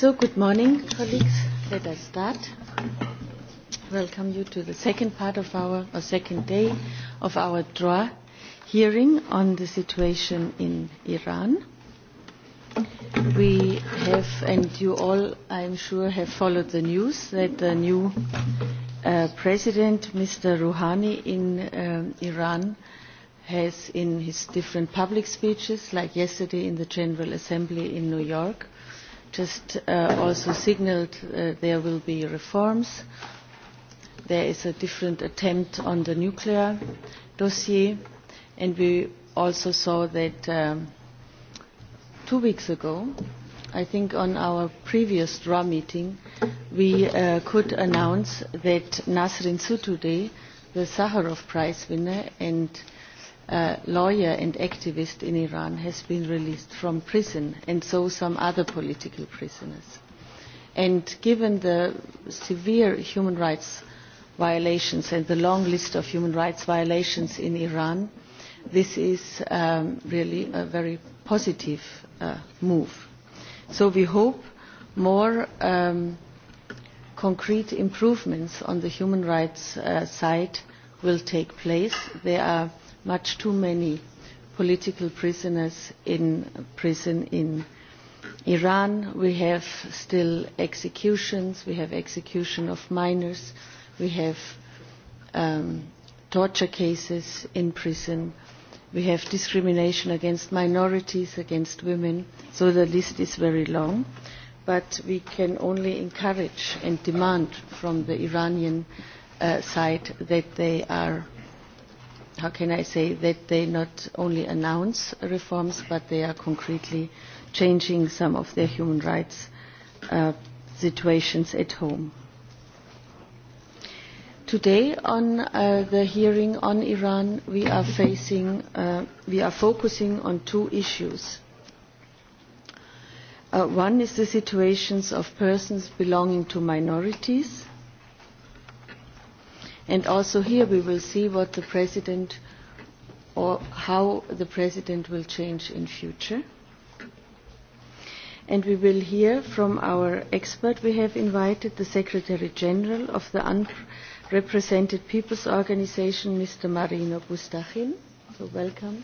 So, good morning, colleagues. Let us start. Welcome you to the second part of our, or second day of our draw hearing on the situation in Iran. We have, and you all, I'm sure, have followed the news that the new uh, president, Mr. Rouhani, in um, Iran has in his different public speeches, like yesterday in the General Assembly in New York, just uh, also signaled uh, there will be reforms. There is a different attempt on the nuclear dossier. And we also saw that um, two weeks ago, I think on our previous draw meeting, we uh, could announce that Nasrin Sotoudeh, the Sakharov Prize winner, and uh, lawyer and activist in Iran has been released from prison and so some other political prisoners. And given the severe human rights violations and the long list of human rights violations in Iran, this is um, really a very positive uh, move. So we hope more um, concrete improvements on the human rights uh, side will take place. There are much too many political prisoners in prison in Iran. We have still executions, we have execution of minors, we have um, torture cases in prison, we have discrimination against minorities, against women, so the list is very long. But we can only encourage and demand from the Iranian uh, side that they are how can I say that they not only announce reforms but they are concretely changing some of their human rights uh, situations at home. Today on uh, the hearing on Iran we are facing uh, we are focusing on two issues. Uh, one is the situations of persons belonging to minorities And also here we will see what the president or how the president will change in future. And we will hear from our expert we have invited, the Secretary General of the Unrepresented People's Organization, Mr. Marino Bustachin. So welcome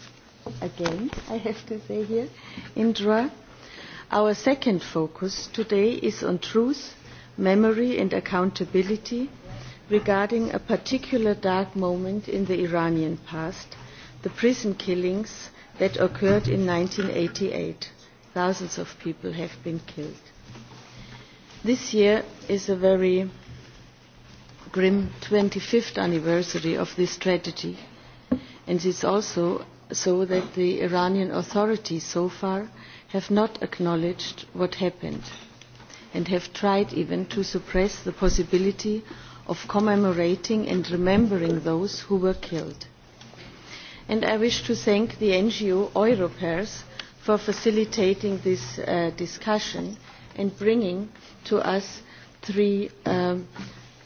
again, I have to say here, Indra. Our second focus today is on truth, memory and accountability regarding a particular dark moment in the Iranian past, the prison killings that occurred in 1988. Thousands of people have been killed. This year is a very grim 25th anniversary of this tragedy, and it's also so that the Iranian authorities so far have not acknowledged what happened and have tried even to suppress the possibility of commemorating and remembering those who were killed. And I wish to thank the NGO Europairs for facilitating this uh, discussion and bringing to us three um,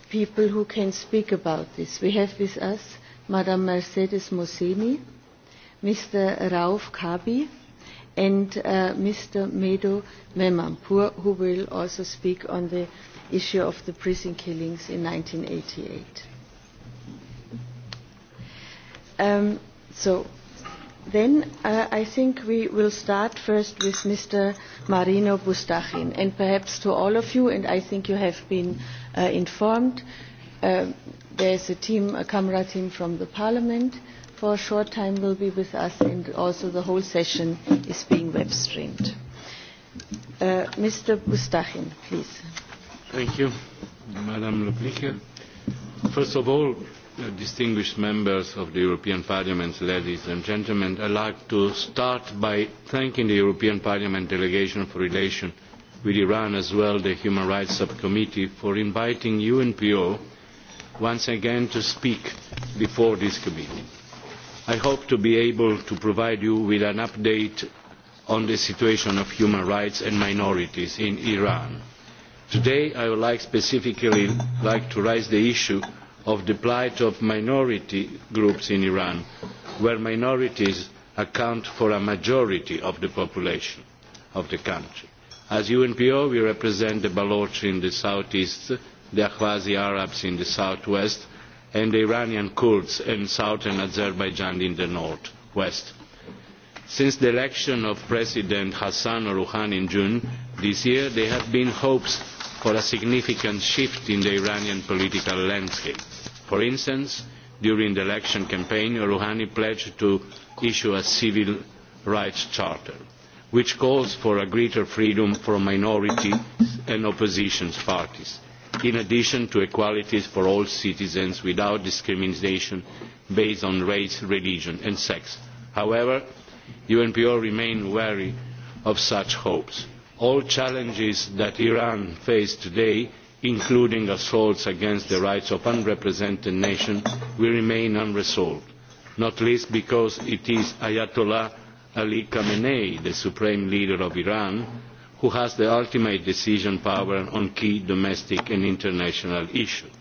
people who can speak about this. We have with us Madame Mercedes Mosseni, Mr. Rauf Kabi, and uh, Mr. Medo Memampur, who will also speak on the issue of the prison killings in 1988. Um, so then uh, I think we will start first with Mr. Marino Bustachin and perhaps to all of you, and I think you have been uh, informed, uh, there is a team, a camera team from the parliament for a short time will be with us and also the whole session is being web streamed. Uh, Mr. Bustachin, please first of all distinguished members of the european parliament ladies and gentlemen i would like to start by thanking the european parliament delegation for relations with iran as well as the human rights subcommittee for inviting unpo once again to speak before this committee. i hope to be able to provide you with an update on the situation of human rights and minorities in iran today i would like specifically to raise the issue of the plight of minority groups in iran where minorities account for a majority of the population of the country. as unpo we represent the baloch in the southeast the ahwazi arabs in the southwest and the iranian kurds in southern azerbaijan in the northwest. since the election of president hassan rouhani in june this year there have been hopes for a significant shift in the Iranian political landscape. For instance, during the election campaign, Rouhani pledged to issue a civil rights charter, which calls for a greater freedom for minorities and opposition parties, in addition to equality for all citizens without discrimination based on race, religion and sex. However, UNPO remain wary of such hopes all challenges that iran faces today including assaults against the rights of unrepresented nations will remain unresolved not least because it is ayatollah ali khamenei the supreme leader of iran who has the ultimate decision power on key domestic and international issues.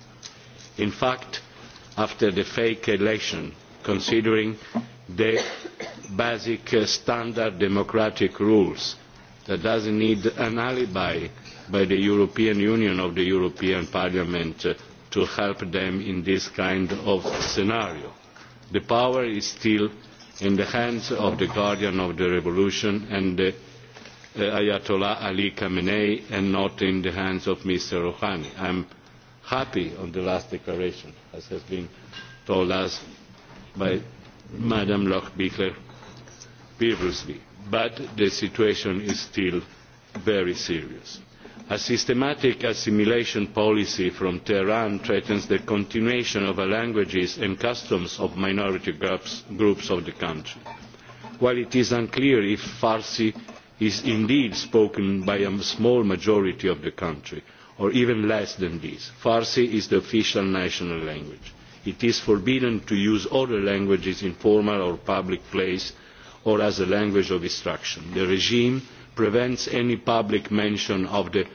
in fact after the fake election considering the basic uh, standard democratic rules that does not need an alibi by the european union or the european parliament uh, to help them in this kind of scenario. the power is still in the hands of the guardian of the revolution and uh, ayatollah ali khamenei and not in the hands of mr rouhani. i am happy on the last declaration as has been told us by ms lochbihler previously but the situation is still very serious. a systematic assimilation policy from tehran threatens the continuation of the languages and customs of minority groups of the country. while it is unclear if farsi is indeed spoken by a small majority of the country or even less than this, farsi is the official national language. it is forbidden to use other languages in formal or public places or as a language of instruction. the regime prevents any public mention of the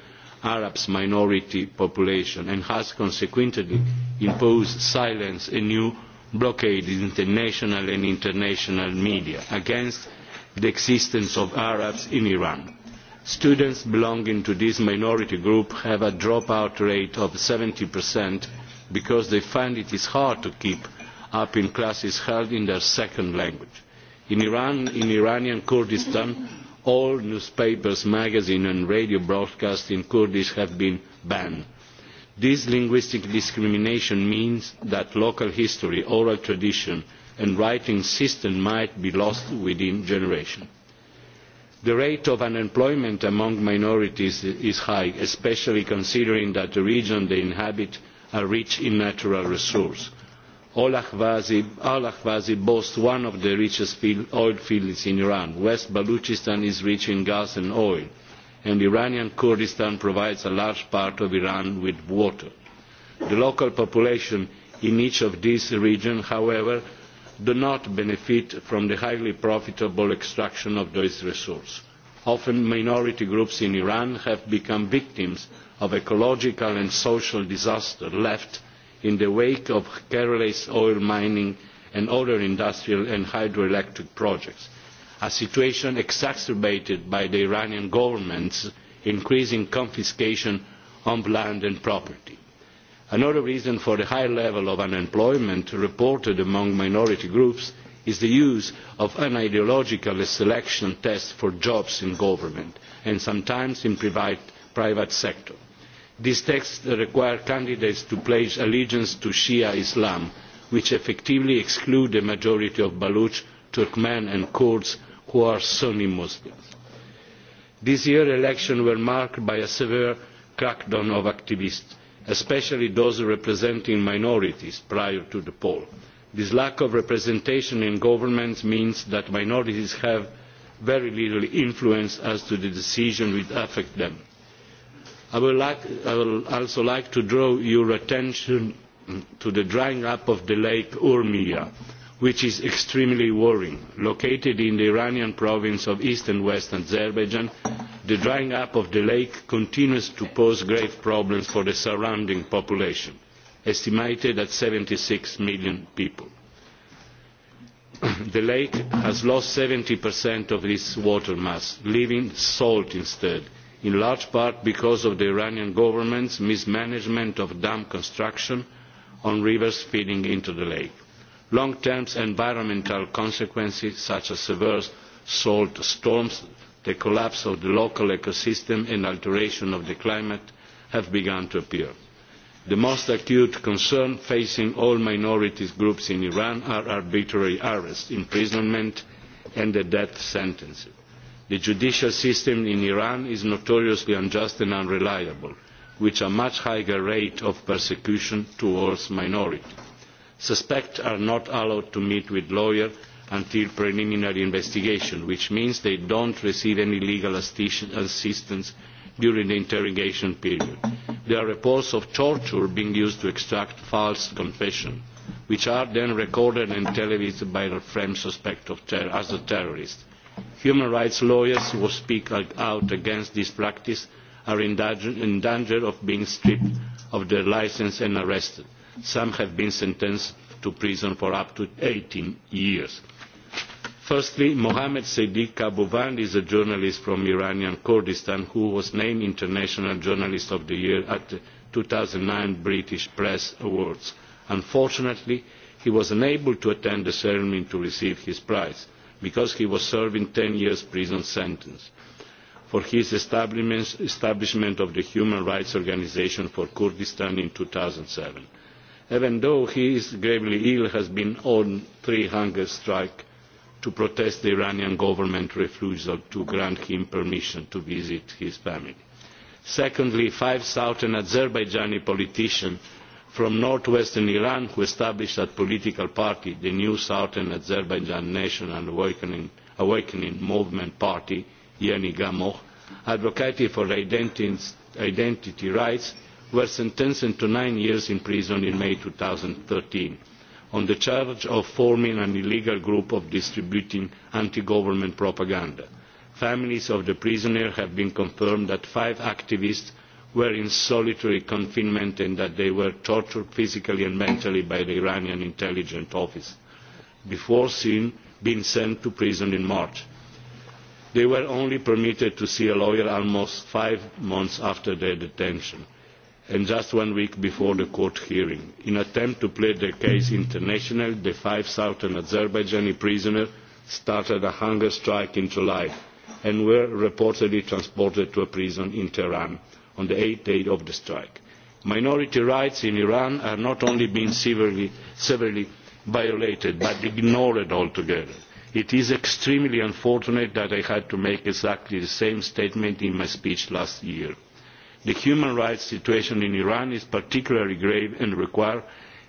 arab minority population and has consequently imposed silence a new blockade in international and international media against the existence of arabs in iran. students belonging to this minority group have a dropout rate of seventy because they find it hard to keep up in classes held in their second language in iran in iranian kurdistan all newspapers magazines and radio broadcasts in kurdish have been banned. this linguistic discrimination means that local history oral tradition and writing systems might be lost within generations. the rate of unemployment among minorities is high especially considering that the region they inhabit is rich in natural resources al ahwazi boasts one of the richest oil fields in iran west baluchistan is rich in gas and oil and iranian kurdistan provides a large part of iran with water. the local population in each of these regions however does not benefit from the highly profitable extraction of this resource. often minority groups in iran have become victims of ecological and social disaster left in the wake of kerala's oil mining and other industrial and hydroelectric projects a situation exacerbated by the iranian government's increasing confiscation of land and property. another reason for the high level of unemployment reported among minority groups is the use of an ideological selection test for jobs in government and sometimes in the private sector this text requires candidates to pledge allegiance to shia islam which effectively excludes the majority of baloch turkmen and kurds who are sunni muslims. this year's elections were marked by a severe crackdown on activists especially those representing minorities prior to the poll. this lack of representation in government means that minorities have very little influence as to the decisions which affect them. I would, like, I would also like to draw your attention to the drying up of the lake Urmia, which is extremely worrying. Located in the Iranian province of East and West Azerbaijan, the drying up of the lake continues to pose grave problems for the surrounding population, estimated at 76 million people. the lake has lost 70% of its water mass, leaving salt instead in large part because of the iranian government's mismanagement of dam construction on rivers feeding into the lake. long term environmental consequences such as severe salt storms the collapse of the local ecosystem and alteration of the climate have begun to appear. the most acute concerns facing all minority groups in iran are arbitrary arrest imprisonment and the death sentences the judicial system in iran is notoriously unjust and unreliable with a much higher rate of persecution towards minorities. suspects are not allowed to meet with lawyers until preliminary investigation which means they do not receive any legal assistance during the interrogation period. there are reports of torture being used to extract false confessions which are then recorded and televised by the framed suspect as a terrorist human rights lawyers who speak out against this practice are in danger of being stripped of their licence and arrested. some have been sentenced to prison for up to eighteen years. firstly mohammed sadiq abouvand is a journalist from iranian kurdistan who was named international journalist of the year at the two thousand and nine british press awards. unfortunately he was unable to attend the ceremony to receive his prize because he was serving a ten year prison sentence for his establishment of the human rights organisation for kurdistan in. two thousand and seven even though he is gravely ill he has been on three hunger strikes to protest the iranian government's refusal to grant him permission to visit his family. secondly five thousand azerbaijani politicians from north western iran who established that political party the new southern azerbaijan national awakening movement party yeni gamoh advocated for identity rights were sentenced to nine years in prison in may two thousand and thirteen on the charge of forming an illegal group of distributing anti government propaganda. families of the prisoners have been confirmed that five activists were in solitary confinement and that they were tortured physically and mentally by the iranian intelligence office before seeing, being sent to prison in march. they were only permitted to see a lawyer almost five months after their detention and just one week before the court hearing. in an attempt to play their case internationally, the five southern azerbaijani prisoners started a hunger strike in july and were reportedly transported to a prison in tehran on the eighth day of the strike. Minority rights in Iran are not only being severely, severely violated but ignored altogether. It is extremely unfortunate that I had to make exactly the same statement in my speech last year. The human rights situation in Iran is particularly grave and requires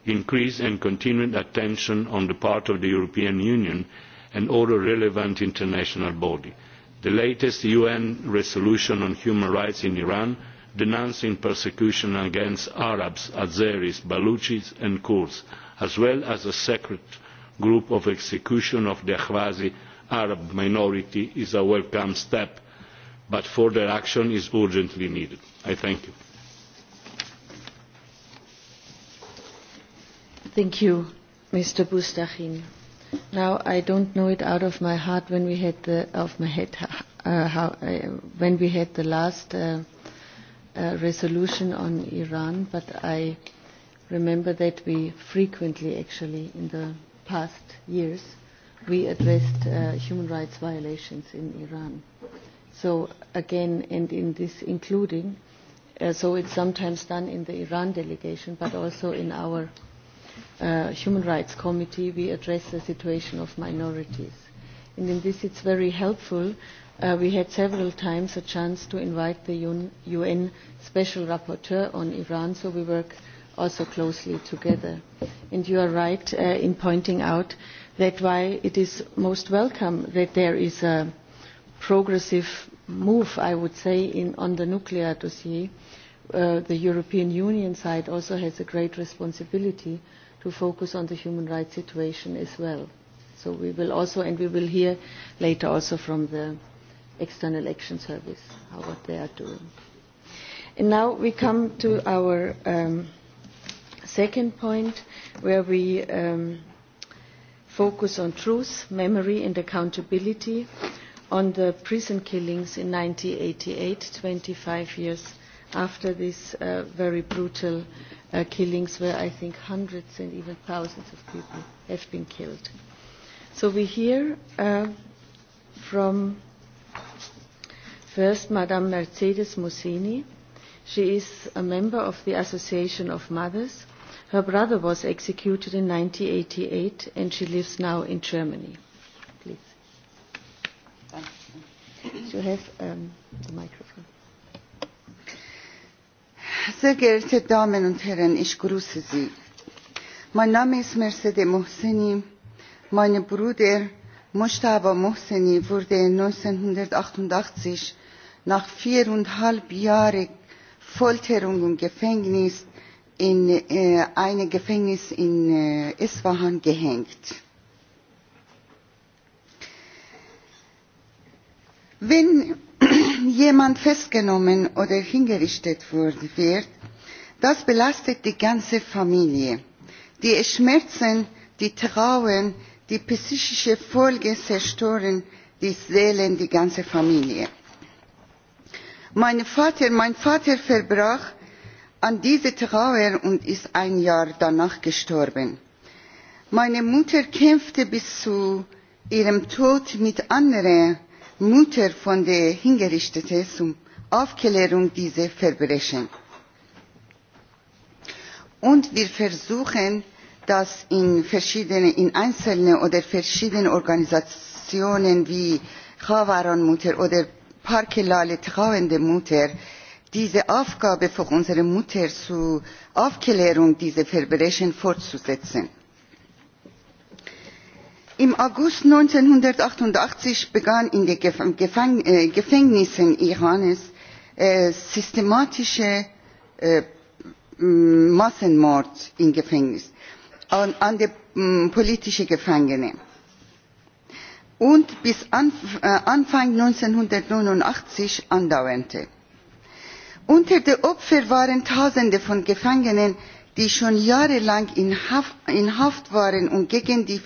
increased and continued attention on the part of the European Union and other relevant international bodies. The latest UN resolution on human rights in Iran denouncing persecution against arabs azeris baluchis and kurds as well as a secret group of executions of the ahwazi arab minority is a welcome step but further action is urgently needed. i thank you. thank you mr boustachin. Now I don't know it out of my heart when we had the, of my head uh, how, uh, when we had the last uh Uh, resolution on Iran, but I remember that we frequently, actually, in the past years, we addressed uh, human rights violations in Iran. So again, and in this including, uh, so it's sometimes done in the Iran delegation, but also in our uh, human rights committee, we address the situation of minorities. And in this, it's very helpful Uh, we had several times a chance to invite the UN Special Rapporteur on Iran, so we work also closely together. And you are right uh, in pointing out that why it is most welcome that there is a progressive move, I would say, in, on the nuclear dossier. Uh, the European Union side also has a great responsibility to focus on the human rights situation as well. So we will also, and we will hear later also from the external action service how what they are doing. And now we come to our um, second point where we um, focus on truth, memory and accountability on the prison killings in 1988, 25 years after these uh, very brutal uh, killings where I think hundreds and even thousands of people have been killed. So we hear uh, from First, Madame Mercedes Mussini. She is a member of the Association of Mothers. Her brother was executed in 1988 and she lives now in Germany. Please. You have um, the microphone. Sehr geehrte Damen und Herren, ich grüße Sie. Mein Name ist Mercedes Mohseni. Meine Brüder Mustafa Mohseni wurde 1988 nach viereinhalb Jahren Folterung und Gefängnis in äh, ein Gefängnis in äh, Isfahan gehängt. Wenn jemand festgenommen oder hingerichtet wird, das belastet die ganze Familie. Die Schmerzen, die Trauen, Die psychische Folge zerstören die Seelen, die ganze Familie. Mein Vater, mein Vater verbrach an diese Trauer und ist ein Jahr danach gestorben. Meine Mutter kämpfte bis zu ihrem Tod mit anderen Mutter von der Hingerichteten zum Aufklärung dieser Verbrechen. Und wir versuchen, dass in verschiedenen in einzelnen oder verschiedenen organisationen wie chavarn mutter oder parkelale trauernde mutter diese aufgabe für unsere mütter zur aufklärung dieser verbrechen fortzusetzen. im august eintausendneunhundertachtundachtzig begann in den äh, gefängnissen irans äh, systematischer äh, massenmord in gefängnissen an mm, politische gefangene. und bis äh, anfang eintausendneunhundertneunundachtzig andauerte. unter den opfern waren tausende von gefangenen die schon jahrelang in haft waren und gegen die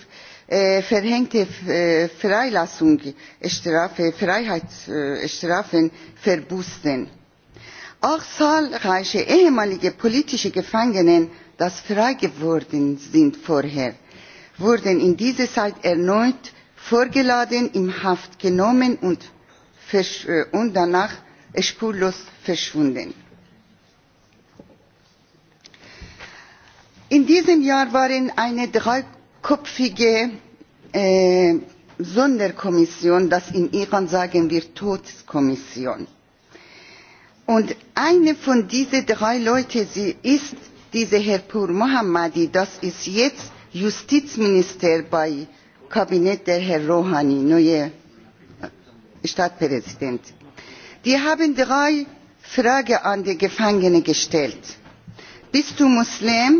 äh, verhängten äh, freilassungsstrafen freiheitsstrafen verbüßten. auch zahlreiche ehemalige politische gefangene das frei geworden sind vorher, wurden in dieser Zeit erneut vorgeladen, in Haft genommen und, äh, und danach spurlos verschwunden. In diesem Jahr waren eine dreiköpfige äh, Sonderkommission, das in Iran sagen wir Todeskommission. Und eine von diesen drei Leuten ist diese herr pur mohammadi das ist jetzt justizminister bei kabinett der herr rohani neue stadtpräsident die haben drei fragen an die gefangene gestellt bist du muslim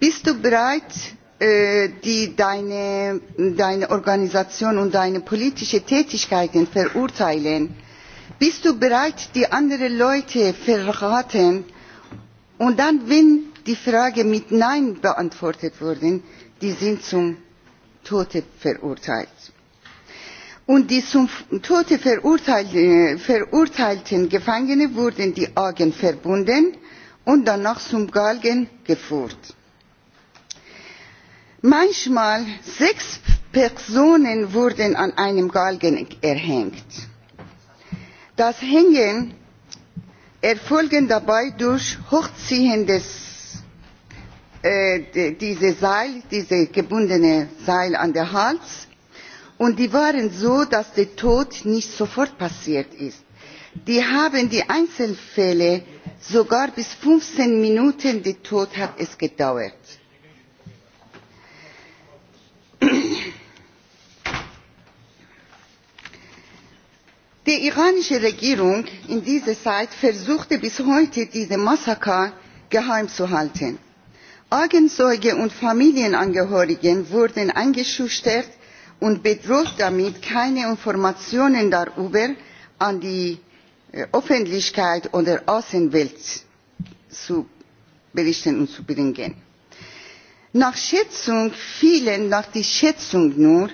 bist du bereit äh, die deine, deine organisation und deine politische tätigkeiten verurteilen bist du bereit die anderen leute verraten und dann wenn die fragen mit nein beantwortet wurden die sind zum tode verurteilt. und die zum tode verurteilten, verurteilten gefangenen wurden die augen verbunden und danach zum galgen geführt. manchmal sechs personen wurden an einem galgen erhängt. das hängen erfolgen dabei durch hochziehen des äh, diese Seil, diese gebundene Seil an der Hals. Und die waren so, dass der Tod nicht sofort passiert ist. Die haben die Einzelfälle sogar bis 15 Minuten, der Tod hat es gedauert. Die iranische Regierung in dieser Zeit versuchte bis heute, diese Massaker geheim zu halten. Augenzeuge und Familienangehörigen wurden eingeschüchtert und bedroht damit, keine Informationen darüber an die äh, Öffentlichkeit oder Außenwelt zu berichten und zu bringen. Nach Schätzung, vielen nach der Schätzung nur,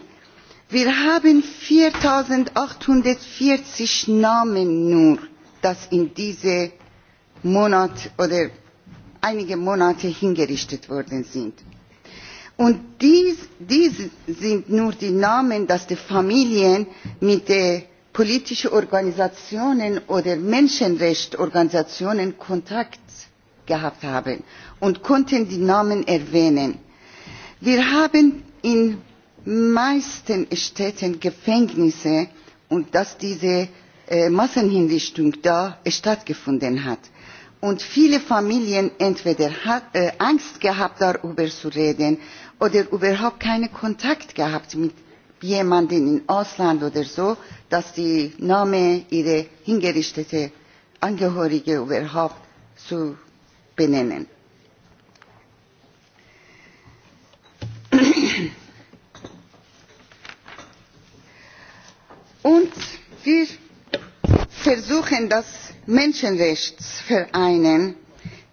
Wir haben 4840 Namen nur, das in diesem Monat oder einige Monate hingerichtet worden sind. Und dies, dies sind nur die Namen, dass die Familien mit den politischen Organisationen oder Menschenrechtsorganisationen Kontakt gehabt haben und konnten die Namen erwähnen. Wir haben in meisten Städten Gefängnisse und dass diese äh, Massenhinrichtung da stattgefunden hat. Und viele Familien entweder hat, äh, Angst gehabt, darüber zu reden oder überhaupt keinen Kontakt gehabt mit jemandem in Ausland oder so, dass die Name ihrer hingerichteten Angehörige überhaupt zu benennen. und wir versuchen das menschenrechtsvereinen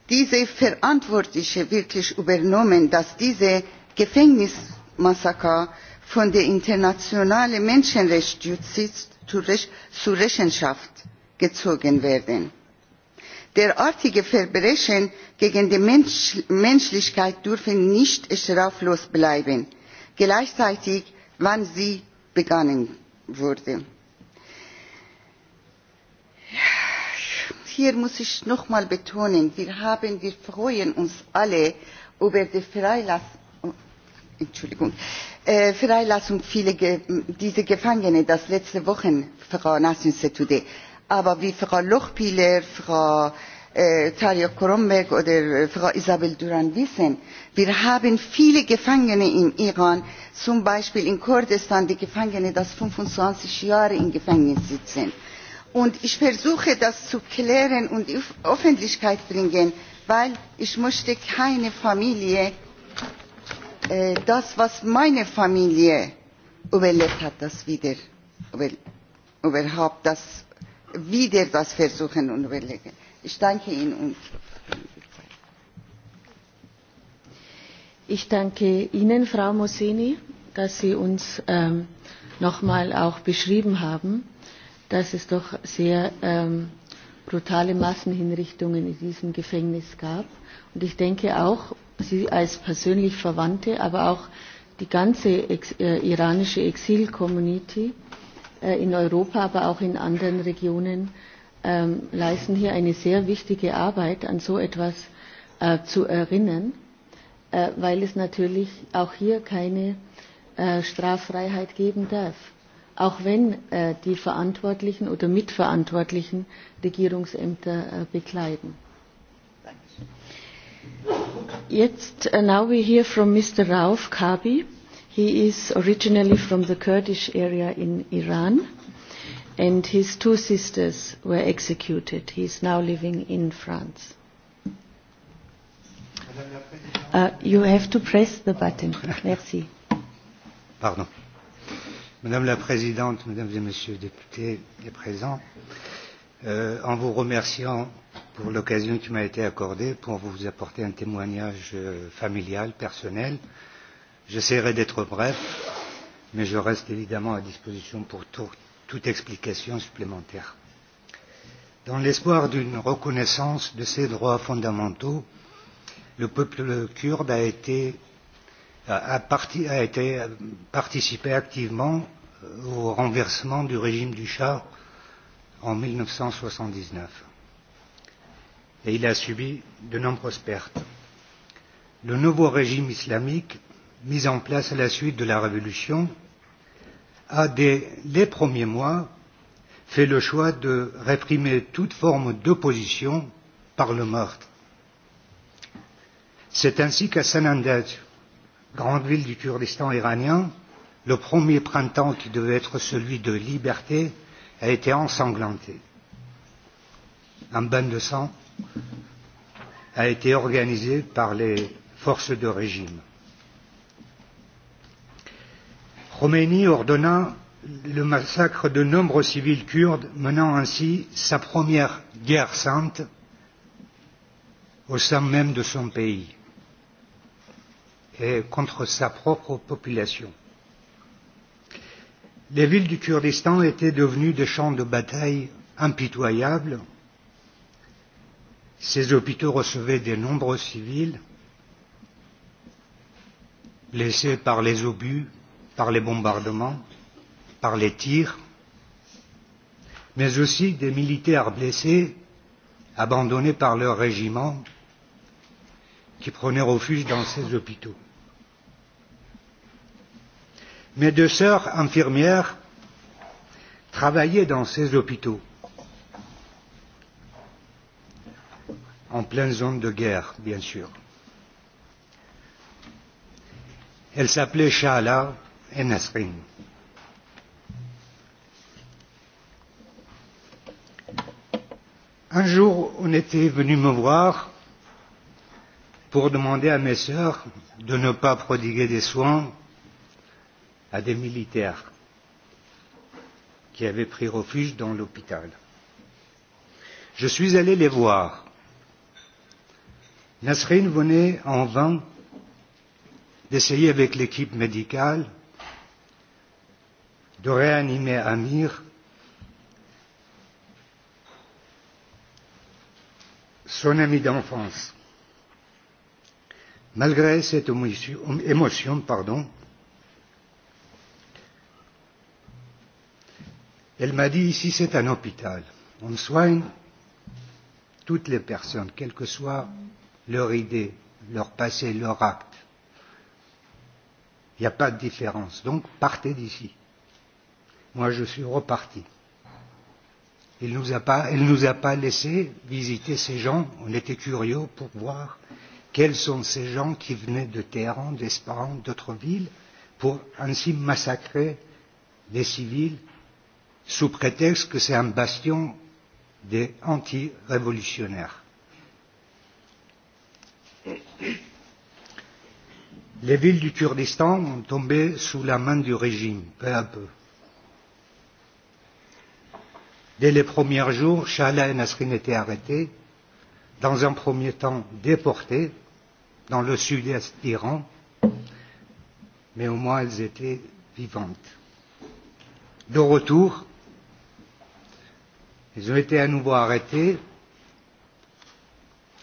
diese verantwortliche wirklich übernommen dass diese gefängnismassaker von der internationalen menschenrechtsjustiz zur rechenschaft gezogen werden. derartige verbrechen gegen die Mensch menschlichkeit dürfen nicht straflos bleiben gleichzeitig wann sie begangen wurde. Hier muss ich nochmal betonen, wir, haben, wir freuen uns alle über die Freilassung, Entschuldigung, äh, Freilassung vieler Ge dieser Gefangenen, das letzte Wochen, Frau Nassim Setude. Aber wie Frau Lochpiler, Frau Äh, Tarja Koromberg oder äh, Frau Isabel Duran wissen, wir haben viele Gefangene in Iran, zum Beispiel in Kurdistan, die Gefangene, die 25 Jahre im Gefängnis sitzen. Und ich versuche das zu klären und in Öffentlichkeit bringen, weil ich möchte keine Familie, äh, das, was meine Familie überlebt hat, das wieder, über, überhaupt das, wieder das versuchen und überlegen. Ich danke Ihnen. Ich danke Ihnen, Frau Moseni, dass Sie uns ähm, nochmal auch beschrieben haben, dass es doch sehr ähm, brutale Massenhinrichtungen in diesem Gefängnis gab. Und ich denke auch, Sie als persönlich Verwandte, aber auch die ganze Ex äh, iranische Exil-Community äh, in Europa, aber auch in anderen Regionen, ähm, leisten hier eine sehr wichtige Arbeit, an so etwas äh, zu erinnern, äh, weil es natürlich auch hier keine äh, Straffreiheit geben darf, auch wenn äh, die Verantwortlichen oder Mitverantwortlichen Regierungsämter äh, bekleiden. Jetzt, uh, now we hear from Mr. Rauf Kabi. He is originally from the Kurdish area in Iran and his two sisters were executed. He is now living in France. Uh, you have to press the button. Merci. Pardon. Madame la Présidente, Mesdames et Messieurs les députés et présents, euh, en vous remerciant pour l'occasion qui m'a été accordée pour vous apporter un témoignage euh, familial, personnel, j'essaierai d'être bref, mais je reste évidemment à disposition pour tout, toute explication supplémentaire. Dans l'espoir d'une reconnaissance de ses droits fondamentaux, le peuple kurde a été, a parti, a été euh, participé activement euh, au renversement du régime du Shah en 1979. Et il a subi de nombreuses pertes. Le nouveau régime islamique, mis en place à la suite de la révolution a, dès les premiers mois, fait le choix de réprimer toute forme d'opposition par le meurtre. C'est ainsi qu'à Sanandaj, grande ville du Kurdistan iranien, le premier printemps qui devait être celui de liberté a été ensanglanté. Un bain de sang a été organisé par les forces de régime. Khomeini ordonna le massacre de nombreux civils kurdes, menant ainsi sa première guerre sainte au sein même de son pays et contre sa propre population. Les villes du Kurdistan étaient devenues des champs de bataille impitoyables. Ces hôpitaux recevaient de nombreux civils blessés par les obus, par les bombardements, par les tirs, mais aussi des militaires blessés, abandonnés par leur régiment, qui prenaient refuge dans ces hôpitaux. Mes deux sœurs infirmières travaillaient dans ces hôpitaux, en pleine zone de guerre, bien sûr. Elle s'appelait Shahla, Enesrin. Un jour, on était venu me voir pour demander à mes sœurs de ne pas prodiguer des soins à des militaires qui avaient pris refuge dans l'hôpital. Je suis allé les voir. Nasrin venait en vain d'essayer avec l'équipe médicale Dorea Nime Amir, son ami d'enfance. Malgré cette émotion, pardon, elle m'a dit ici c'est un hôpital. On soigne toutes les personnes, quelle que soit leur idée, leur passé, leur acte. Il n'y a pas de différence. Donc partez d'ici moi je suis reparti. Il nous a pas, elle ne nous a pas laissé visiter ces gens, on était curieux pour voir quels sont ces gens qui venaient de Téhéran, d'Espagne, d'autres villes, pour ainsi massacrer des civils sous prétexte que c'est un bastion des anti-révolutionnaires. Les villes du Kurdistan ont tombé sous la main du régime, peu à peu. Dès les premiers jours, Shahla et Nasrin étaient arrêtés, dans un premier temps déportés dans le sud-est d'Iran, mais au moins elles étaient vivantes. De retour, elles ont été à nouveau arrêtées,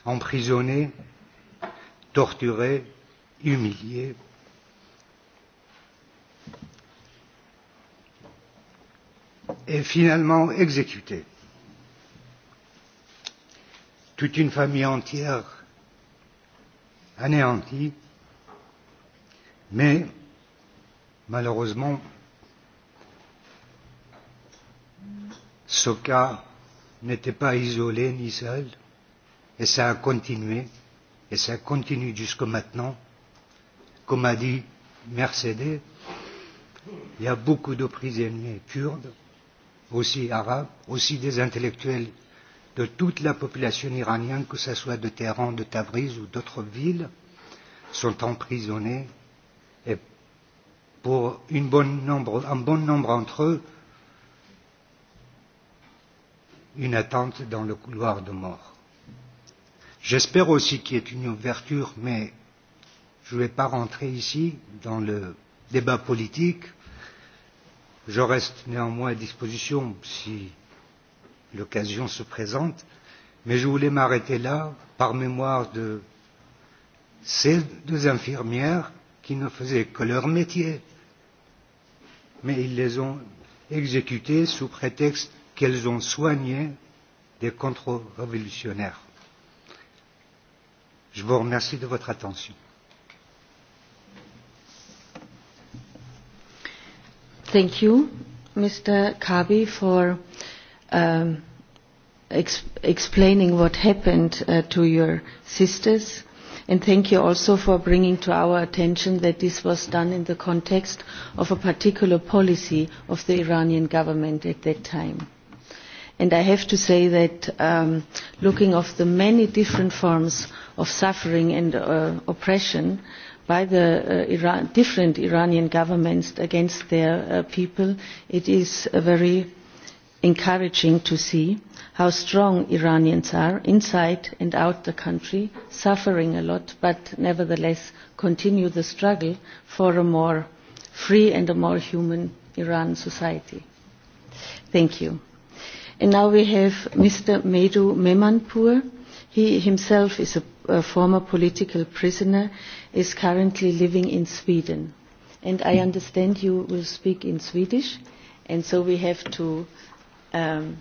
emprisonnées, torturées, humiliées. est finalement exécuté. Toute une famille entière anéantie, mais malheureusement, Soka n'était pas isolé ni seul, et ça a continué, et ça continue jusqu'à maintenant. Comme a dit Mercedes, il y a beaucoup de prisonniers kurdes aussi arabes, aussi des intellectuels de toute la population iranienne, que ce soit de Téhéran, de Tabriz ou d'autres villes, sont emprisonnés et pour une bonne nombre, un bon nombre d'entre eux, une attente dans le couloir de mort. J'espère aussi qu'il y ait une ouverture, mais je ne vais pas rentrer ici dans le débat politique. Je reste néanmoins à disposition si l'occasion se présente, mais je voulais m'arrêter là par mémoire de ces deux infirmières qui ne faisaient que leur métier, mais ils les ont exécutées sous prétexte qu'elles ont soigné des contre-révolutionnaires. Je vous remercie de votre attention. Thank you, Mr. Kabi, for um, ex- explaining what happened uh, to your sisters. And thank you also for bringing to our attention that this was done in the context of a particular policy of the Iranian government at that time. And I have to say that um, looking of the many different forms of suffering and uh, oppression, uh, by the uh, different Iranian governments against their uh, people, it is uh, very encouraging to see how strong Iranians are inside and out the country, suffering a lot, but nevertheless continue the struggle for a more free and a more human Iran society. Thank you. And now we have Mr. Medu Memanpour he himself is a, a former political prisoner is currently living in sweden and i understand you will speak in swedish and so we have to um,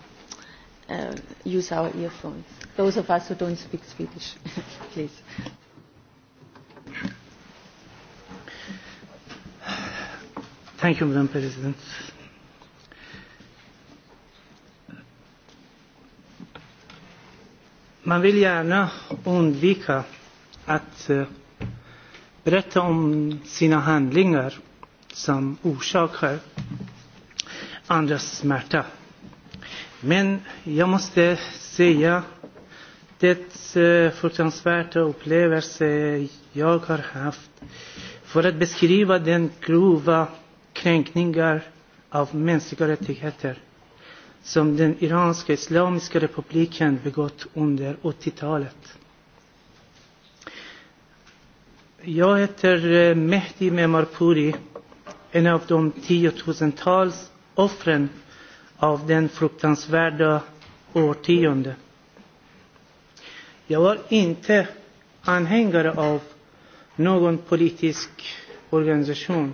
uh, use our earphones those of us who don't speak swedish please thank you madam president Man vill gärna undvika att eh, berätta om sina handlingar som orsakar andras smärta. Men jag måste säga det eh, fruktansvärda upplevelse jag har haft för att beskriva den grova kränkningar av mänskliga rättigheter som den iranska islamiska republiken begått under 80-talet. Jag heter eh, Mehdi Memarpuri, en av de tiotusentals offren av den fruktansvärda årtionde. Jag var inte anhängare av någon politisk organisation.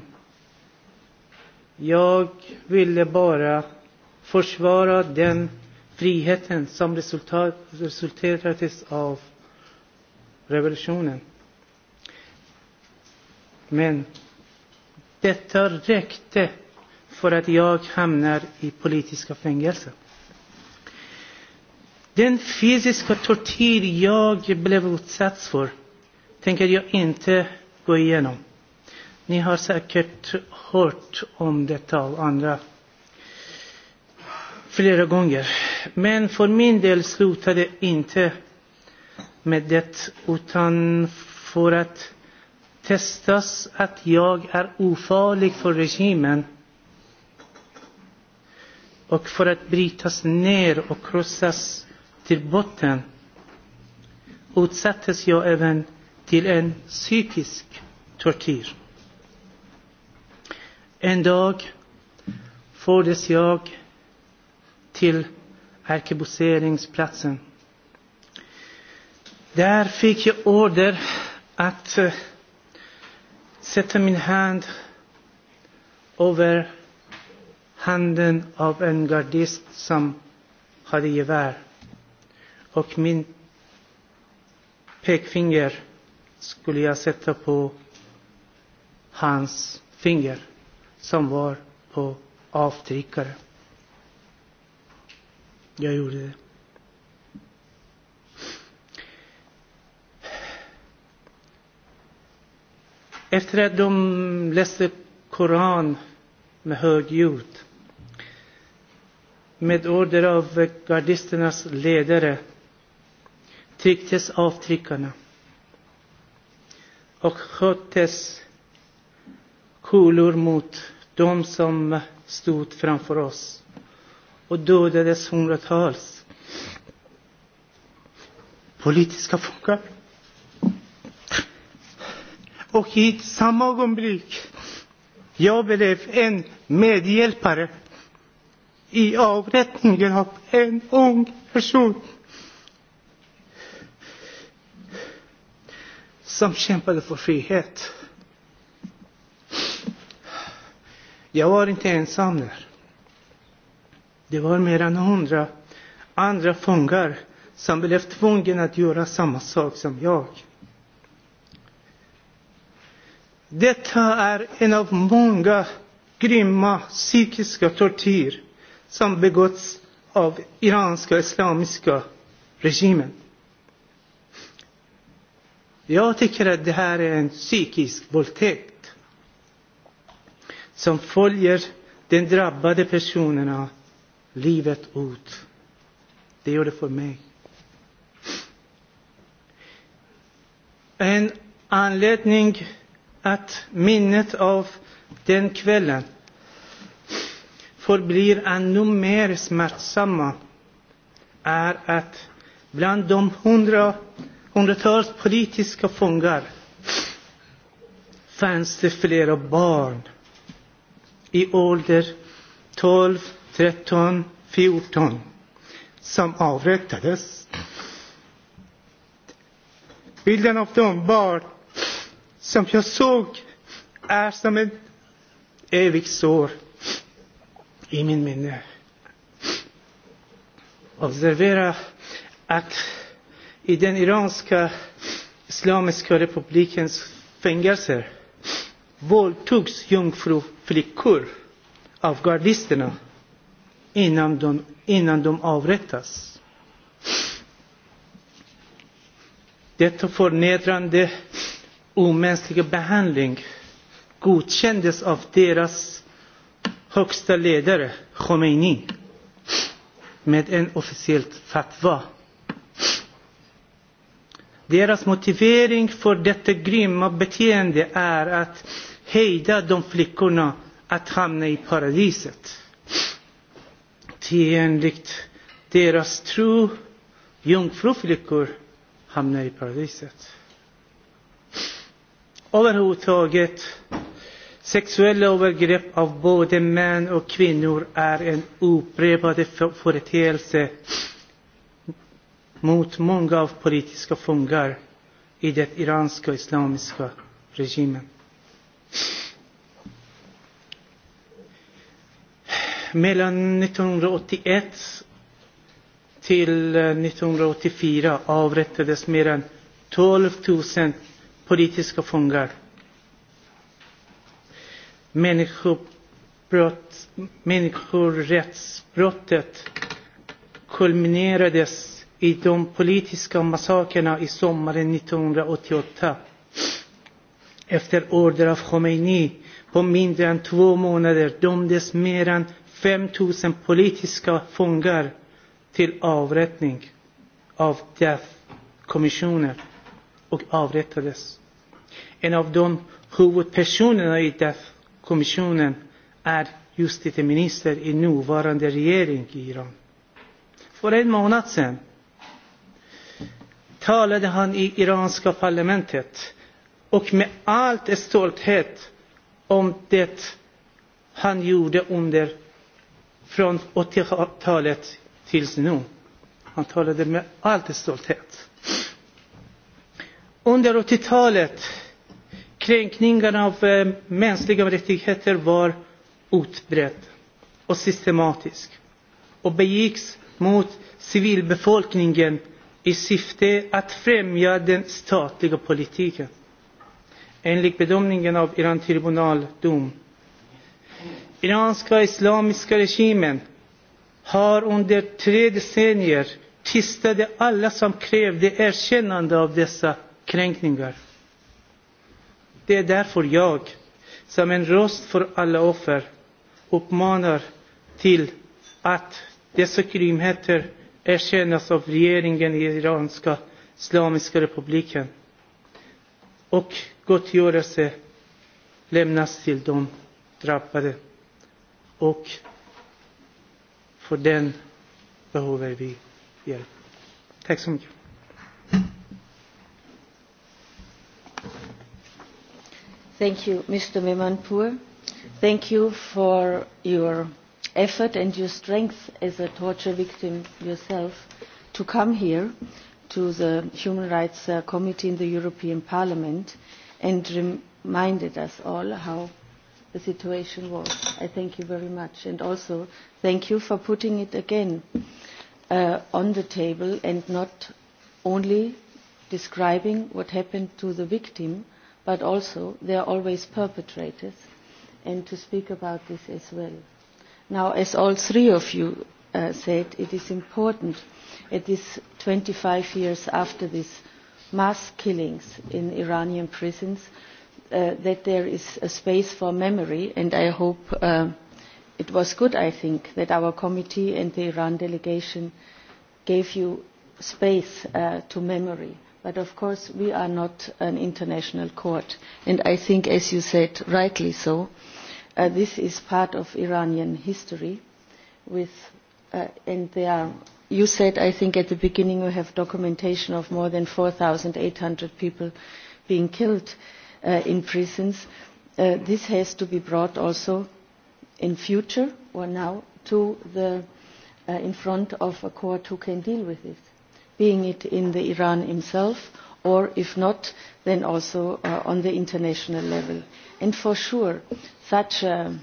Jag ville bara försvara den friheten som resultat, resulterades av revolutionen. Men detta räckte för att jag hamnar i politiska fängelser. Den fysiska tortyr jag blev utsatt för tänker jag inte gå igenom. Ni har säkert hört om detta av andra flera gånger. Men för min del slutade inte med det utan för att testas att jag är ofarlig för regimen och för att brytas ner och krossas till botten utsattes jag även till en psykisk tortyr. En dag fördes jag till arkebuseringsplatsen. Där fick jag order att eh, sätta min hand över handen av en gardist som hade gevär. Och min pekfinger skulle jag sätta på hans finger som var på avtryckare. Ya ja, Yuri dedi. Efter att de läste Koran med hög ljud med order av gardisternas ledare trycktes avtryckarna och sköttes kulor mot de som stod framför oss och dödades hundratals politiska fångar. Och i samma ögonblick jag blev en medhjälpare i avrättningen av en ung person som kämpade för frihet. Jag var inte ensam där. Det var mer än hundra andra fångar som blev tvungna att göra samma sak som jag. Detta är er en av många grymma psykiska tortyr som begåtts av iranska islamiska regimen. Jag tycker att det här är er en psykisk våldtäkt som följer den drabbade personerna livet ut. Det gör er det för mig. En anledning att minnet av den kvällen förblir ännu mer smärtsamma är er att bland de hundra, hundratals politiska fångar fanns det flera barn i ålder 12, 13, 14 som avrättades. Bilden av de barn som jag såg är som ett evigt sår i min minne. Observera att i den iranska islamiska republikens fängelser våldtogs jungfruflickor av gardisterna innan de, innan de avrättas. Detta förnedrande, omänskliga behandling godkändes av deras högsta ledare Khomeini med en officiell fatwa. Deras motivering för detta grymma beteende är att hejda de flickorna att hamna i paradiset till enligt deras tro jungfruflickor hamnar i paradiset. Överhuvudtaget, sexuella övergrepp av både män och kvinnor är en upprepad företeelse mot många av politiska fångar i den iranska islamiska regimen. mellan 1981 till 1984 eh, avrättades mer än 12 000 politiska fångar. Människobrott, människorättsbrottet kulminerades i de politiska massakerna i sommaren 1988 efter order av Khomeini. På mindre än två månader dömdes mer än 5 000 politiska fångar till avrättning av Death kommissionen och avrättades. En av de huvudpersonerna i Death kommissionen är justitieminister i nuvarande regering i Iran. För en månad sedan talade han i iranska parlamentet och med all stolthet om det han gjorde under från 80-talet tills nu. Han talade med all stolthet. Under 80-talet kränkningarna av eh, mänskliga rättigheter var utbredd och systematisk och begicks mot civilbefolkningen i syfte att främja den statliga politiken. Enligt bedömningen av Iran tribunal dom iranska islamiska regimen har under tre decennier tystade alla som krävde erkännande av dessa kränkningar. Det är därför jag, som en röst för alla offer, uppmanar till att dessa grymheter erkännas av regeringen i Iranska Islamiska Republiken och gottgörelse lämnas till de drabbade och för den behöver vi hjälp. Tack så mycket. Thank you, Mr. Mimanpur. Thank you for your effort and your strength as a torture victim yourself to come here to the Human Rights uh, Committee in the European Parliament and reminded us all how the situation was. I thank you very much. And also, thank you for putting it again uh, on the table and not only describing what happened to the victim, but also there are always perpetrators, and to speak about this as well. Now, as all three of you uh, said, it is important at this 25 years after these mass killings in Iranian prisons Uh, that there is a space for memory and i hope um, it was good i think that our committee and the iran delegation gave you space uh, to memory but of course we are not an international court and i think as you said rightly so uh, this is part of iranian history with uh, and there are, you said i think at the beginning you have documentation of more than 4800 people being killed uh, Uh, in prisons. Uh, this has to be brought also in future or now to the, uh, in front of a court who can deal with it, being it in the Iran himself or if not, then also uh, on the international level. And for sure, such a,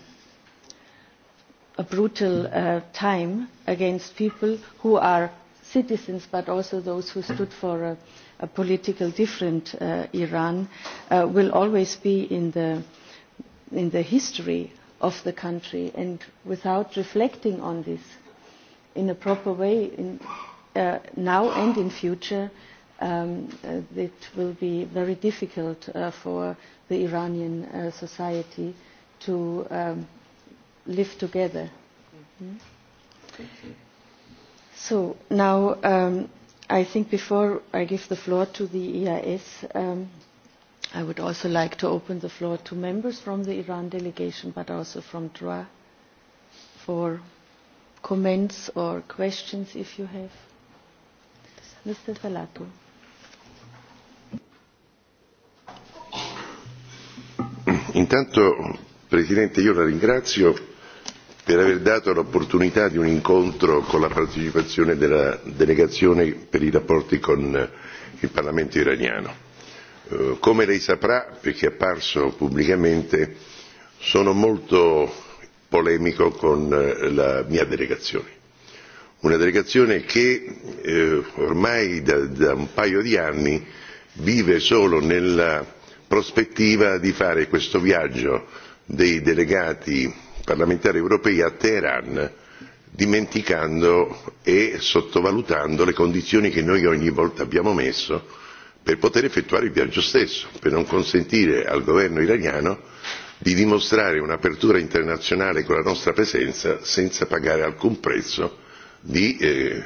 a brutal uh, time against people who are citizens but also those who stood for uh, a political different uh, Iran uh, will always be in the, in the history of the country. And without reflecting on this in a proper way, in, uh, now and in future, um, uh, it will be very difficult uh, for the Iranian uh, society to um, live together. Mm-hmm. Hmm? So now. Um, i think before i give the floor to the eeas um, i would also like to open the floor to members from the iran delegation but also from dra for comments or questions if you have mr falato intanto presidente io la ringrazio per aver dato l'opportunità di un incontro con la partecipazione della delegazione per i rapporti con eh, il parlamento iraniano. Eh, come lei saprà perché è apparso pubblicamente sono molto polemico con eh, la mia delegazione una delegazione che eh, ormai da, da un paio di anni vive solo nella prospettiva di fare questo viaggio dei delegati parlamentari europei a teheran dimenticando e sottovalutando le condizioni che noi ogni volta abbiamo messo per poter effettuare il viaggio stesso per non consentire al governo iraniano di dimostrare un'apertura internazionale con la nostra presenza senza pagare alcun prezzo di eh,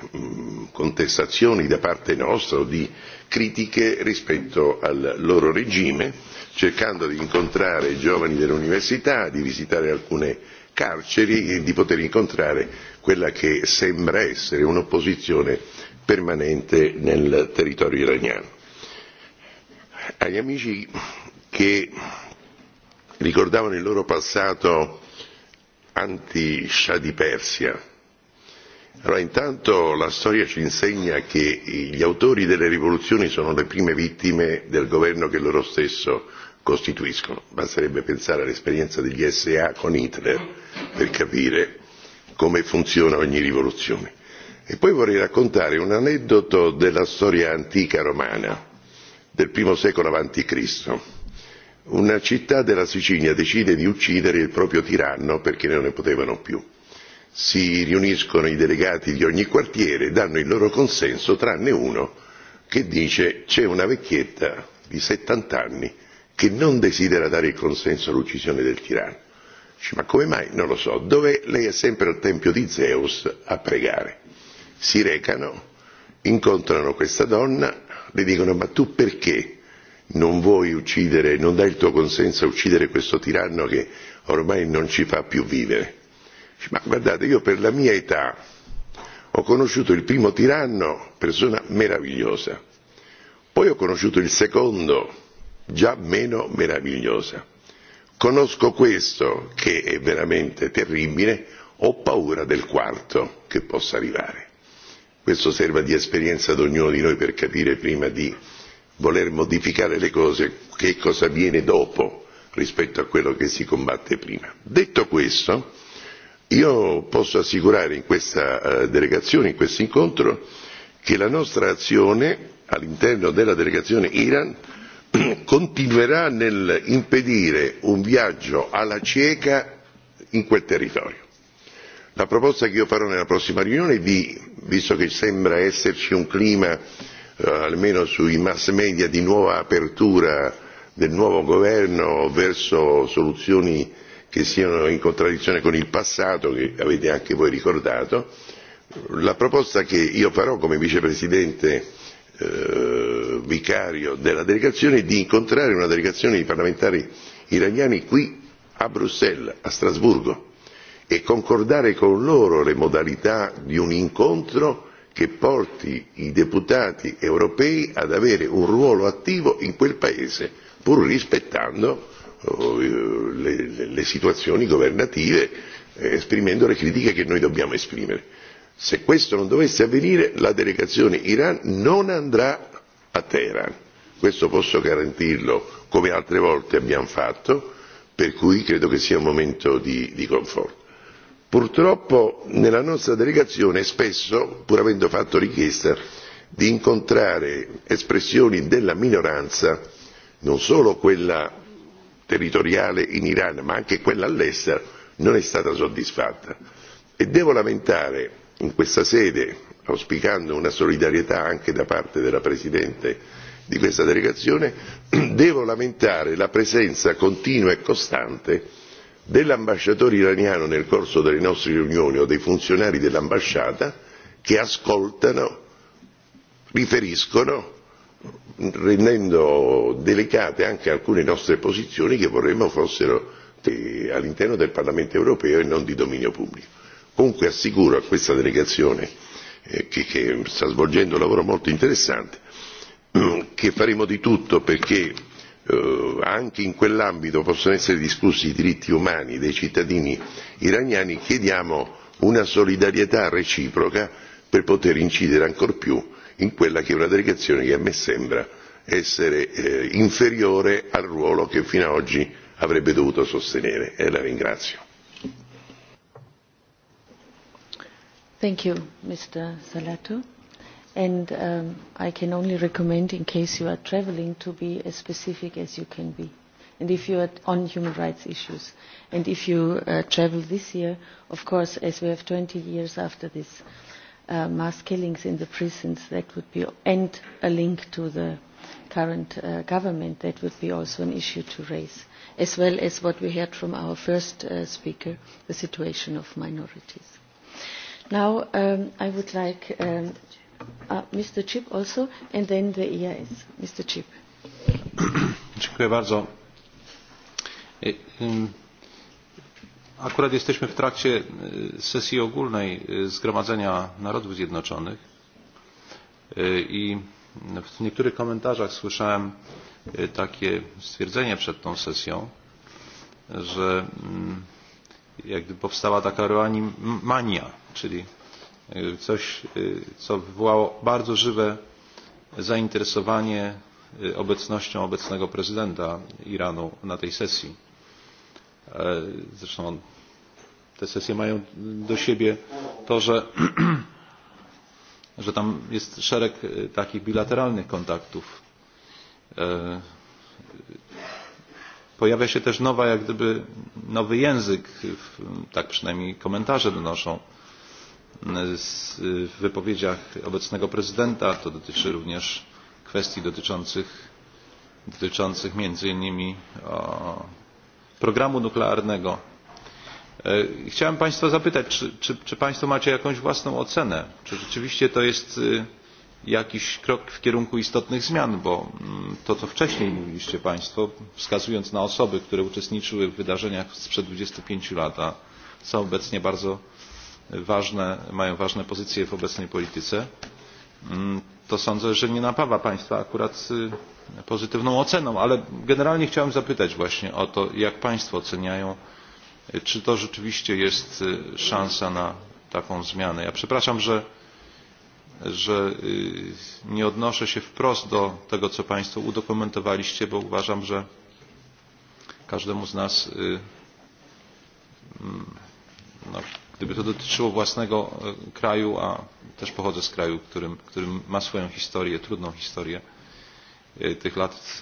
contestazioni da parte nostra o di critiche rispetto al loro regime cercando di incontrare giovani dell'università di visitare alcune carceri e di poter incontrare quella che sembra essere un'opposizione permanente nel territorio iraniano. Agli amici che ricordavano il loro passato anti-Shah di Persia, allora intanto la storia ci insegna che gli autori delle rivoluzioni sono le prime vittime del governo che loro stesso costituiscono. Basterebbe pensare all'esperienza degli SA con Hitler per capire come funziona ogni rivoluzione. E poi vorrei raccontare un aneddoto della storia antica romana del primo secolo a.C. Una città della Sicilia decide di uccidere il proprio tiranno perché non ne potevano più. Si riuniscono i delegati di ogni quartiere, danno il loro consenso, tranne uno che dice c'è una vecchietta di 70 anni che non desidera dare il consenso all'uccisione del tiranno. Dice, ma come mai? Non lo so. Dove lei è sempre al tempio di Zeus a pregare? Si recano, incontrano questa donna, le dicono, ma tu perché non vuoi uccidere, non dai il tuo consenso a uccidere questo tiranno che ormai non ci fa più vivere? Dice, ma guardate, io per la mia età ho conosciuto il primo tiranno, persona meravigliosa. Poi ho conosciuto il secondo, già meno meravigliosa. Conosco questo che è veramente terribile, ho paura del quarto che possa arrivare. Questo serva di esperienza ad ognuno di noi per capire prima di voler modificare le cose che cosa viene dopo rispetto a quello che si combatte prima. Detto questo, io posso assicurare in questa eh, delegazione, in questo incontro, che la nostra azione all'interno della delegazione Iran continuerà nell'impedire un viaggio alla cieca in quel territorio. la proposta che io farò nella prossima riunione visto che sembra esserci un clima eh, almeno sui mass media di nuova apertura del nuovo governo verso soluzioni che siano in contraddizione con il passato che avete anche voi ricordato la proposta che io farò come vicepresidente Eh, vicario della delegazione di incontrare una delegazione di parlamentari iraniani qui a bruxelles a strasburgo e concordare con loro le modalità di un incontro che porti i deputati europei ad avere un ruolo attivo in quel paese pur rispettando eh, le situazioni governative eh, esprimendo le critiche che noi dobbiamo esprimere se questo non dovesse avvenire la delegazione iran non andrà a teheran questo posso garantirlo come altre volte abbiamo fatto per cui credo che sia un momento di, di conforto. purtroppo nella nostra delegazione spesso pur avendo fatto richiesta di incontrare espressioni della minoranza non solo quella territoriale in Iran ma anche quella all'estero non è stata soddisfatta e devo lamentare in questa sede auspicando una solidarietà anche da parte della presidente di questa delegazione devo lamentare la presenza continua e costante dell'ambasciatore iraniano nel corso delle nostre riunioni o dei funzionari dell'ambasciata che ascoltano riferiscono rendendo delicate anche alcune nostre posizioni che vorremmo fossero eh, all'interno del Parlamento europeo e non di dominio pubblico comunque assicuro a questa delegazione eh, che sta svolgendo un lavoro molto interessante mm, che faremo di tutto perché eh, anche in quell'ambito possano essere discussi i diritti umani dei cittadini iraniani chiediamo una solidarietà reciproca per poter incidere ancor più in quella che è una delegazione che a me sembra essere eh, inferiore al ruolo che fino ad oggi avrebbe dovuto sostenere e la ringrazio. thank you mr zalatu and um, i can only recommend in case you are traveling to be as specific as you can be and if you are on human rights issues and if you uh, travel this year of course as we have 20 years after this uh, mass killings in the prisons that would be and a link to the current uh, government that would be also an issue to raise as well as what we heard from our first uh, speaker the situation of minorities Now um, I would like um, uh, Mr. Chip also, and then the EIS. Mr. Chip. Dziękuję bardzo. E, akurat jesteśmy w trakcie e, sesji ogólnej e, Zgromadzenia Narodów Zjednoczonych i w niektórych komentarzach słyszałem takie stwierdzenie przed tą sesją, że mm, jak gdyby powstała taka rwani mania, czyli e, coś, e, co wywołało bardzo żywe zainteresowanie e, obecnością obecnego prezydenta Iranu na tej sesji. Zresztą te sesje mają do siebie to, że, że tam jest szereg takich bilateralnych kontaktów pojawia się też nowa jak gdyby nowy język tak przynajmniej komentarze donoszą mm, w wypowiedziach obecnego prezydenta to dotyczy również kwestii dotyczących dotyczących między innymi programu nuklearnego. E, chciałem Państwa zapytać, czy, czy, czy Państwo macie jakąś własną ocenę, czy rzeczywiście to jest y, jakiś krok w kierunku istotnych zmian bo mm, to co wcześniej mówiliście państwo wskazując na osoby które uczestniczyły w wydarzeniach sprzed dwadzieścia pięć lat a są obecnie bardzo ważne mają ważne pozycje w obecnej polityce mm, to sądzę że nie napawa państwa akurat pozytywną oceną ale generalnie chciałem zapytać właśnie o to jak państwo oceniają czy to rzeczywiście jest szansa na taką zmianę. ja przepraszam że że nie odnoszę się wprost do tego co państwo udokumentowaliście bo uważam że każdemu z nas mm, no, gdyby to dotyczyło własnego kraju a też pochodzę z kraju którym, którym ma swoją historię trudną historię tych lat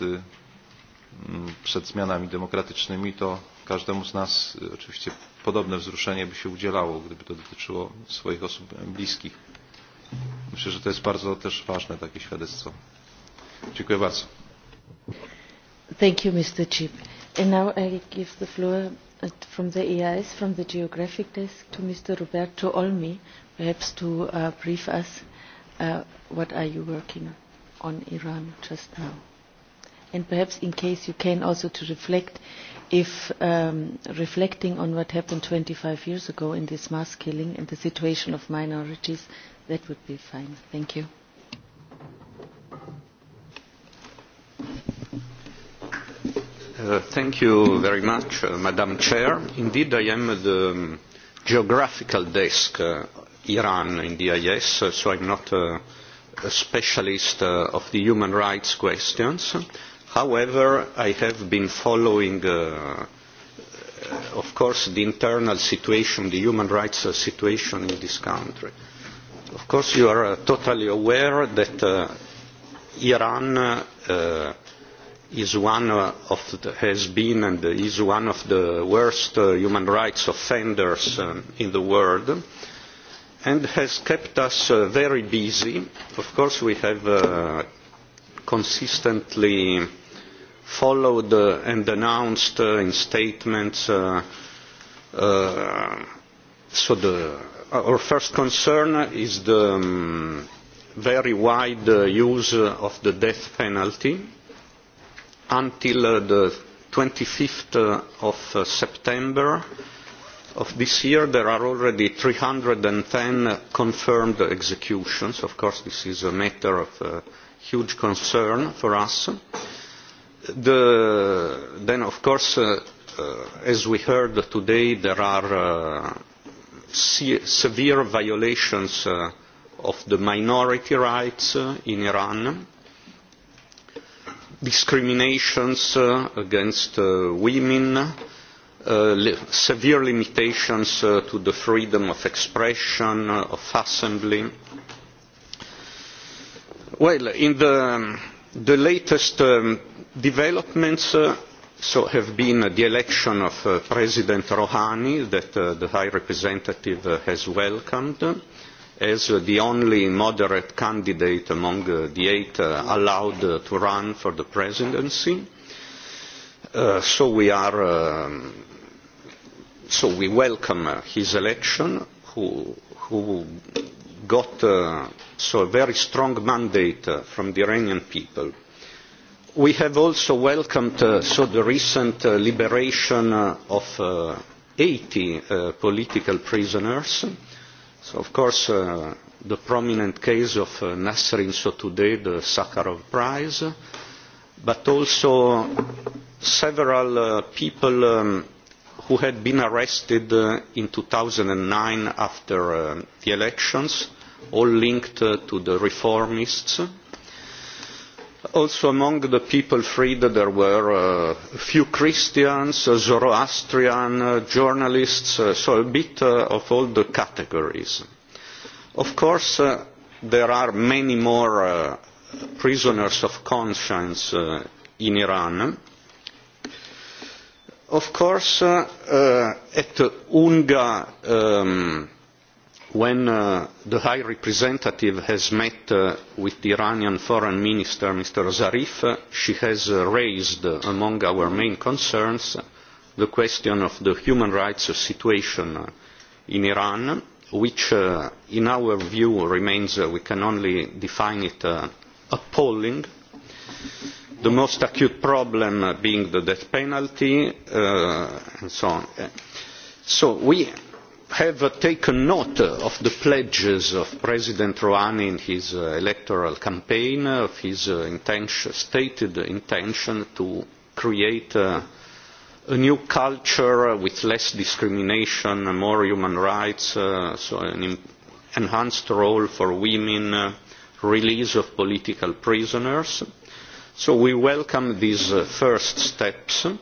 mm, przed zmianami demokratycznymi to każdemu z nas oczywiście podobne wzruszenie by się udzielało gdyby to dotyczyło swoich osób bliskich. Myślę, że to jest bardzo też ważne takie świadectwo. Dziękuję bardzo. Thank you, Mr. Chip. And now I give the floor uh, from the EIS, from the Geographic Desk, to Mr. Roberto Olmi, perhaps to uh, brief us uh, what are you working on Iran just now. And perhaps in case you can also to reflect if um, reflecting on what happened 25 years ago in this mass killing and the situation of minorities that would be fine. Thank you. Uh, thank you very much, uh, Madam Chair. Indeed, I am the um, geographical desk, uh, Iran, in the IS, uh, so I'm not uh, a specialist uh, of the human rights questions. However, I have been following, uh, of course, the internal situation, the human rights uh, situation in this country. Uh, of course you are uh, totally aware that uh, Iran uh, is one uh, of the, has been and is one of the worst uh, human rights offenders um, in the world and has kept us uh, very busy. Of course we have uh, consistently followed uh, and announced uh, in statements uh, uh, so the our first concern is the um, very wide uh, use of the death penalty. until uh, the twenty fifth uh, of september of this year there are already three hundred and ten confirmed executions. of course this is a matter of uh, huge concern for us. The, then of course uh, uh, as we heard today there are uh, severe violations uh, of the minority rights uh, in Iran, discriminations uh, against uh, women, uh, li severe limitations uh, to the freedom of expression, uh, of assembly. Well, in the, the latest um, developments, uh, So have been uh, the election of uh, President Rouhani that uh, the High Representative uh, has welcomed uh, as uh, the only moderate candidate among uh, the eight uh, allowed uh, to run for the presidency. Uh, so, we are, um, so we welcome uh, his election who, who got uh, so a very strong mandate uh, from the Iranian people we have also welcomed uh, so the recent uh, liberation uh, of uh, 80 uh, political prisoners. so, of course, uh, the prominent case of uh, nasrin so today, the sakharov prize, but also several uh, people um, who had been arrested uh, in 2009 after uh, the elections, all linked uh, to the reformists. Uh, also among the people freed there were uh, a uh, few christians uh, zoroastrian uh, journalists uh, so a bit uh, of all the categories of course uh, there are many more uh, prisoners of conscience uh, in iran of course uh, uh, at unga um, when uh, the high representative has met uh, with the iranian foreign minister mr zarif uh, she has raised among our main concerns the question of the human rights situation in iran which in our view remains we can only define it appalling the most acute problem being the death penalty and so on. so we have taken note of the pledges of president rouhani in his uh, electoral campaign of his uh, intention, stated intention to create a, uh, a new culture with less discrimination, more human rights, uh, so an enhanced role for women, uh, release of political prisoners. So we welcome these uh, first steps. Uh,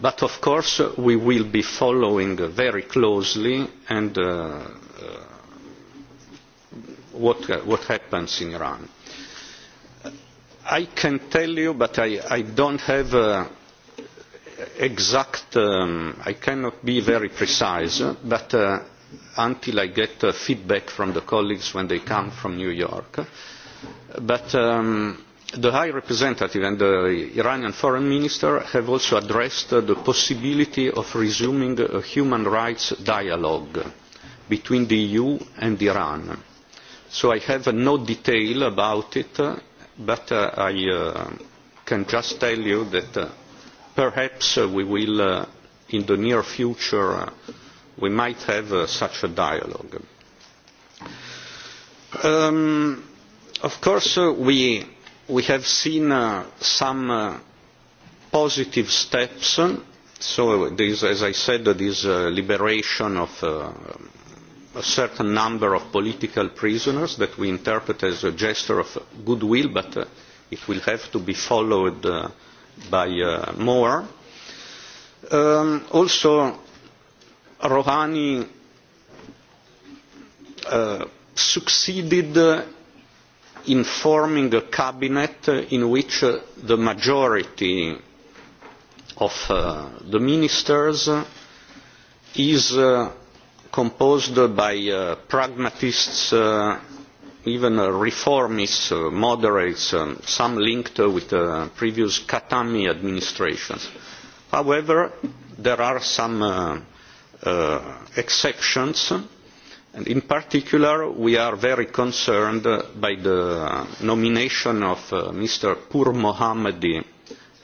but of course we will be following very closely and uh, uh, what, uh, what happens in Iran. I can tell you, but I, I don't have uh, exact, um, I cannot be very precise, but uh, until I get uh, feedback from the colleagues when they come from New York, but um, the high representative and the iranian foreign minister have also addressed the possibility of resuming a human rights dialogue between the eu and iran. so i have no detail about it but uh, i uh, can just tell you that uh, perhaps we will in the near future we might have such a dialogue. Um, of course we we have seen uh, some uh, positive steps. So, this, as I said, this uh, liberation of uh, a certain number of political prisoners that we interpret as a gesture of goodwill, but uh, it will have to be followed uh, by uh, more. Um, also, Rouhani uh, succeeded uh, informing a cabinet in which uh, the majority of uh, the ministers is uh, composed by pragmatists even reformists moderates um, some linked with the previous Khatami administrations. however there are some exceptions In particular, we are very concerned by the nomination of uh, Mr. Pur Mohammadi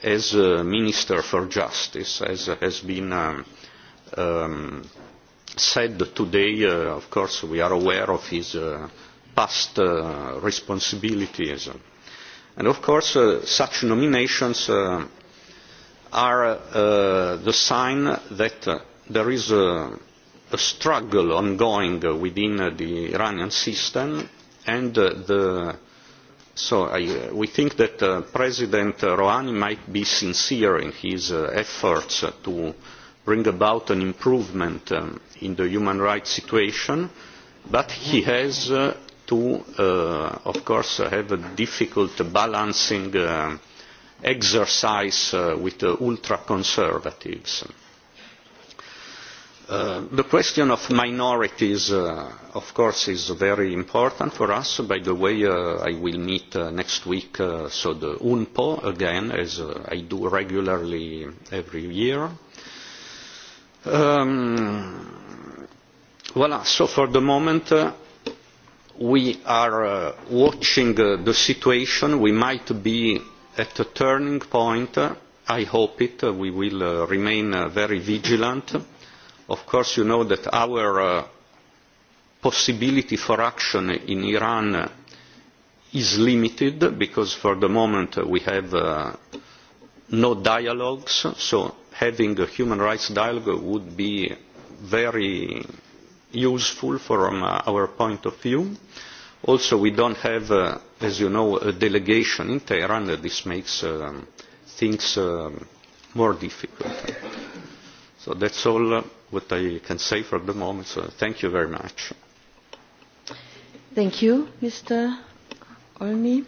as uh, Minister for Justice, as has been um, um, said today. Uh, of course, we are aware of his uh, past uh, responsibilities. And of course, uh, such nominations uh, are uh, the sign that uh, there is a uh, struggle ongoing within the Iranian system, and uh, the, so I, uh, we think that uh, President Rouhani might be sincere in his uh, efforts to bring about an improvement um, in the human rights situation, but he has uh, to, uh, of course, have a difficult balancing uh, exercise uh, with the ultra-conservatives. Uh, the question of minorities, uh, of course, is very important for us. By the way, uh, I will meet uh, next week, uh, so the UNPO again, as uh, I do regularly every year. Um, voilà, so for the moment, uh, we are uh, watching uh, the situation. We might be at a turning point. I hope it. We will uh, remain uh, very vigilant of course you know that our uh, possibility for action in Iran is limited because for the moment we have uh, no dialogues so having a human rights dialogue would be very useful from uh, our point of view also we don't have uh, as you know a delegation in Tehran this makes um, things um, more difficult so that's all uh, what I can say for the moment. So thank you very much. Thank you, Mr. Olmi.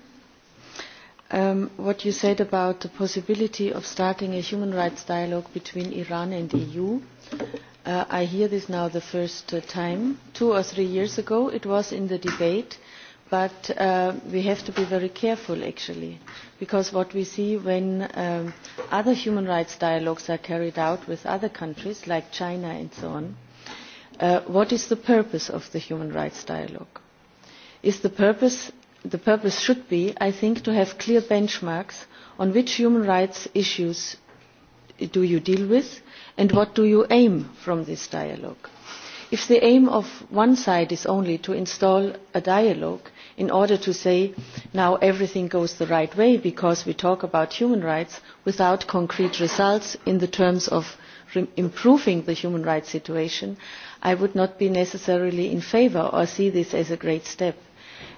Um, what you said about the possibility of starting a human rights dialogue between Iran and the EU, uh, I hear this now the first uh, time. Two or three years ago, it was in the debate but uh, we have to be very careful actually because what we see when um, other human rights dialogues are carried out with other countries like China and so on, uh, what is the purpose of the human rights dialogue? Is the purpose, the purpose should be, I think, to have clear benchmarks on which human rights issues do you deal with and what do you aim from this dialogue if the aim of one side is only to install a dialogue in order to say now everything goes the right way because we talk about human rights without concrete results in terms of improving the human rights situation i would not be necessarily in favour or see this as a great step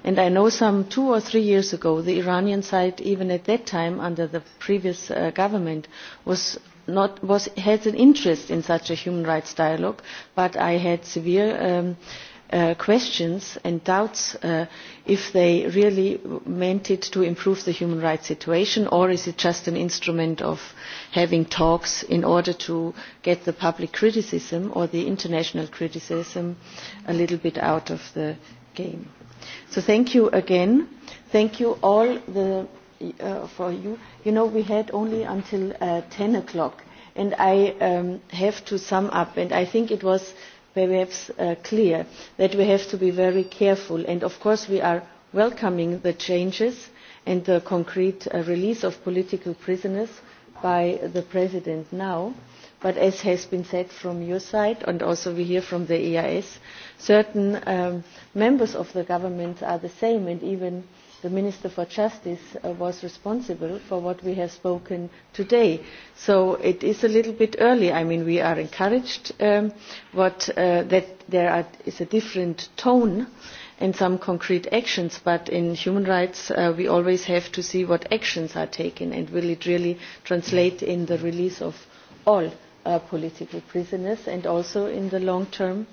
and i know some two or three years ago the iranian side even at that time under the previous uh, government was had an interest in such a human rights dialogue but i had severe um, uh, questions and doubts uh, if they really meant it to improve the human rights situation or if it is just an instrument of having talks in order to get the public criticism or the international criticism a little bit out of the game. so thank you again. thank you all the uh, for you. You know, we had only until uh, 10 o'clock, and I um, have to sum up, and I think it was perhaps uh, clear that we have to be very careful, and of course, we are welcoming the changes and the concrete uh, release of political prisoners by the President now. But as has been said from your side, and also we hear from the EIS, certain um, members of the government are the same, and even uh, the minister for justice uh, was responsible for what we have spoken today. so it is a little bit early. i mean, we are encouraged um, what, uh, that there are, is a different tone and some concrete actions, but in human rights, uh, we always have to see what actions are taken and will it really translate in the release of all uh, political prisoners and also in the long term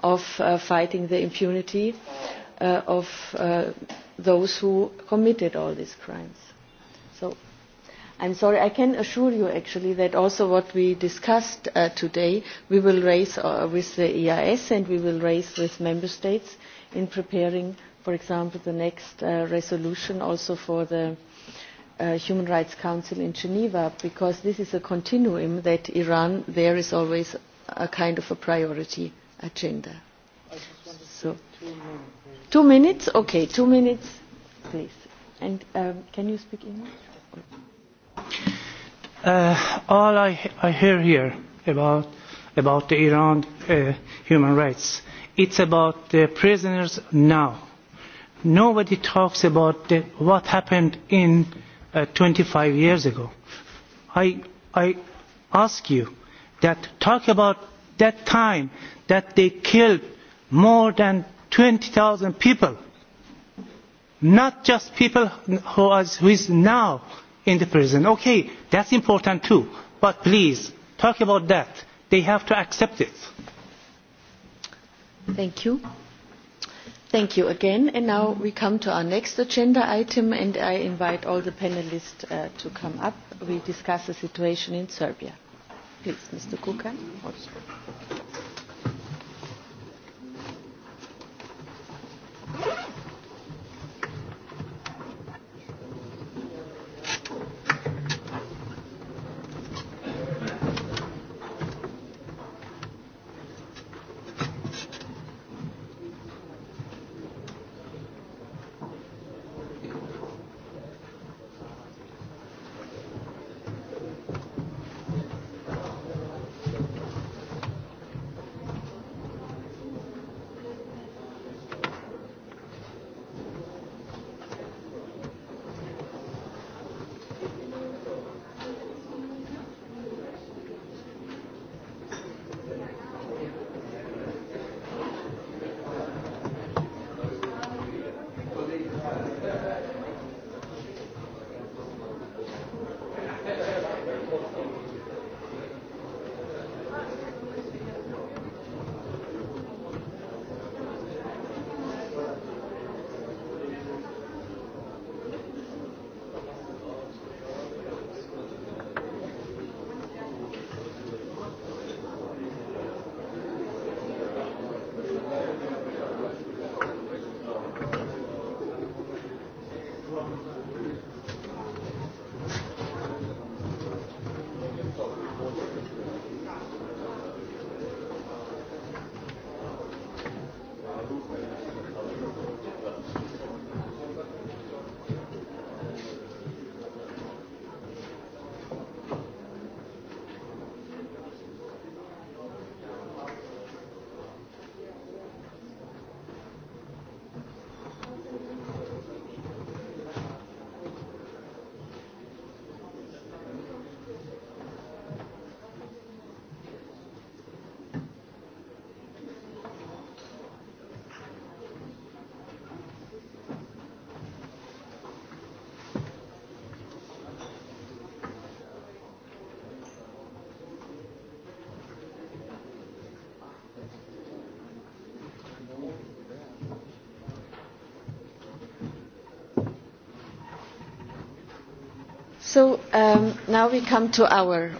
of uh, fighting the impunity. Uh, Uh, of uh, those who committed all these crimes. So, I'm sorry, I can assure you actually that also what we discussed uh, today, we will raise uh, with the EIS and we will raise with member states in preparing, for example, the next uh, resolution also for the uh, Human Rights Council in Geneva, because this is a continuum that Iran, there is always a kind of a priority agenda. I just want to so, say two two minutes okay two minutes please and um, can you speak english uh, all I, I hear here about about the iran uh, human rights it's about the prisoners now nobody talks about the, what happened in uh, 25 years ago i i ask you that talk about that time that they killed more than 20,000 people, not just people who, are, who is now in the prison. Okay, that's important too. But please, talk about that. They have to accept it. Thank you. Thank you again. And now we come to our next agenda item, and I invite all the panelists uh, to come up. We discuss the situation in Serbia. Please, Mr. Kukan. Also. So um, now we come to our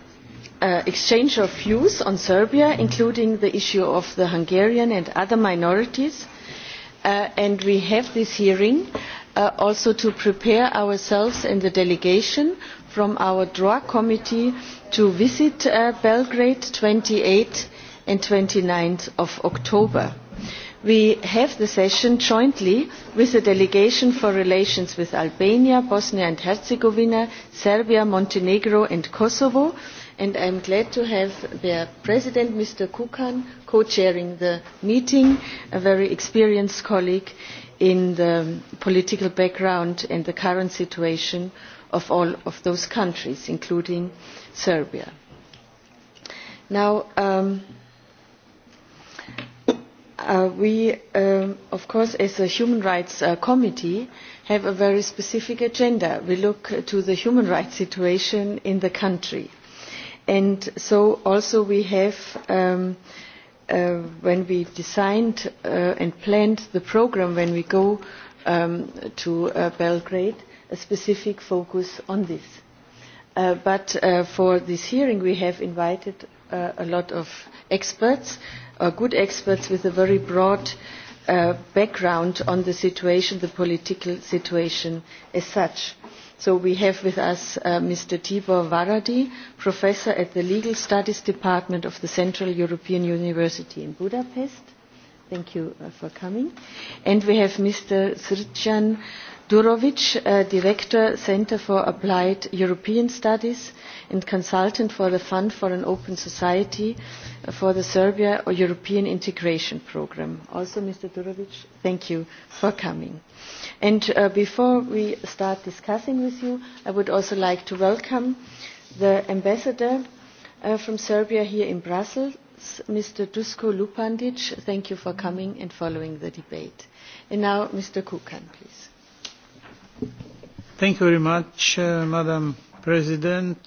uh, exchange of views on Serbia, including the issue of the Hungarian and other minorities. Uh, and we have this hearing uh, also to prepare ourselves and the delegation from our DROA committee to visit uh, Belgrade 28 and 29th of October. We have the session jointly with the Delegation for Relations with Albania, Bosnia and Herzegovina, serbia montenegro and kosovo and i am glad to have their president mr kukan co chairing the meeting a very experienced colleague in the political background and the current situation of all of those countries including serbia. Um, Uh, we um, of course as a human rights uh, committee have a very specific agenda we look to the human rights situation in the country and so also we have um, uh, when we designed and planned the programme when we go um, to belgrade a specific focus on this but for this hearing we have invited a lot of experts are uh, good experts with a very broad uh, background on the situation, the political situation as such. So we have with us uh, Mr. Tibor Varadi, professor at the Legal Studies Department of the Central European University in Budapest. Thank you uh, for coming. And we have Mr. Srdjan durovic uh, director centre for applied european studies and consultant for the fund for an open society for the serbia european integration programme. also mr durovic thank you for coming. Uh, before we start discussing with you i would also like to welcome the ambassador uh, from serbia here in brussels mr dusko lupandi. thank you for coming and following the debate. now mr kukan please. Uh, madam president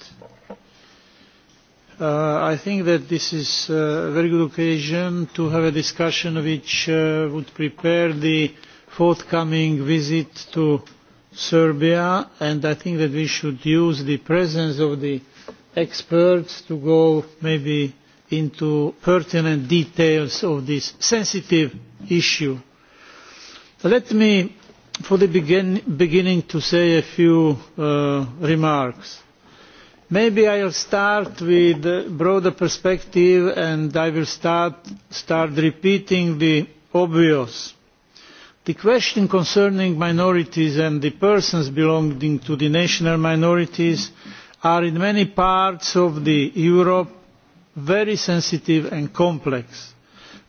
uh, i think that this is a very good occasion to have a discussion which uh, would prepare the forthcoming visit to serbia and i think that we should use the presence of the experts to go maybe into pertinent details of this sensitive issue let me uh, for the beginning to say a few uh, remarks. Maybe I'll start with a broader perspective and I will start, start repeating the obvious. The question concerning minorities and the persons belonging to the national minorities are in many parts of the Europe very sensitive and complex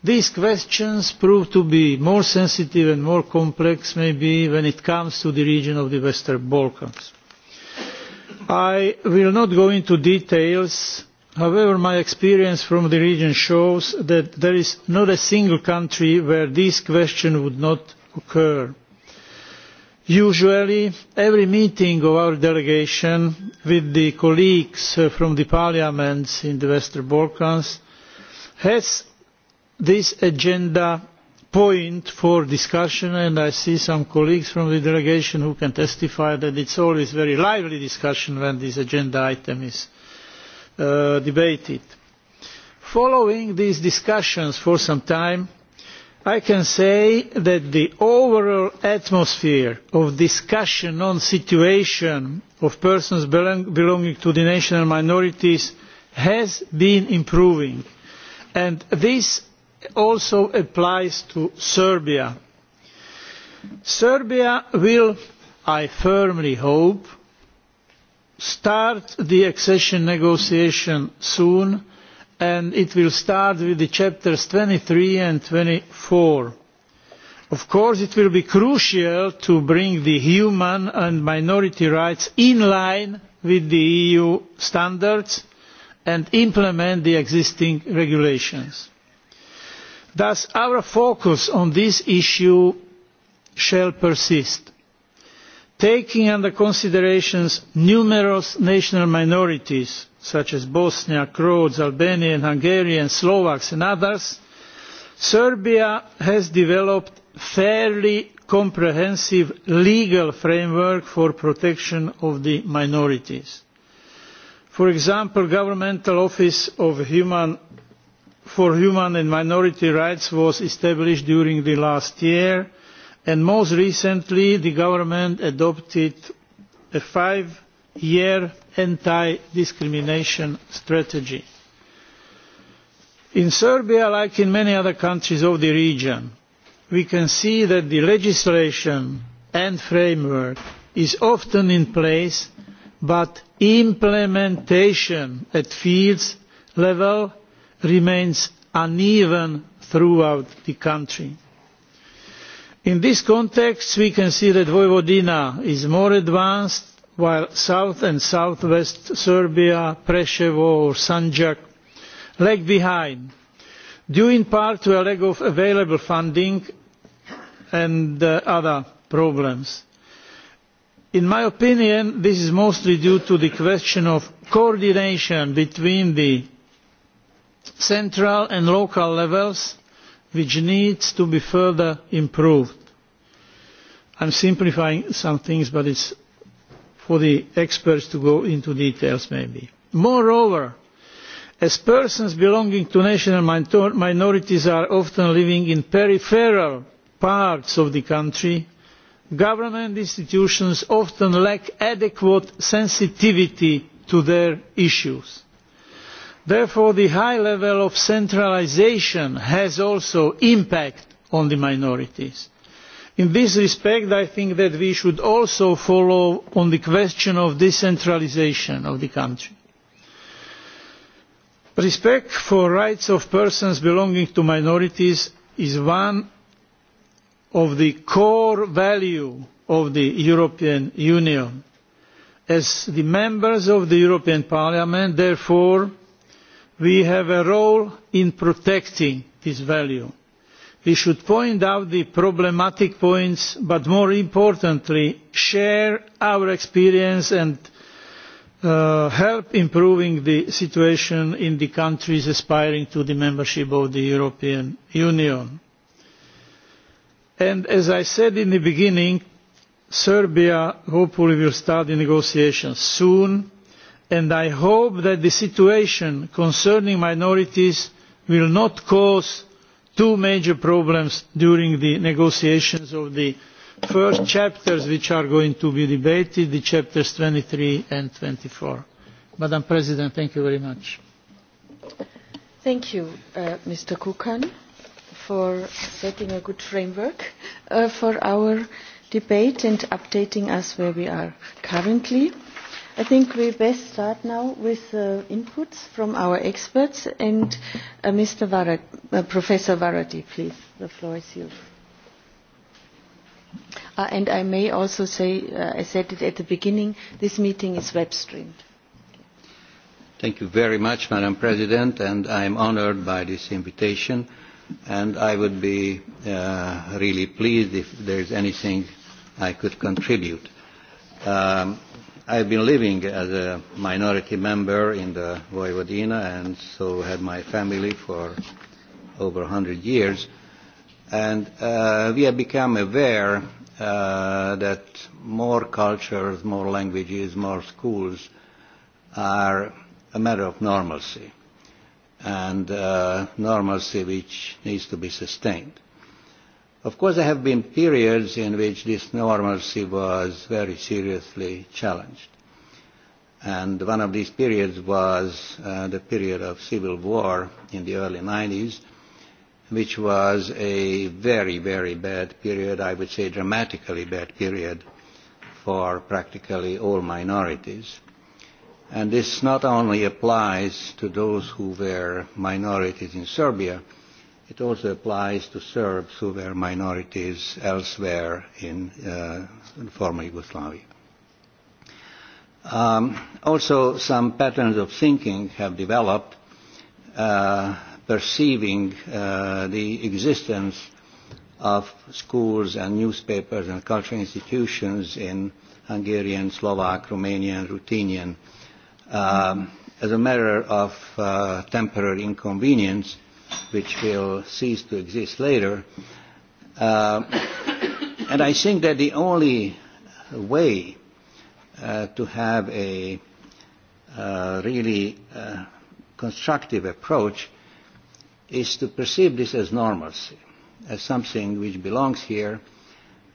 these questions prove to be more sensitive and more complex maybe when it comes to the region of the western balkans. i will not go into details however my experience from the region shows that there is not a single country where these questions would not occur. usually every meeting of our delegation with the colleagues from the parliaments in the western balkans has this agenda point for discussion and i see some colleagues from the delegation who can testify that it is always a very lively discussion when this agenda item is uh, debated. following these discussions for some time i can say that the overall atmosphere of discussion on the situation of persons belonging to the national minorities has been improving and this also applies to serbia. serbia will i firmly hope start the accession negotiations soon and it will start with chapters twenty three and twenty four. of course it will be crucial to bring human and minority rights in line with eu e standards and implement the existing regulations thus our focus on this issue shall persist taking into consideration numerous national minorities such as bosniaks croats albanians hungarians slovaks and others serbia has developed a fairly comprehensive legal framework for the protection of the minorities. for example the governmental office of human for human and minority rights was established during the last year and most recently the government adopted a five year anti discrimination strategy. In Serbia, like in many other countries of the region, we can see that the legislation and framework is often in place, but implementation at fields level remains uneven throughout the country. In this context, we can see that Vojvodina is more advanced, while south and southwest Serbia, Preševo or Sanjak lag behind, due in part to a lack of available funding and uh, other problems. In my opinion, this is mostly due to the question of coordination between the central and local levels which needs to be further improved. I'm simplifying some things but it's for the experts to go into details maybe. Moreover, as persons belonging to national minor minorities are often living in peripheral parts of the country, government institutions often lack adequate sensitivity to their issues therefore the high level of centralisation has also an impact on the minorities. in this respect i think that we should also follow on the question of decentralisation of the country. respect for the rights of persons belonging to minorities is one of the core values of the european union. as the members of the european parliament therefore we have a role in protecting this value. we should point out the problematic points but more importantly share our experience and uh, help improving the situation in the countries aspiring to the membership of the european union. and as i said in the beginning serbia hopefully will start the negotiations soon and i hope that the situation concerning minorities will not cause two major problems during the negotiations of the first chapters which are going to be debated the chapters 23 and 24 madam president thank you very much thank you uh, mr kukan for setting a good framework uh, for our debate and updating us where we are currently i think we best start now with uh, inputs from our experts and uh, mr Varad, uh, professor varadi please the floor is yours uh, and i may also say uh, i said it at the beginning this meeting is web streamed thank you very much madam president and i am honored by this invitation and i would be uh, really pleased if there is anything i could contribute um, I've been living as a minority member in the Vojvodina and so had my family for over 100 years. And uh, we have become aware uh, that more cultures, more languages, more schools are a matter of normalcy. And uh, normalcy which needs to be sustained. Of course, there have been periods in which this normalcy was very seriously challenged. And one of these periods was uh, the period of civil war in the early 90s, which was a very, very bad period, I would say dramatically bad period, for practically all minorities. And this not only applies to those who were minorities in Serbia, It also applies to Serbs who were minorities elsewhere in, uh, in former Yugoslavia. Um, also, some patterns of thinking have developed, uh, perceiving uh, the existence of schools and newspapers and cultural institutions in Hungarian, Slovak, Romanian, Ruthenian um, as a matter of uh, temporary inconvenience which will cease to exist later. Uh, and I think that the only way uh, to have a uh, really uh, constructive approach is to perceive this as normalcy, as something which belongs here.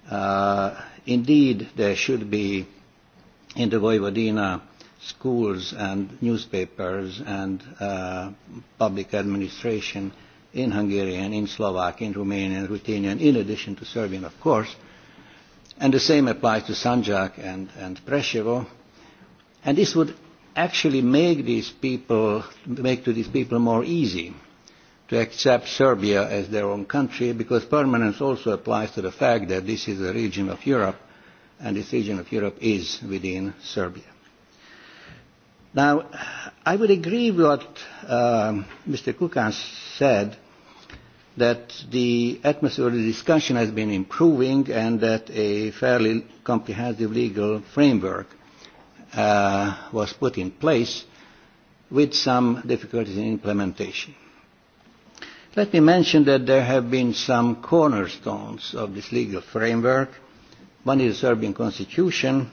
Uh, indeed, there should be in the Vojvodina schools and newspapers and uh, public administration in Hungarian, in Slovak, in Romanian, Ruthenian, in addition to Serbian, of course. And the same applies to Sanjak and, and Preshevo. And this would actually make these people, make to these people more easy to accept Serbia as their own country because permanence also applies to the fact that this is a region of Europe and this region of Europe is within Serbia. Now, I would agree with what um, Mr. Kukan said that the atmosphere of the discussion has been improving and that a fairly comprehensive legal framework uh, was put in place with some difficulties in implementation. Let me mention that there have been some cornerstones of this legal framework. One is the Serbian constitution.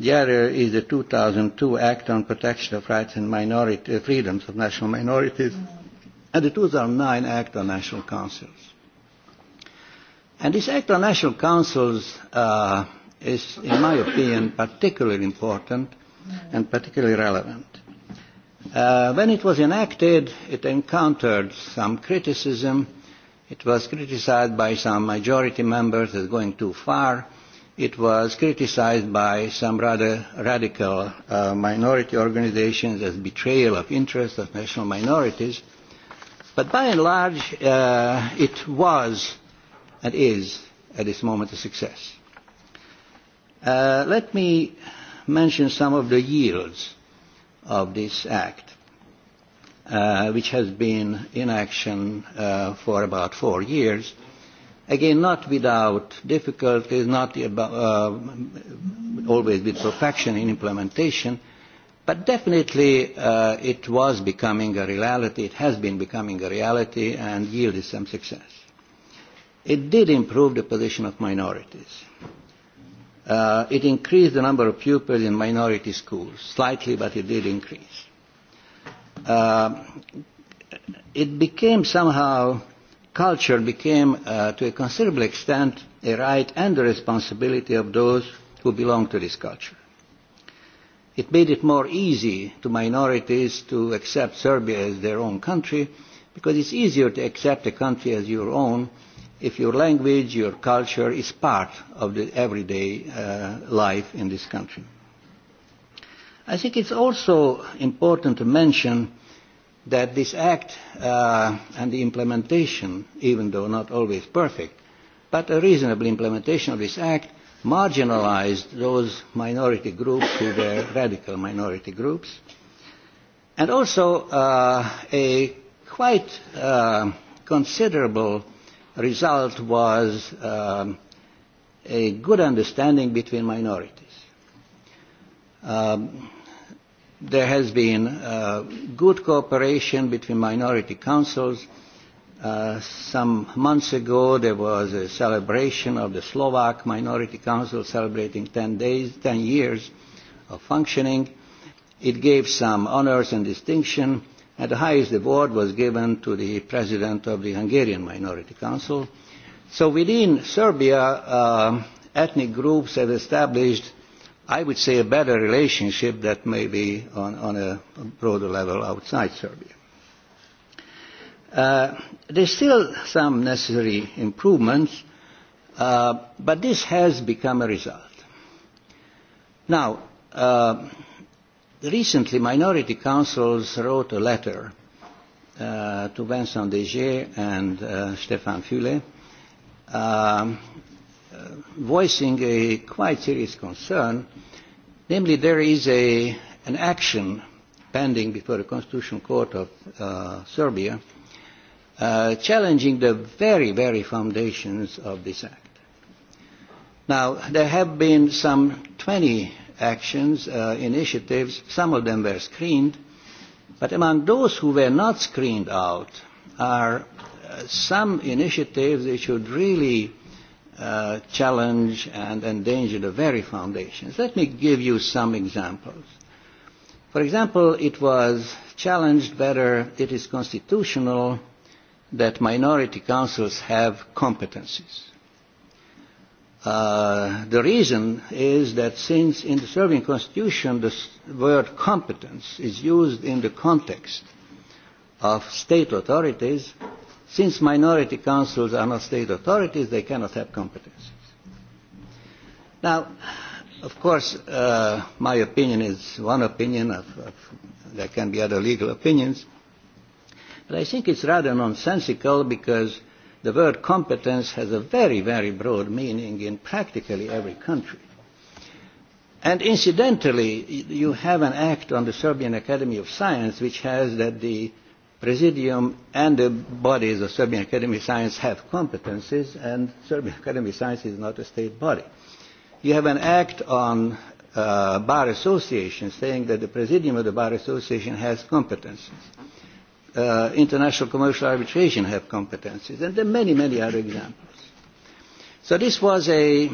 The other is the 2002 Act on Protection of Rights and Minority, uh, Freedoms of National Minorities mm-hmm. and the 2009 Act on National Councils. And this Act on National Councils uh, is, in my opinion, particularly important mm-hmm. and particularly relevant. Uh, when it was enacted, it encountered some criticism. It was criticized by some majority members as going too far it was criticised by some rather radical uh, minority organisations as betrayal of interests of national minorities. But by and large, uh, it was and is at this moment a success. Uh, let me mention some of the yields of this act, uh, which has been in action uh, for about four years. Uh, again, not without difficulties, not about, uh, always with perfection in implementation, but definitely uh, it was becoming a reality, it has been becoming a reality and yielded some success. It did improve the position of minorities. Uh, it increased the number of pupils in minority schools, slightly, but it did increase. Uh, it became somehow culture became uh, to a considerable extent a right and a responsibility of those who belong to this culture. It made it more easy to minorities to accept Serbia as their own country because it's easier to accept a country as your own if your language, your culture is part of the everyday uh, life in this country. I think it's also important to mention uh, that this act uh, and the implementation, even though not always perfect, but a reasonable implementation of this act marginalized those minority groups who were radical minority groups. And also uh, a quite uh, considerable result was um, a good understanding between minorities. Um, there has been uh, good cooperation between minority councils. Uh, some months ago, there was a celebration of the Slovak Minority Council celebrating 10 days, 10 years of functioning. It gave some honors and distinction, and the highest award was given to the president of the Hungarian Minority Council. So within Serbia, uh, ethnic groups have established uh, i would say a better relationship than maybe on, on a broader level outside serbia. Uh, there's still some necessary improvements, uh, but this has become a result. now, uh, recently minority councils wrote a letter uh, to vincent deger and uh, stefan fule. Um, voicing a quite serious concern. Namely, there is a, an action pending before the Constitutional Court of uh, Serbia uh, challenging the very, very foundations of this act. Now, there have been some 20 actions, uh, initiatives. Some of them were screened. But among those who were not screened out are uh, some initiatives that should really Uh, challenge and endanger the very foundations. Let me give you some examples. For example, it was challenged whether it is constitutional that minority councils have competencies. Uh, the reason is that since in the Serbian constitution the word competence is used in the context of state authorities, Since minority councils are not state authorities, they cannot have competences. Now, of course, uh, my opinion is one opinion. Of, of, there can be other legal opinions. But I think it's rather nonsensical because the word competence has a very, very broad meaning in practically every country. And incidentally, you have an act on the Serbian Academy of Science which has that the Presidium and the bodies of Serbian Academy of Science have competences, and Serbian Academy of Science is not a state body. You have an act on uh, Bar Association saying that the Presidium of the Bar Association has competences. Uh, international commercial arbitration have competences, and there are many, many other examples. So this was a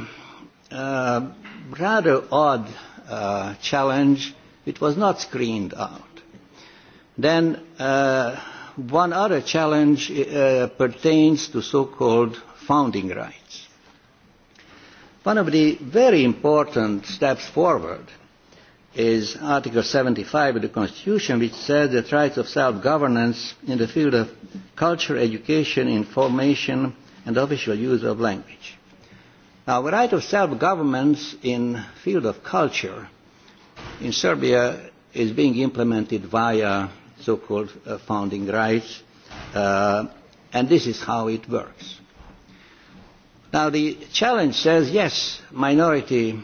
uh, rather odd uh, challenge. It was not screened out. Then uh, one other challenge uh, pertains to so-called founding rights. One of the very important steps forward is Article 75 of the Constitution, which says that rights of self-governance in the field of culture, education, information, and official use of language. Now, the right of self-governance in field of culture in Serbia is being implemented via so-called uh, founding rights. Uh, and this is how it works. Now the challenge says, yes, minority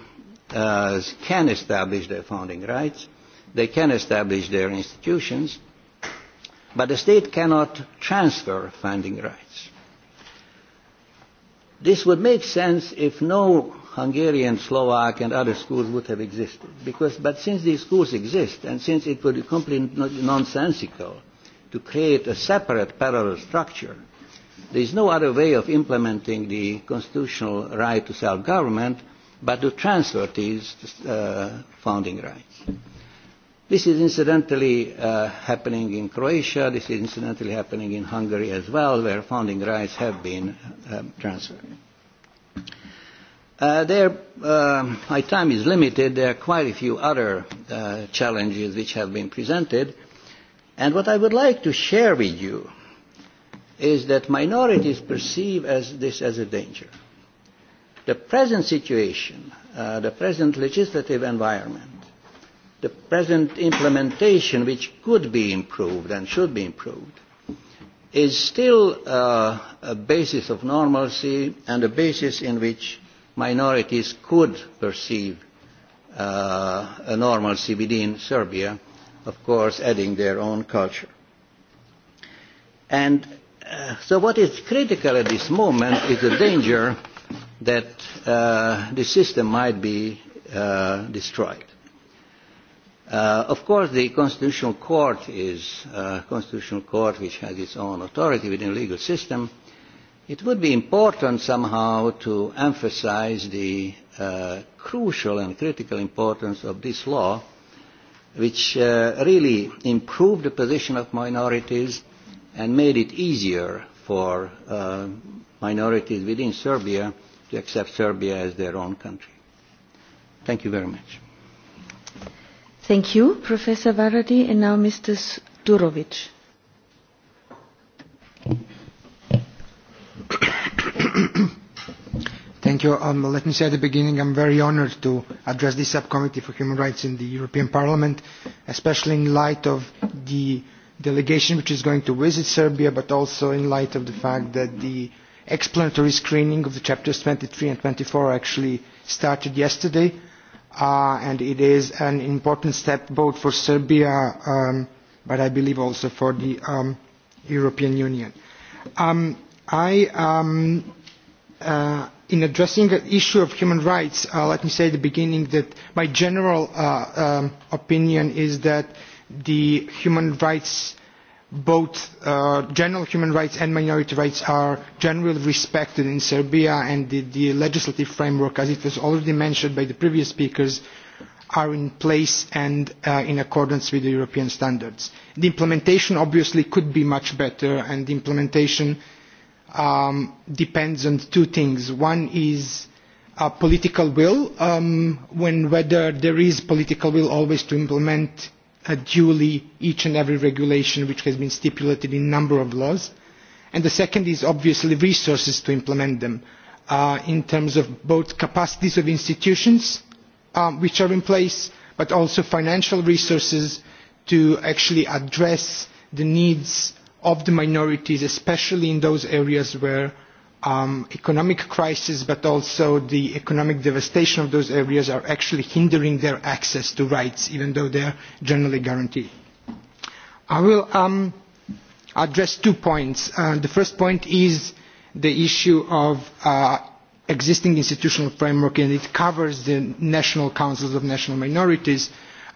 uh, can establish their founding rights, they can establish their institutions, but the state cannot transfer founding rights. This would make sense if no Hungarian, Slovak, and other schools would have existed. Because, but since these schools exist, and since it would be completely no, nonsensical to create a separate parallel structure, there is no other way of implementing the constitutional right to self government but to transfer these uh, founding rights. This is incidentally uh, happening in Croatia, this is incidentally happening in Hungary as well, where founding rights have been um, transferred. Uh, there, uh, my time is limited. There are quite a few other uh, challenges which have been presented. And what I would like to share with you is that minorities perceive as this as a danger. The present situation, uh, the present legislative environment, the present implementation which could be improved and should be improved, is still uh, a basis of normalcy and a basis in which minorities could perceive uh, a normalcy within Serbia, of course, adding their own culture. And uh, so, what is critical at this moment is the danger that uh, the system might be uh, destroyed. Uh, of course, the constitutional court is a uh, constitutional court which has its own authority within the legal system. Uh, It would be important somehow to emphasize the uh, crucial and critical importance of this law, which uh, really improved the position of minorities and made it easier for uh, minorities within Serbia to accept Serbia as their own country. Thank you very much. Thank you, Professor Varadi, and now Mr. Durovic. Thank you. Um, let me say at the beginning I'm very honoured to address this subcommittee for human rights in the European Parliament, especially in light of the delegation which is going to visit Serbia, but also in light of the fact that the explanatory screening of the chapters 23 and 24 actually started yesterday, uh, and it is an important step both for Serbia, um, but I believe also for the um, European Union. Um, I... Um, uh, in addressing the issue of human rights, uh, let me say at the beginning that my general uh, um, opinion is that the human rights, both uh, general human rights and minority rights, are generally respected in Serbia and the, the legislative framework, as it was already mentioned by the previous speakers, are in place and uh, in accordance with the European standards. The implementation obviously could be much better and the implementation uh, um, depends on two things. One is uh, political will, um, when whether there is political will always to implement uh, duly each and every regulation which has been stipulated in a number of laws. And the second is obviously resources to implement them uh, in terms of both capacities of institutions um, which are in place, but also financial resources to actually address the needs of the minorities, especially in those areas where um, economic crisis, but also the economic devastation of those areas are actually hindering their access to rights, even though they are generally guaranteed. I will um, address two points. Uh, the first point is the issue of uh, existing institutional framework, and it covers the national councils of national minorities.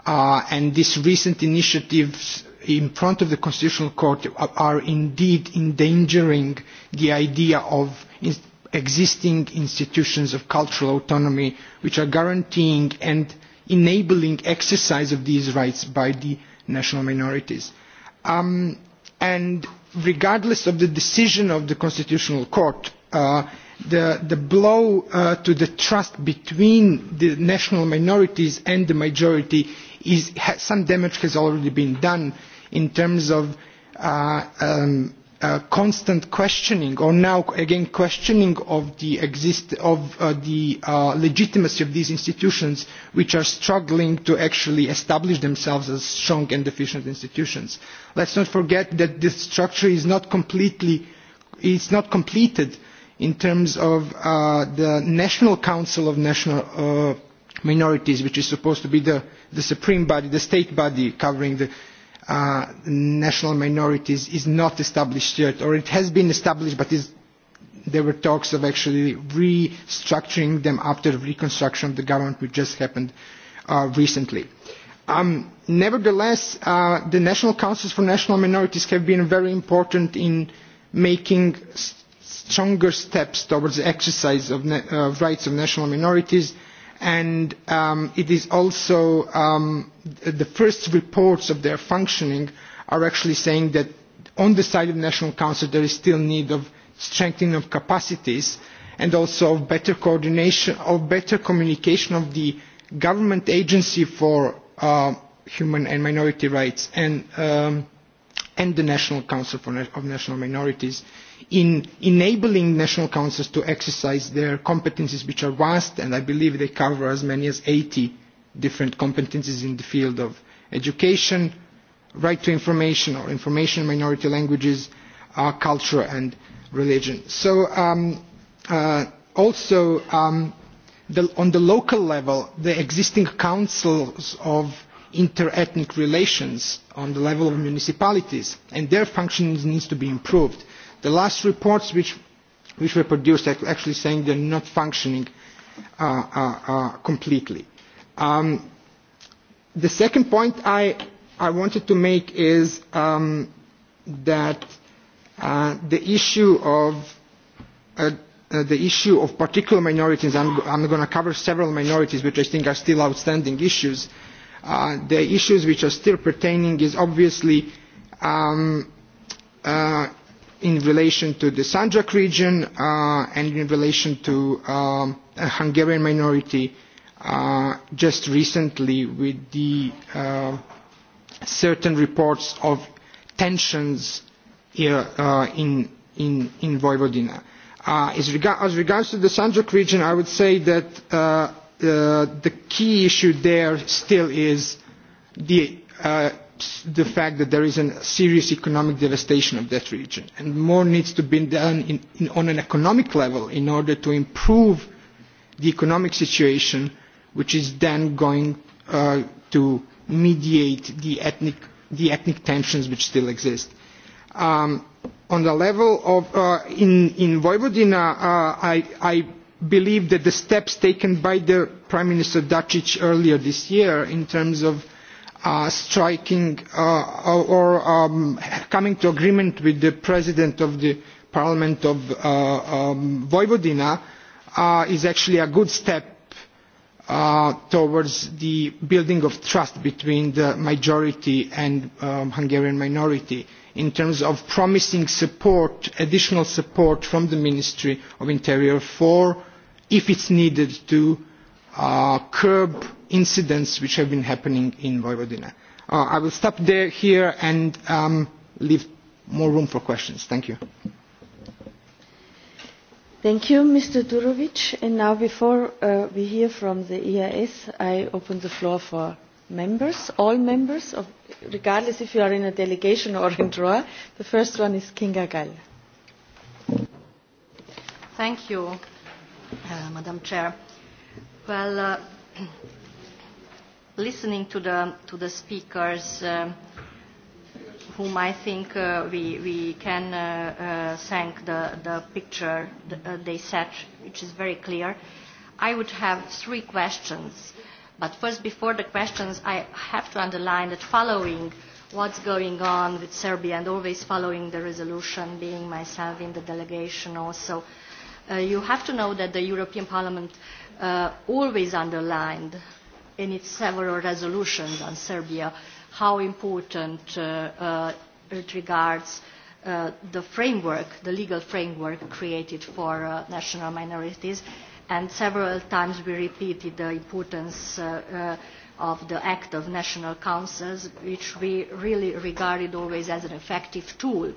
Uh, and this recent initiative in front of the Constitutional Court are indeed endangering the idea of in existing institutions of cultural autonomy which are guaranteeing and enabling exercise of these rights by the national minorities. Um, and regardless of the decision of the Constitutional Court, uh, the, the blow uh, to the trust between the national minorities and the majority is, ha, some damage has already been done. Uh, in terms of uh, um, uh, constant questioning or now again questioning of the, exist of, uh, the uh, legitimacy of these institutions which are struggling to actually establish themselves as strong and efficient institutions. Let's not forget that this structure is not completely it's not completed in terms of uh, the National Council of National uh, Minorities, which is supposed to be the, the supreme body, the state body covering the, uh, uh, national minorities is not established yet, or it has been established, but is, there were talks of actually restructuring them after the reconstruction of the government, which just happened uh, recently. Um, nevertheless, uh, the national councils for national minorities have been very important in making st- stronger steps towards the exercise of ne- uh, rights of national minorities and um, it is also um, the first reports of their functioning are actually saying that on the side of the national council there is still need of strengthening of capacities and also of better coordination, of better communication of the government agency for uh, human and minority rights and, um, and the national council for, of national minorities. Uh, in enabling national councils to exercise their competences, which are vast, and I believe they cover as many as 80 different competences in the field of education, right to information or information minority languages, uh, culture and religion. So um, uh, also um, the, on the local level, the existing councils of inter-ethnic relations on the level of municipalities and their functions needs to be improved the last reports which, which were produced are actually saying they're not functioning uh, uh, uh, completely. Um, the second point I, I wanted to make is um, that uh, the issue of uh, uh, the issue of particular minorities, I'm, I'm going to cover several minorities which I think are still outstanding issues. Uh, the issues which are still pertaining is obviously um, uh, in relation to the Sanjak region uh, and in relation to um, a Hungarian minority uh, just recently with the uh, certain reports of tensions here uh, in, in, in Vojvodina. Uh, as, rega as regards to the Sanjak region, I would say that uh, uh, the key issue there still is the uh, the fact that there is a serious economic devastation of that region. And more needs to be done in, in, on an economic level in order to improve the economic situation, which is then going uh, to mediate the ethnic, the ethnic tensions which still exist. Um, on the level of uh, in, in Vojvodina, uh, I, I believe that the steps taken by the Prime Minister Dacic earlier this year in terms of Uh, striking uh, or um, coming to agreement with the president of the parliament of uh, um, Vojvodina uh, is actually a good step uh, towards the building of trust between the majority and um, Hungarian minority in terms of promising support, additional support from the Ministry of Interior for, if it's needed to, uh, uh, curb incidents which have been happening in Vojvodina. Uh, I will stop there here and um, leave more room for questions. Thank you. Thank you, Mr. Durovic. And now before uh, we hear from the EIS, I open the floor for members, all members, of, regardless if you are in a delegation or in draw. The first one is Kinga Gall. Thank you, uh, Madam Chair. Well, uh, listening to the, to the speakers, uh, whom I think uh, we, we can uh, uh, thank the, the picture the, uh, they set, which is very clear, I would have three questions. But first, before the questions, I have to underline that following what's going on with Serbia and always following the resolution, being myself in the delegation also, uh, you have to know that the European Parliament uh, always underlined in its several resolutions on Serbia how important uh, uh, it regards uh, the framework, the legal framework created for uh, national minorities, and several times we repeated the importance uh, uh, of the Act of National Councils, which we really regarded always as an effective tool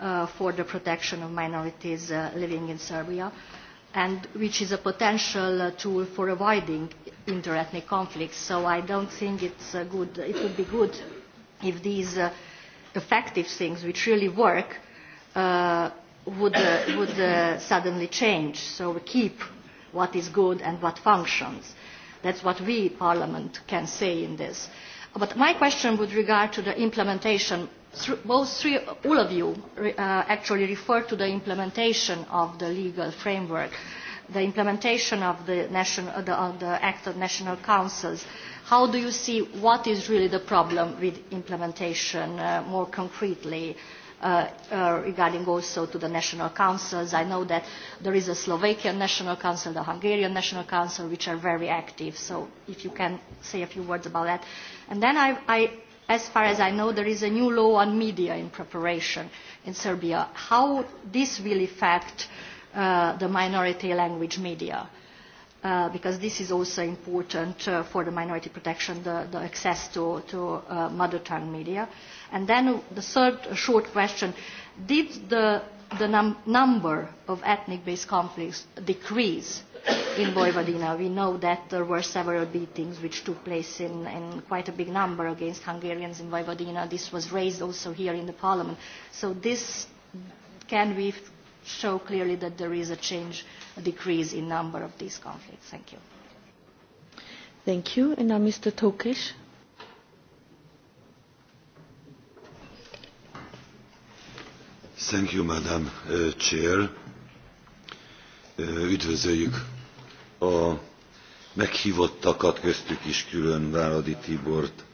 uh, for the protection of minorities uh, living in Serbia. Uh, and which is a potential uh, tool for avoiding interethnic conflicts. So I don't think it's uh, good. It would be good if these uh, effective things, which really work, uh, would, uh, would uh, suddenly change. So we keep what is good and what functions. That's what we, Parliament, can say in this. But my question with regard to the implementation th both three, all of you, re uh, actually referred to the implementation of the legal framework, the implementation of the, national, uh, the, uh, the Act of National Councils. How do you see what is really the problem with implementation uh, more concretely uh, uh, regarding also to the national councils? I know that there is a Slovakian National Council, the Hungarian National Council, which are very active. So if you can say a few words about that. And then I, I as far as I know, there is a new law on media in preparation in Serbia. How this will affect uh, the minority language media? Uh, because this is also important uh, for the minority protection, the, the access to, to uh, mother tongue media. And then the third short question, did the, the num number of ethnic-based conflicts decrease in Vojvodina. We know that there were several beatings which took place in, in quite a big number against Hungarians in Vojvodina. This was raised also here in the parliament. So this can we show clearly that there is a change, a decrease in number of these conflicts. Thank you. Thank you. And now Mr. Tokish. Thank you, Madam uh, Chair üdvözöljük a meghívottakat, köztük is külön Váradi Tibort,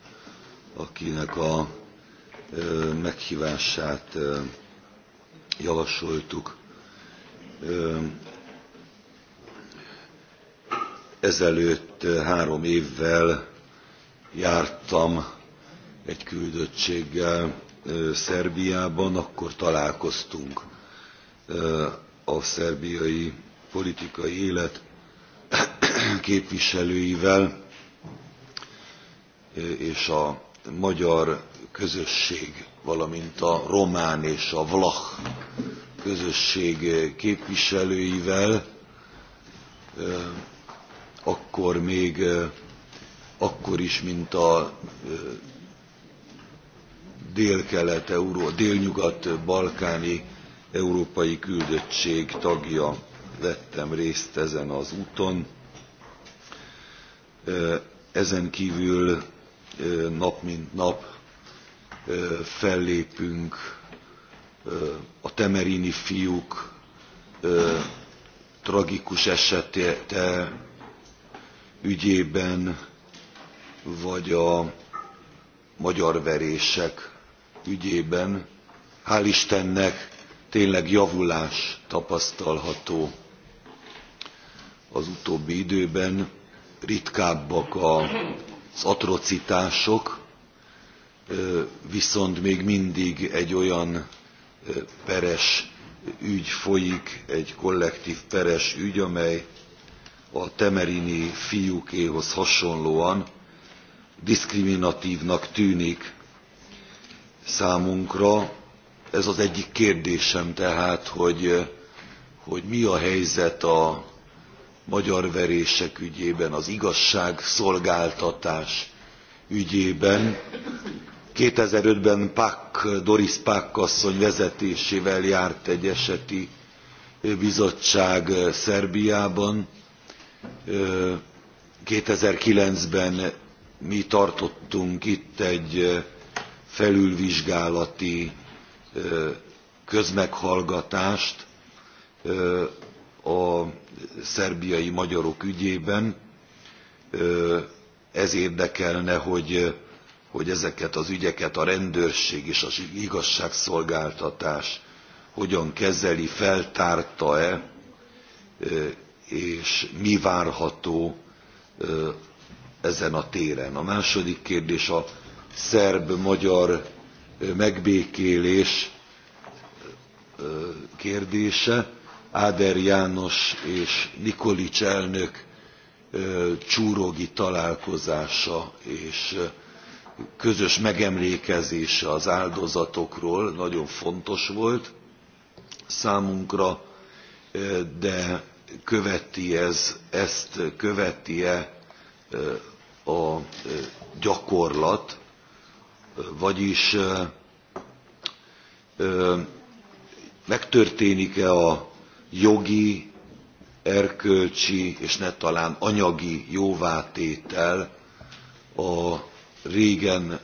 akinek a meghívását javasoltuk. Ezelőtt három évvel jártam egy küldöttséggel Szerbiában, akkor találkoztunk a szerbiai politikai élet képviselőivel és a magyar közösség, valamint a román és a vlach közösség képviselőivel, akkor még akkor is, mint a dél-kelet-euró, dél-nyugat-balkáni európai küldöttség tagja vettem részt ezen az úton. Ezen kívül nap mint nap fellépünk a temerini fiúk tragikus esete ügyében, vagy a magyar verések ügyében. Hál' Istennek tényleg javulás tapasztalható az utóbbi időben ritkábbak az atrocitások, viszont még mindig egy olyan peres ügy folyik, egy kollektív peres ügy, amely a temerini fiúkéhoz hasonlóan diszkriminatívnak tűnik számunkra. Ez az egyik kérdésem tehát, hogy, hogy mi a helyzet a magyar verések ügyében, az igazságszolgáltatás ügyében. 2005-ben Pak, Doris Pak asszony vezetésével járt egy eseti bizottság Szerbiában. 2009-ben mi tartottunk itt egy felülvizsgálati közmeghallgatást a szerbiai magyarok ügyében ez érdekelne hogy ezeket az ügyeket a rendőrség és az igazságszolgáltatás hogyan kezeli feltárta e és mi várható ezen a téren. a második kérdés a szerb magyar megbékélés kérdése. Áder János és Nikolics elnök csúrogi találkozása és közös megemlékezése az áldozatokról nagyon fontos volt számunkra, de követi ez, ezt követi-e a gyakorlat, vagyis megtörténik-e a jogi, erkölcsi és ne talán anyagi jóvátétel a régen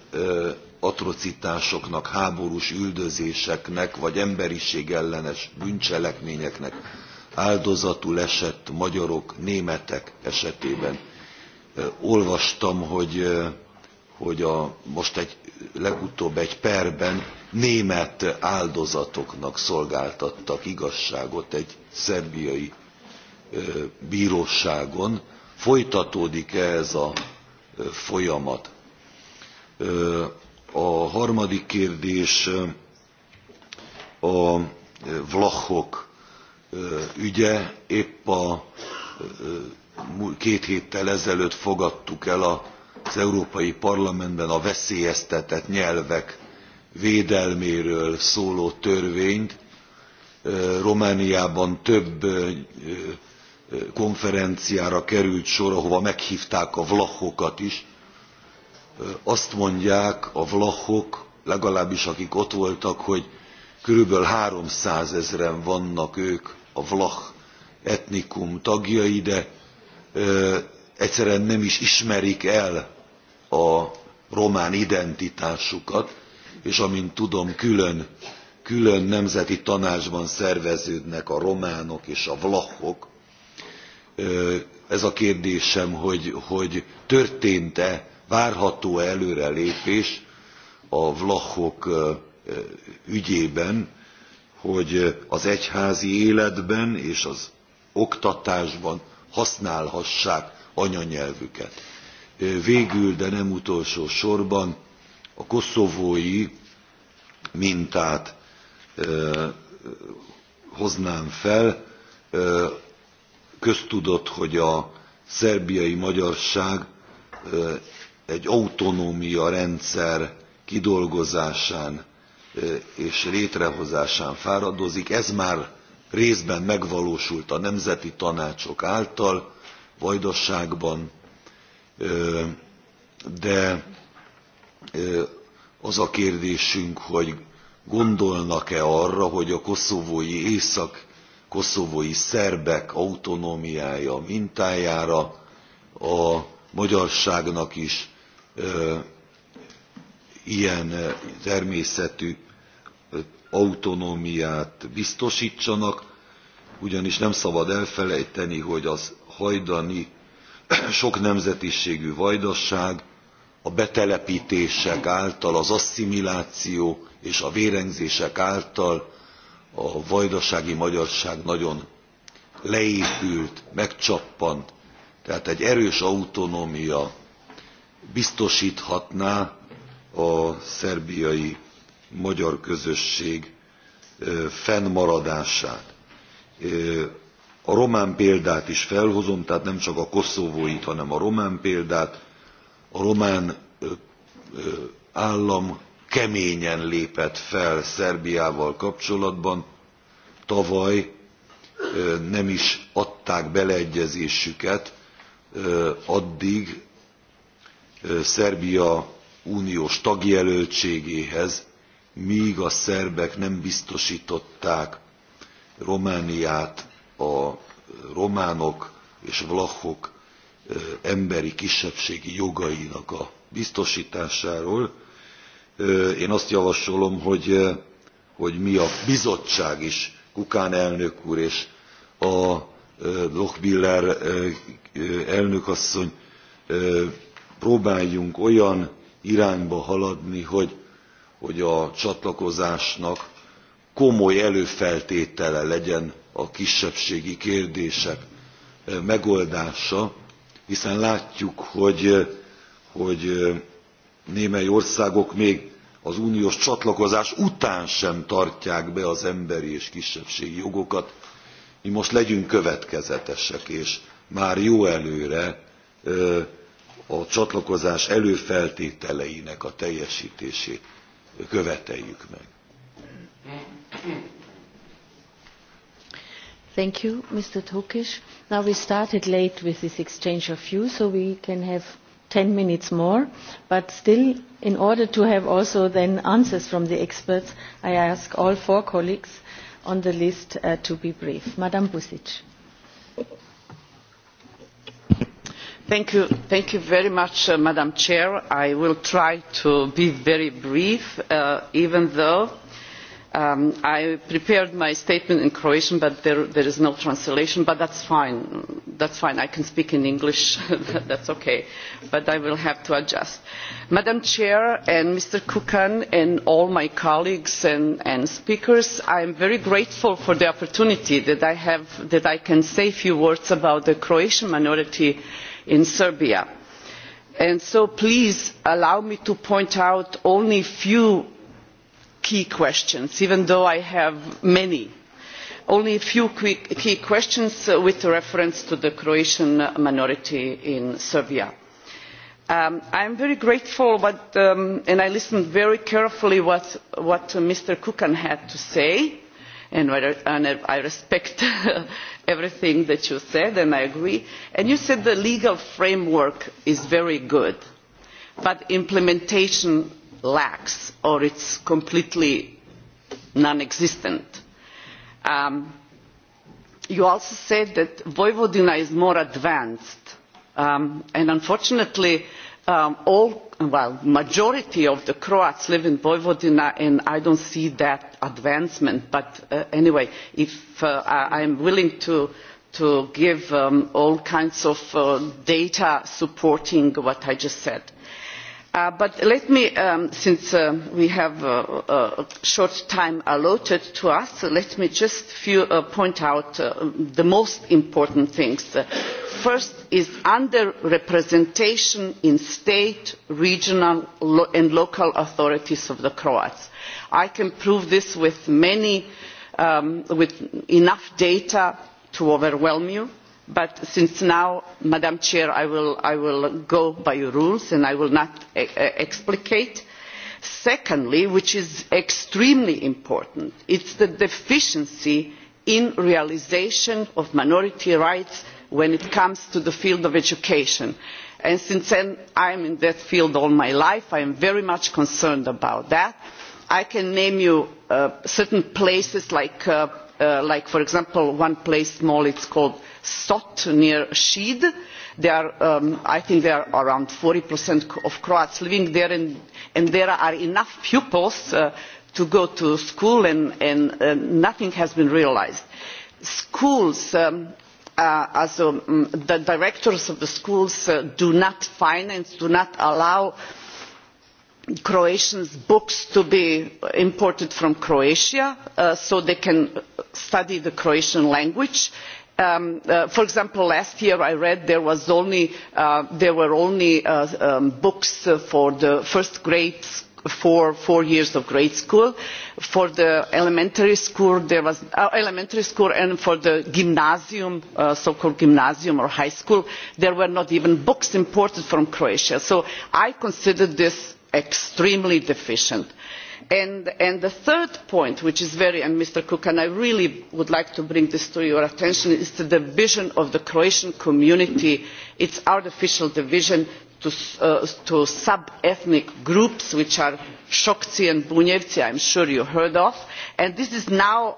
atrocitásoknak, háborús üldözéseknek vagy emberiségellenes bűncselekményeknek áldozatul esett magyarok, németek esetében. Olvastam, hogy, hogy a, most egy legutóbb egy perben német áldozatoknak szolgáltattak igazságot egy szerbiai bíróságon. Folytatódik-e ez a folyamat? A harmadik kérdés a vlachok ügye. Épp a két héttel ezelőtt fogadtuk el az Európai Parlamentben a veszélyeztetett nyelvek védelméről szóló törvényt romániában több konferenciára került sor ahova meghvták a vlachokat is azt mondják a vlachok legalábbis akik ott voltak hogy körülbelül háromszázezren vannak ők a vlach etnikum tagjai de egyszerűen nem is ismerik el a román identitásukat és amint tudom külön nemzeti tanácsban szerveződnek a románok és a vlachok ez a kérdésem hogy történt e várható e előrelépés a vlachok ügyében hogy az egyházi életben és az oktatásban használhassák anyanyelvüket. végül de nem utolsó sorban a koszovói mintát hoznám fel. Köztudott, hogy a szerbiai magyarság egy autonómia rendszer kidolgozásán és létrehozásán fáradozik. Ez már részben megvalósult a nemzeti tanácsok által, vajdaságban, de az a kérdésünk, hogy gondolnak-e arra, hogy a koszovói észak, koszovói szerbek autonómiája mintájára a magyarságnak is ö, ilyen természetű autonómiát biztosítsanak, ugyanis nem szabad elfelejteni, hogy az hajdani sok nemzetiségű vajdasság a beteleptések által az asszimiláció és a vérengzések által a vajdasági magyarság nagyon leépült megcsappant tehát egy erős autonómia biztosthatná a szerbiai magyar közösség fennmaradását. A román példát is felhozom, tehát nem csak a koszovóit, hanem a román példát a román állam keményen lépett fel szerbiával kapcsolatban tavaly nem is adták beleegyezésüket addig szerbia uniós tagjelöltségéhez mg a szerbek nem biztostották romániát a románok és vlachok emberi kisebbségi jogainak a biztosításáról. Én azt javasolom, hogy, hogy mi a bizottság is, Kukán elnök úr és a Lochbiller elnökasszony próbáljunk olyan irányba haladni, hogy, hogy a csatlakozásnak komoly előfeltétele legyen a kisebbségi kérdések megoldása hiszen látjuk, hogy, eh, hogy eh, némely országok még az uniós csatlakozás után sem tartják be az emberi és kisebbségi jogokat. Mi most legyünk következetesek, és már jó előre eh, a csatlakozás előfeltételeinek a teljesítését követeljük meg. Thank you now we started late with this exchange of views so we can have ten minutes more but still in order to have also then answers from the experts i ask all four colleagues on the list uh, to be brief madam busic thank you thank you very much uh, madam chair i will try to be very brief uh, even though Um, i prepared my statement in croatian but there is no translation but that is fine i can speak in english that is ok but i will have to adjust. madam chair mr kukan and all my colleagues and speakers i am very grateful for the opportunity that i can say a few words about the croatian minority in serbia. please allow me to point out only a few key questions even though i have many. only a few key questions uh, with reference to the croatian minority in serbia. Um, i am very grateful um, and i listened very carefully to what mr kukan had to say and i respect everything that you said and i agree. you said the legal framework is very good but implementation lax or it is completely non existent. Um, you also said that Vojvodina is more advanced um, and unfortunately um, all well, majority of the Croats live in Vojvodina and I don't see that advancement. But uh, anyway, if uh, I, I'm willing to, to give um, all kinds of uh, data supporting what I just said. Uh, but let me um, since uh, we have a uh, short time allotted to us just point out the most important things. first is under representation in state regional and local authorities of the croats. i can prove this with um, enough data to overwhelm you but since now madam chair i will go by your rules and i will not e, e, explicate. secondly which is extremely important it is the deficiency in realisation of minority rights when it comes to the field of education and since i am in that field all my life i am very much concerned about that. i can name you uh, certain places uh, uh, like for example one place small it is called stopped near Šid. There are, um, I think there are around 40% of Croats living there in, and there are enough pupils uh, to go to school and, and uh, nothing has been realized. Schools, um, uh, as um, the directors of the schools uh, do not finance, do not allow Croatians books to be imported from Croatia uh, so they can study the Croatian language Um, uh, for example, last year I read there, was only, uh, there were only uh, um, books uh, for the first grade for four years of grade school. For the elementary school, there was uh, elementary school, and for the gymnasium, uh, so-called gymnasium or high school, there were not even books imported from Croatia. So I consider this extremely deficient and the third point which is very important mr cook and i really would like to bring this to your attention is the division of the croatian community its artificial division into uh, sub ethnic groups which are socci and bunjevci i am sure you have heard of and this is now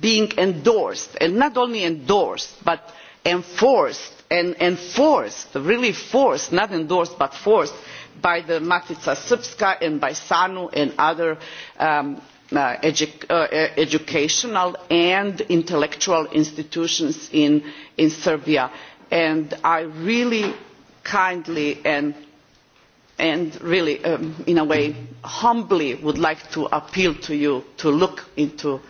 being endorsed and not only endorsed but enforced and enforced really forced not endorsed but forced by the matica srpska and by sanu and other um, uh, edu uh, e-, educational and intellectual institutions in, in serbia. and i really kindly and, and really um, in a way humbly would like to appeal to you to look into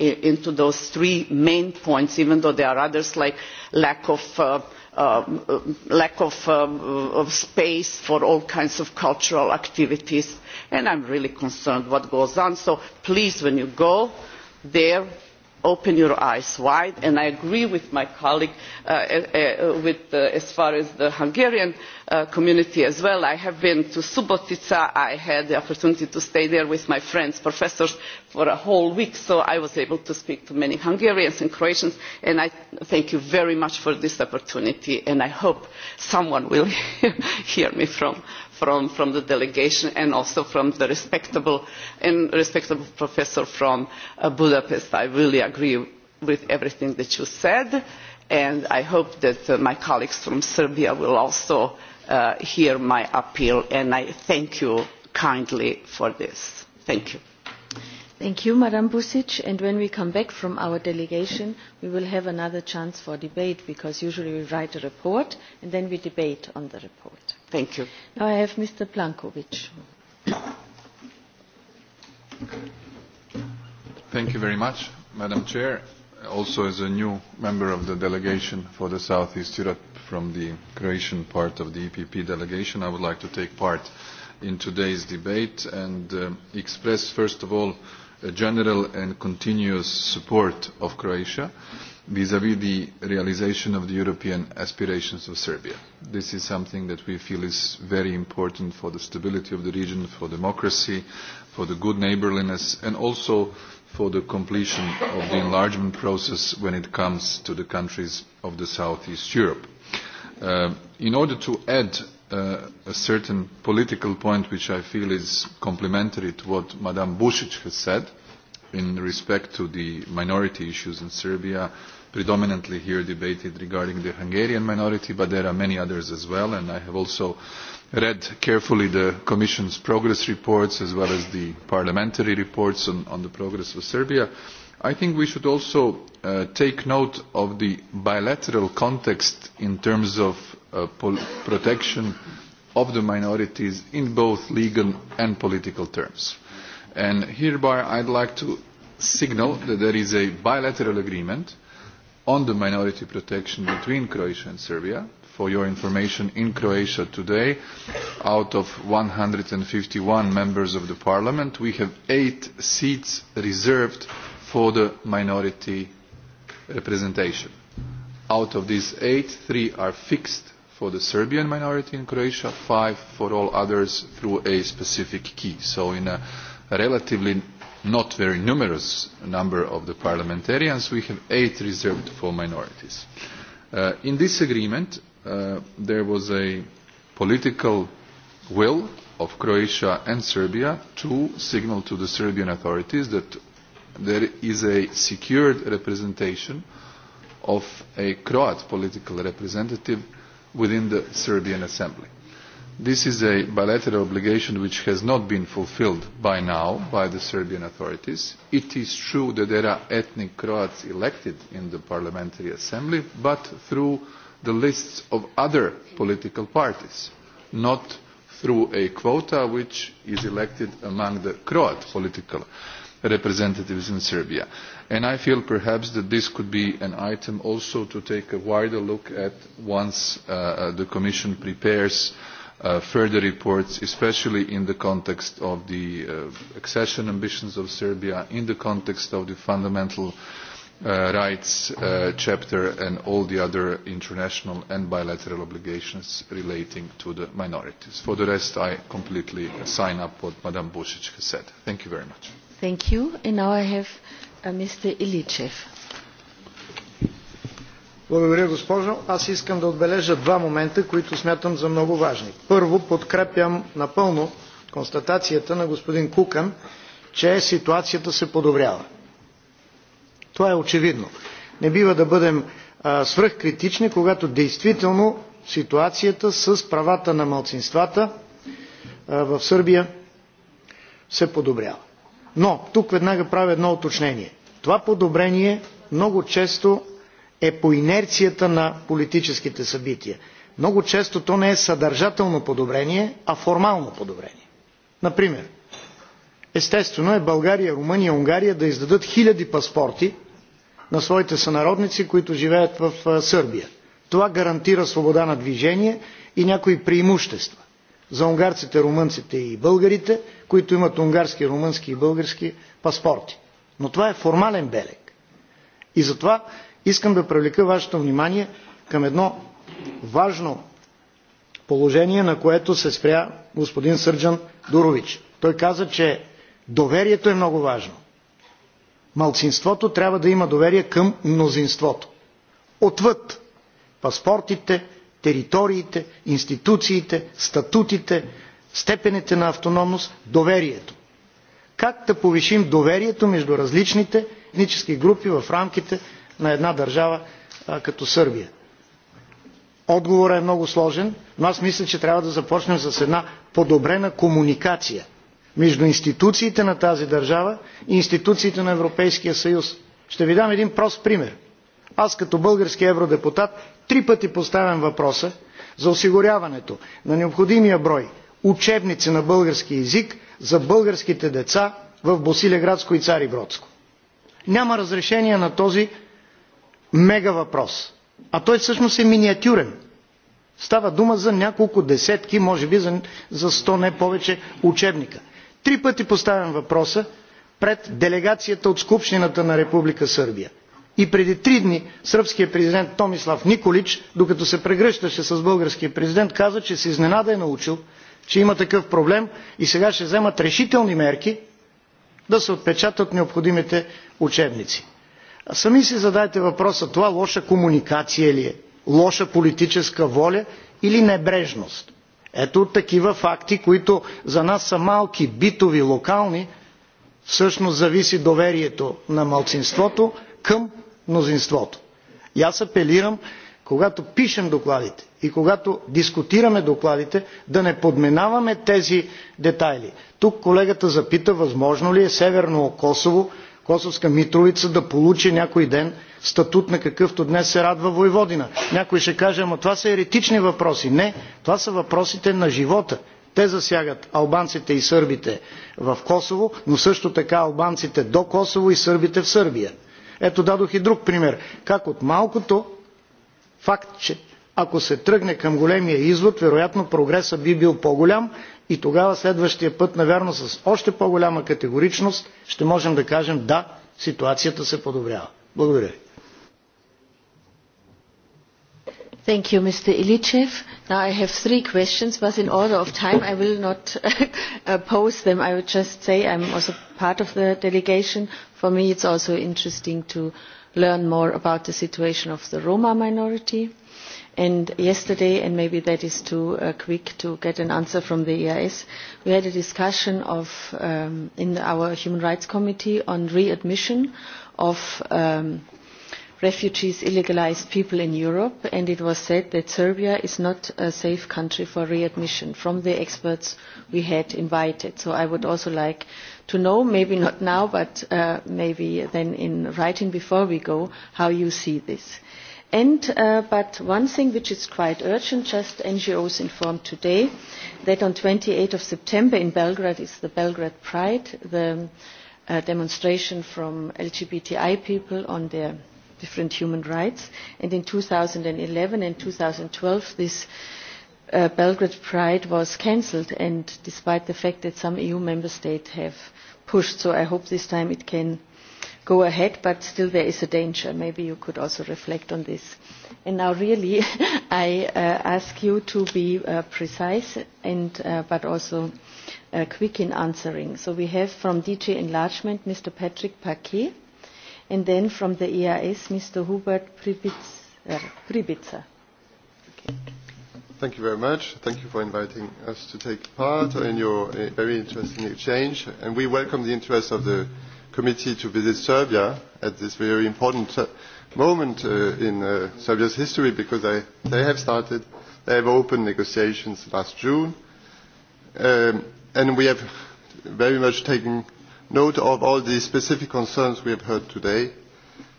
into those three main points, even though there are others like lack of uh, Um, um, lack of, um, of space for all kinds of cultural activities and i'm really concerned what goes on so please when you go there open your eyes wide and i agree with my colleague uh, uh, uh, uh, as far as the hungarian uh, community as well i have been to subotica i had the opportunity to stay there with my friends professors for a whole week so i was able to speak to many hungarians and croatians and i thank you very much for this opportunity and i hope someone will hear me from, from, from the delegation and also from the respectable and respectable professor from uh, Budapest. I really agree with everything that you said, and I hope that uh, my colleagues from Serbia will also uh, hear my appeal, and I thank you kindly for this. Thank you. Thank you, Madam Busic. And when we come back from our delegation, we will have another chance for debate because usually we write a report and then we debate on the report madam president also as a new member of the delegation for southeast europe from the croatian part of the epp delegation i would like to take part in today's debate and um, express first of all general and continuous support of Croatia vis-à-vis -vis the realization of the European aspirations of Serbia. This is something that we feel is very important for the stability of the region, for democracy, for the good neighborliness, and also for the completion of the enlargement process when it comes to the countries of the Southeast Europe. Uh, in order to add Uh, a certain political point which i feel is complementary to what ms bui has said in respect to the minority issues in serbia predominantly here debated regarding the hungarian minority but there are many others as well and i have also read carefully the commission's progress reports as well as the parliamentary reports on the progress of serbia. i think we should also uh, take note of the bilateral context in terms of Uh, protection of the minorities in both legal and political terms. And hereby I'd like to signal that there is a bilateral agreement on the minority protection between Croatia and Serbia. For your information, in Croatia today, out of 151 members of the parliament, we have eight seats reserved for the minority representation. Out of these eight, three are fixed for the Serbian minority in Croatia, five for all others through a specific key. So in a relatively not very numerous number of the parliamentarians, we have eight reserved for minorities. Uh, in this agreement, uh, there was a political will of Croatia and Serbia to signal to the Serbian authorities that there is a secured representation of a Croat political representative within the Serbian Assembly. This is a bilateral obligation which has not been fulfilled by now by the Serbian authorities. It is true that there are ethnic Croats elected in the Parliamentary Assembly, but through the lists of other political parties, not through a quota which is elected among the Croat political representatives in Serbia i feel perhaps that this could be an item also to take a wider look at once uh, uh, the commission prepares uh, further reports especially in the context of the accession ambitions of serbia in the context of the fundamental rights chapter and all the other international and bilateral obligations relating to the minorities. for the rest i completely sign up to what ms bulc has said. thank you very much госпожо аз искам да отбележа два момента които смятам за много важни. първо подкрепям напълно констатацията на господин кукан че ситуацията се подобрява. това е очевидно. не бива да бъдем свръхкритични когато действително ситуацията с правата на малцинствата в сърбия се подобрява но тук веднага правя едно уточнение. Това подобрение много често е по инерцията на политическите събития. Много често то не е съдържателно подобрение, а формално подобрение. Например, естествено е България, Румъния, Унгария да издадат хиляди паспорти на своите сънародници, които живеят в Сърбия. Това гарантира свобода на движение и някои преимущества за унгарците, румънците и българите, които имат унгарски, румънски и български паспорти. Но това е формален белег. И затова искам да привлека вашето внимание към едно важно положение, на което се спря господин Сърджан Дурович. Той каза, че доверието е много важно. Малцинството трябва да има доверие към мнозинството. Отвъд паспортите, териториите институциите статутите степените на автономност доверието. как да повишим доверието между различните етнически групи в рамките на една държава а, като сърбия отговорът е много сложен но аз мисля че трябва да започнем с една подобрена комуникация между институциите на тази държава и институциите на европейския съюз ще ви дам един прост пример аз като български евродепутат трипъти поставям въпроса за осигуряването на необходимия брой учебници на български език за българските деца в Босилеградско и Царибродско. Няма разрешение на този мега въпрос. А той всъщност е миниатюрен. Става дума за няколко десетки, може би за 100 не повече учебника. Три пъти поставям въпроса пред делегацията от Скупщината на Република Сърбия и преди три дни сръбският президент Томислав Николич, докато се прегръщаше с българския президент, каза, че се изненада е научил, че има такъв проблем и сега ще вземат решителни мерки да се отпечатат необходимите учебници. А сами си задайте въпроса, това лоша комуникация ли е? Лоша политическа воля или небрежност? Ето от такива факти, които за нас са малки, битови, локални, всъщност зависи доверието на малцинството към мнозинството. И аз апелирам, когато пишем докладите и когато дискутираме докладите, да не подменаваме тези детайли. Тук колегата запита, възможно ли е Северно Косово, Косовска Митровица да получи някой ден статут на какъвто днес се радва Войводина. Някой ще каже, ама това са еретични въпроси. Не, това са въпросите на живота. Те засягат албанците и сърбите в Косово, но също така албанците до Косово и сърбите в Сърбия ето дадох и друг пример как от малкото факт че ако се тръгне към големия извод вероятно прогресът би бил по голям и тогава следващия път навярно с още по голяма категоричност ще можем да кажем да ситуацията се подобрява. благодаря ви. Thank you, Mr. Ilichev. Now I have three questions, but in order of time I will not uh, pose them. I would just say I'm also part of the delegation for me it is also interesting to learn more about the situation of the roma minority and yesterday and maybe that is too uh, quick to get an answer from the eis we had a discussion of, um, in our human rights committee on readmission of um, refugees illegalised people in europe and it was said that serbia is not a safe country for readmission from the experts we had invited. so i would also like to know maybe not now but uh, maybe in writing before we go how you see this. Uh, but one thing which is quite urgent just ngos informed today that on twenty eight september in belgrade is the belgrade pride the uh, demonstration from lgbti people on their different human rights. And in 2011 and 2012, this uh, Belgrade Pride was cancelled, and despite the fact that some EU member states have pushed, so I hope this time it can go ahead, but still there is a danger. Maybe you could also reflect on this. And now really, I uh, ask you to be uh, precise, and, uh, but also uh, quick in answering. So we have from DG Enlargement, Mr. Patrick Paquet and then from the EIS, Mr. Hubert Pribica. Thank you very much. Thank you for inviting us to take part in your uh, very interesting exchange. And we welcome the interest of the committee to visit Serbia at this very important uh, moment uh, in uh, Serbia's history because I, they have started, they have opened negotiations last June. Um, and we have very much taken note of all the specific concerns we have heard today.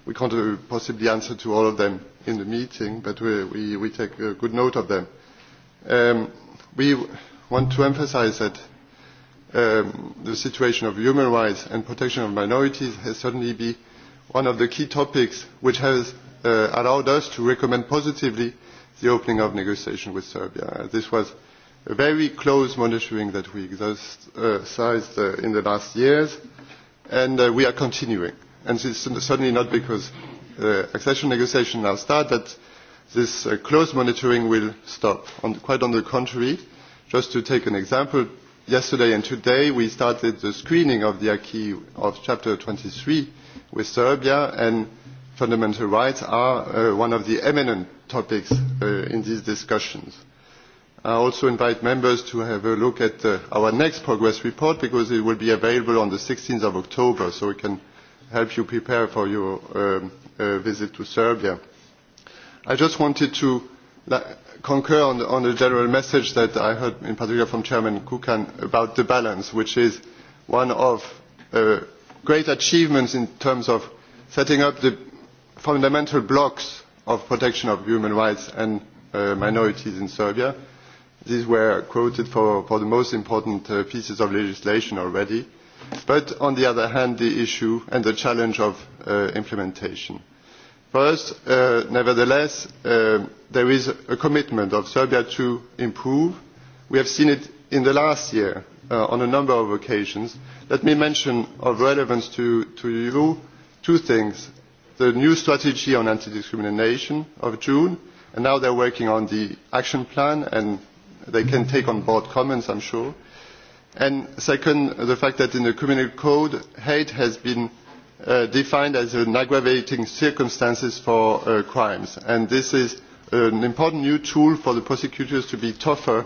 We cannot uh, possibly answer to all of them in the meeting, but we, we, we take good note of them. Um, we want to emphasize that um, the situation of human rights and protection of minorities has certainly been one of the key topics which has uh, allowed us to recommend positively the opening of negotiations with Serbia. Uh, this was very close monitoring that we exercised uh, in the last years, and uh, we are continuing. And it's certainly not because uh, accession negotiations now start that this uh, close monitoring will stop. On, quite on the contrary, just to take an example, yesterday and today we started the screening of the acquis of Chapter 23 with Serbia, and fundamental rights are uh, one of the eminent topics uh, in these discussions i also invite members to have a look at uh, our next progress report because it will be available on sixteen october so we can help you prepare for your um, uh, visit to serbia. i just wanted to concur on the general message that i heard in particular from chairman kukan about the balance which is one of the uh, great achievements in terms of setting up the fundamental blocks of protection of human rights and minorities in serbia these were quoted for, for the most important uh, pieces of legislation already, but on the other hand, the issue and the challenge of uh, implementation. First, uh, nevertheless, uh, there is a commitment of Serbia to improve. We have seen it in the last year uh, on a number of occasions. Let me mention of relevance to, to you two things. The new strategy on anti-discrimination of June, and now they're working on the action plan and they can take on board comments, I'm sure. And second, the fact that in the criminal code, hate has been uh, defined as an aggravating circumstances for uh, crimes. And this is an important new tool for the prosecutors to be tougher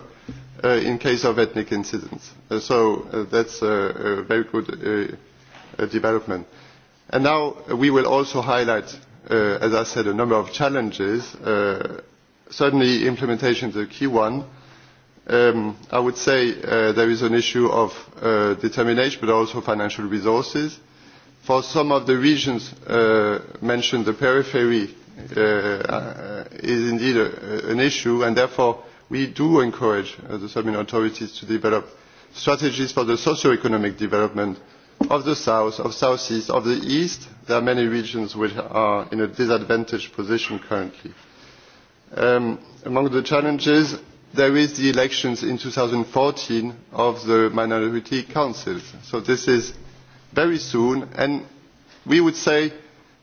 uh, in case of ethnic incidents. Uh, so uh, that's a, a very good uh, a development. And now uh, we will also highlight, uh, as I said, a number of challenges. Uh, certainly implementation is a key one. Uh, Um, I would say uh, there is an issue of uh, determination but also financial resources. For some of the regions uh, mentioned, the periphery uh, uh, is indeed a, an issue and therefore we do encourage uh, the Serbian authorities to develop strategies for the socio-economic development of the south, of southeast, of the east. There are many regions which are in a disadvantaged position currently. Um, among the challenges, there are the elections in two thousand and fourteen of the minority councils so this is very soon and we would say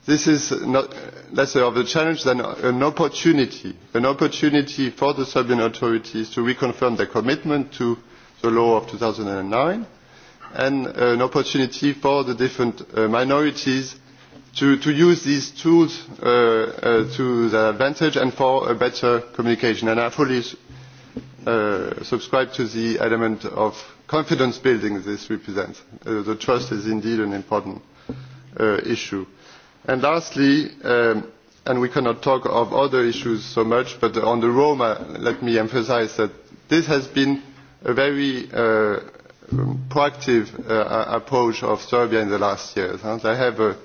this is uh, less of a challenge than an opportunity an opportunity for the serbian authorities to reconfirm their commitment to the law of two thousand and nine and an opportunity for the different uh, minorities to use these tools uh, to their advantage and for better communication and i fully Uh, subscribe to the element of confidence building this represents. Uh, the trust is indeed an important uh, issue. And lastly, um, and we cannot talk of other issues so much, but on the Roma, let me emphasize that this has been a very uh, um, proactive uh, approach of Serbia in the last years. Huh? They have a,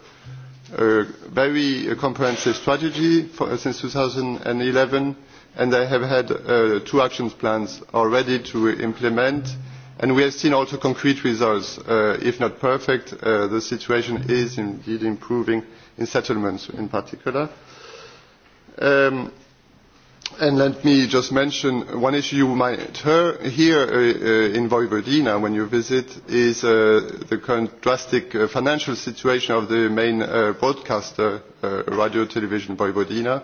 a very comprehensive strategy for, uh, since 2011 and they have had uh, two action plans already to implement. And we have seen also concrete results. Uh, if not perfect, uh, the situation is indeed improving in settlements in particular. Um, and let me just mention one issue you might hear, hear uh, uh, in Vojvodina when you visit is uh, the current drastic uh, financial situation of the main uh, broadcaster, uh, Radio Television Vojvodina. Uh,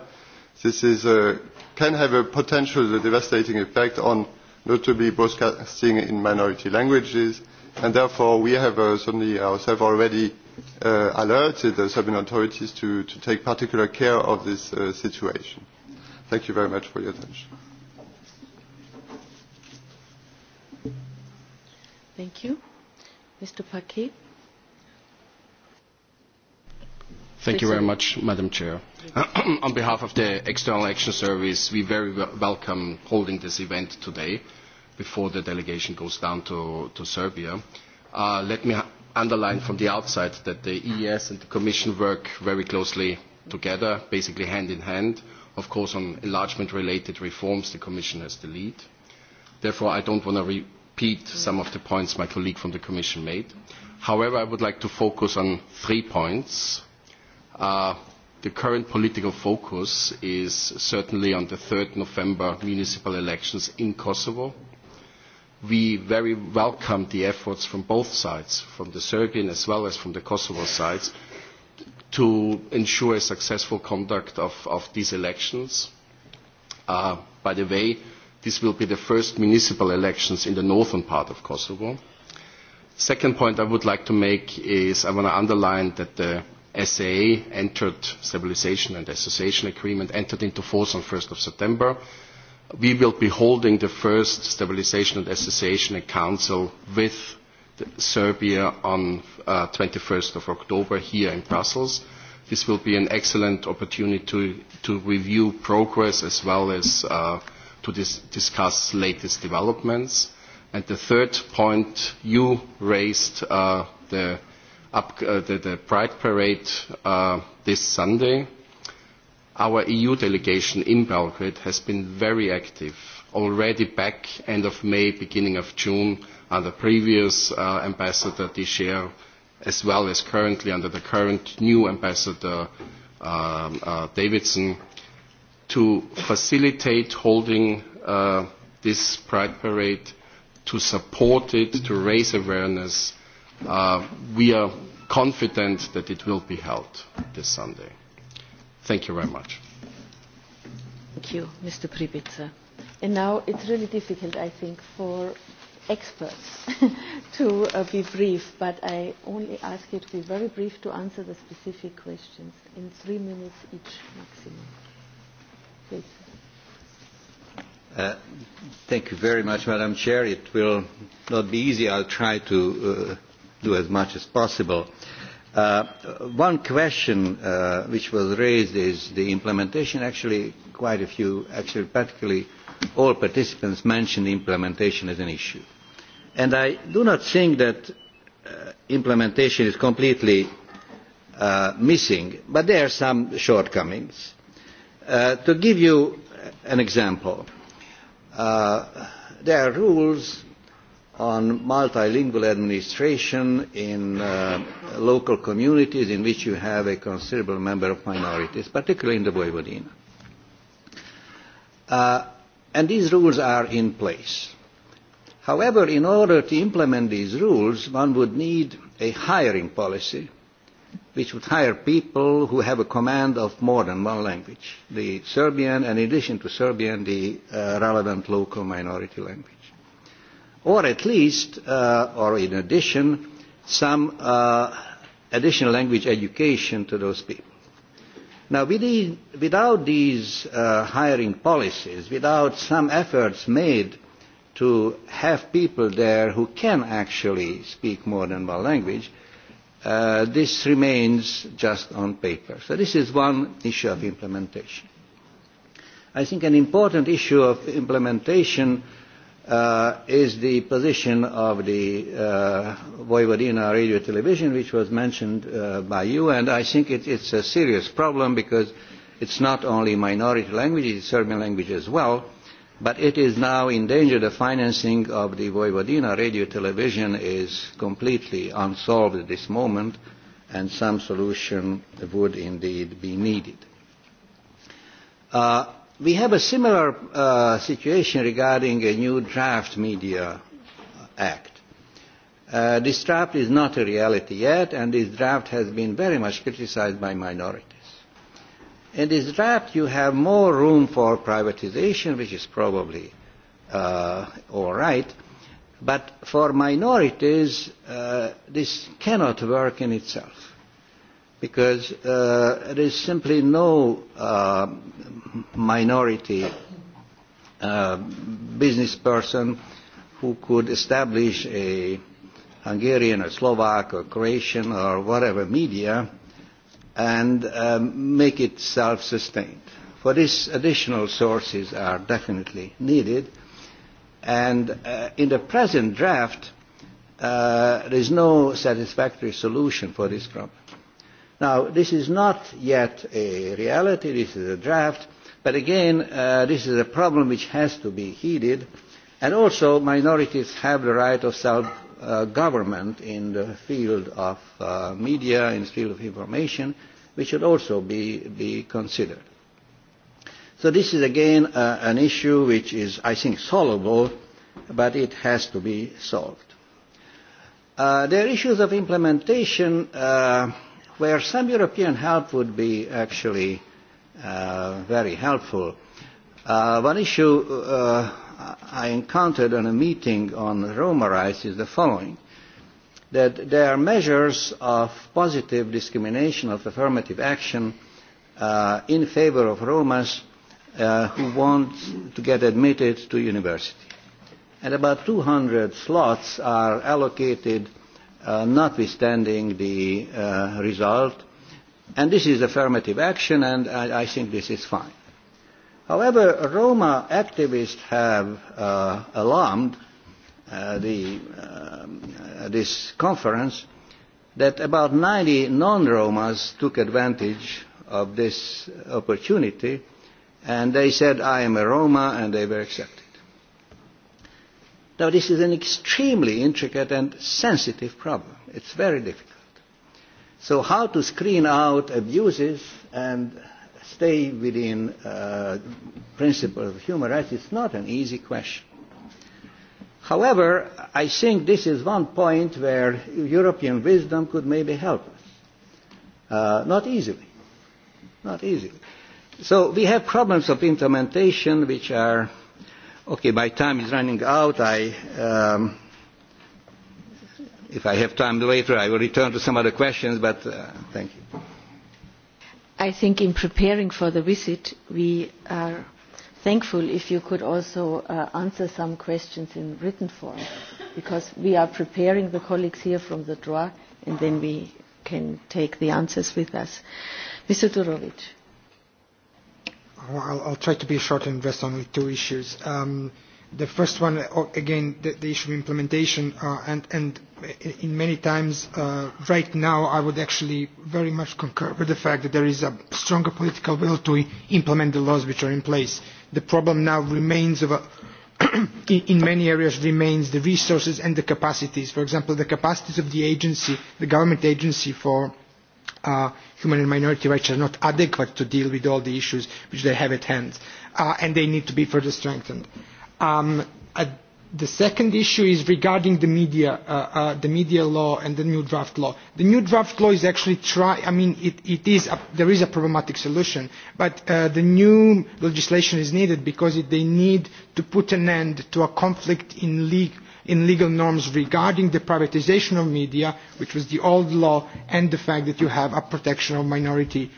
this is, uh, can have a potential a uh, devastating effect on notably broadcasting in minority languages. And therefore, we have uh, certainly ourselves already uh, alerted the Serbian authorities to, to take particular care of this uh, situation. Thank you very much for your attention. Thank you. Mr. Paquet. Thank Please you very much, Madam Chair on behalf of the External Action Service, we very welcome holding this event today before the delegation goes down to, to Serbia. Uh, let me underline from the outside that the EES and the Commission work very closely together, basically hand in hand. Of course, on enlargement-related reforms, the Commission has the lead. Therefore, I don't want to repeat some of the points my colleague from the Commission made. However, I would like to focus on three points. Uh, the current political focus is certainly on the 3rd November municipal elections in Kosovo. We very welcome the efforts from both sides, from the Serbian as well as from the Kosovo sides, to ensure a successful conduct of, of these elections. Uh, by the way, this will be the first municipal elections in the northern part of Kosovo. Second point I would like to make is I want to underline that the uh, SAA entered stabilization and association agreement entered into force on 1st of September. We will be holding the first stabilization and association council with the Serbia on uh, 21st of October here in Brussels. This will be an excellent opportunity to, to review progress as well as uh, to dis discuss latest developments. And the third point you raised, uh, the up uh, the, the Pride Parade uh, this Sunday, our EU delegation in Belgrade has been very active already back end of May, beginning of June, under previous uh, ambassador Dichier, as well as currently under the current new ambassador um, uh, Davidson, to facilitate holding uh, this Pride Parade, to support it, to raise awareness uh, we are confident that it will be held this Sunday. Thank you very much. Thank you, Mr. Pribica. And now it's really difficult, I think, for experts to uh, be brief, but I only ask you to be very brief to answer the specific questions in three minutes each maximum. Please. Uh, thank you very much, Madam Chair. It will not be easy. I'll try to uh, do as much as possible. Uh, one question uh, which was raised is the implementation. Actually, quite a few, actually, practically all participants mentioned implementation as an issue. And I do not think that uh, implementation is completely uh, missing, but there are some shortcomings. Uh, to give you an example, uh, there are rules on multilingual administration in uh, local communities in which you have a considerable number of minorities, particularly in the Vojvodina. Uh, and these rules are in place. However, in order to implement these rules, one would need a hiring policy which would hire people who have a command of more than one language, the Serbian, and in addition to Serbian, the uh, relevant local minority language or at least uh, or in addition some uh, additional language education to those people. Now without these uh, hiring policies, without some efforts made to have people there who can actually speak more than one language, uh, this remains just on paper. So this is one issue of implementation. I think an important issue of implementation uh, uh, is the position of the uh, Vojvodina radio television, which was mentioned uh, by you, and I think it, it's a serious problem because it's not only minority languages, it's Serbian language as well, but it is now in danger. The financing of the Vojvodina radio television is completely unsolved at this moment, and some solution would indeed be needed. Uh, We have a similar uh, situation regarding a new draft media act. Uh, this draft is not a reality yet, and this draft has been very much criticized by minorities. In this draft, you have more room for privatization, which is probably uh, all right, but for minorities, uh, this cannot work in itself because uh, there is simply no uh, minority uh, business person who could establish a Hungarian or Slovak or Croatian or whatever media and uh, make it self-sustained. For this, additional sources are definitely needed. And uh, in the present draft, uh, there is no satisfactory solution for this problem this is not yet a reality this is a draft but again uh, this is a problem which has to be heeded and also minorities have the right of self government in the field of uh, media in the field of information which should also be be considered so this is again uh, an issue which is i think solvable but it has to be solved uh, there are issues of implementation uh, where some European help would be actually uh, very helpful. Uh, one issue uh, I encountered in a meeting on Roma rights is the following that there are measures of positive discrimination, of affirmative action uh, in favor of Romas uh, who want to get admitted to university. And about 200 slots are allocated uh, notwithstanding the uh, result. And this is affirmative action, and I, I think this is fine. However, Roma activists have uh, alarmed uh, the, um, uh, this conference that about 90 non-Romas took advantage of this opportunity, and they said, I am a Roma, and they were accepted. Now, this is an extremely intricate and sensitive problem. It's very difficult. So, how to screen out abuses and stay within uh, principles of human rights is not an easy question. However, I think this is one point where European wisdom could maybe help us. Uh, not easily. Not easily. So, we have problems of implementation which are. Okay, my time is running out. I, um, if I have time later, I will return to some other questions, but uh, thank you. I think in preparing for the visit, we are thankful if you could also uh, answer some questions in written form, because we are preparing the colleagues here from the draw, and then we can take the answers with us. Mr. Durovic. I'll, I'll try to be short and address only two issues. Um, the first one, uh, again, the, the issue of implementation, uh, and, and in many times, uh, right now, I would actually very much concur with the fact that there is a stronger political will to implement the laws which are in place. The problem now remains, of a in many areas, remains the resources and the capacities. For example, the capacities of the agency, the government agency for uh, human and minority rights are not adequate to deal with all the issues which they have at hand, uh, and they need to be further strengthened. Um, uh, the second issue is regarding the media, uh, uh, the media law and the new draft law. The new draft law is actually try, I mean, it, it is a, there is a problematic solution, but uh, the new legislation is needed because it, they need to put an end to a conflict in league, in legal norms regarding the privatisation of media, which was the old law, and the fact that you have a protection of minority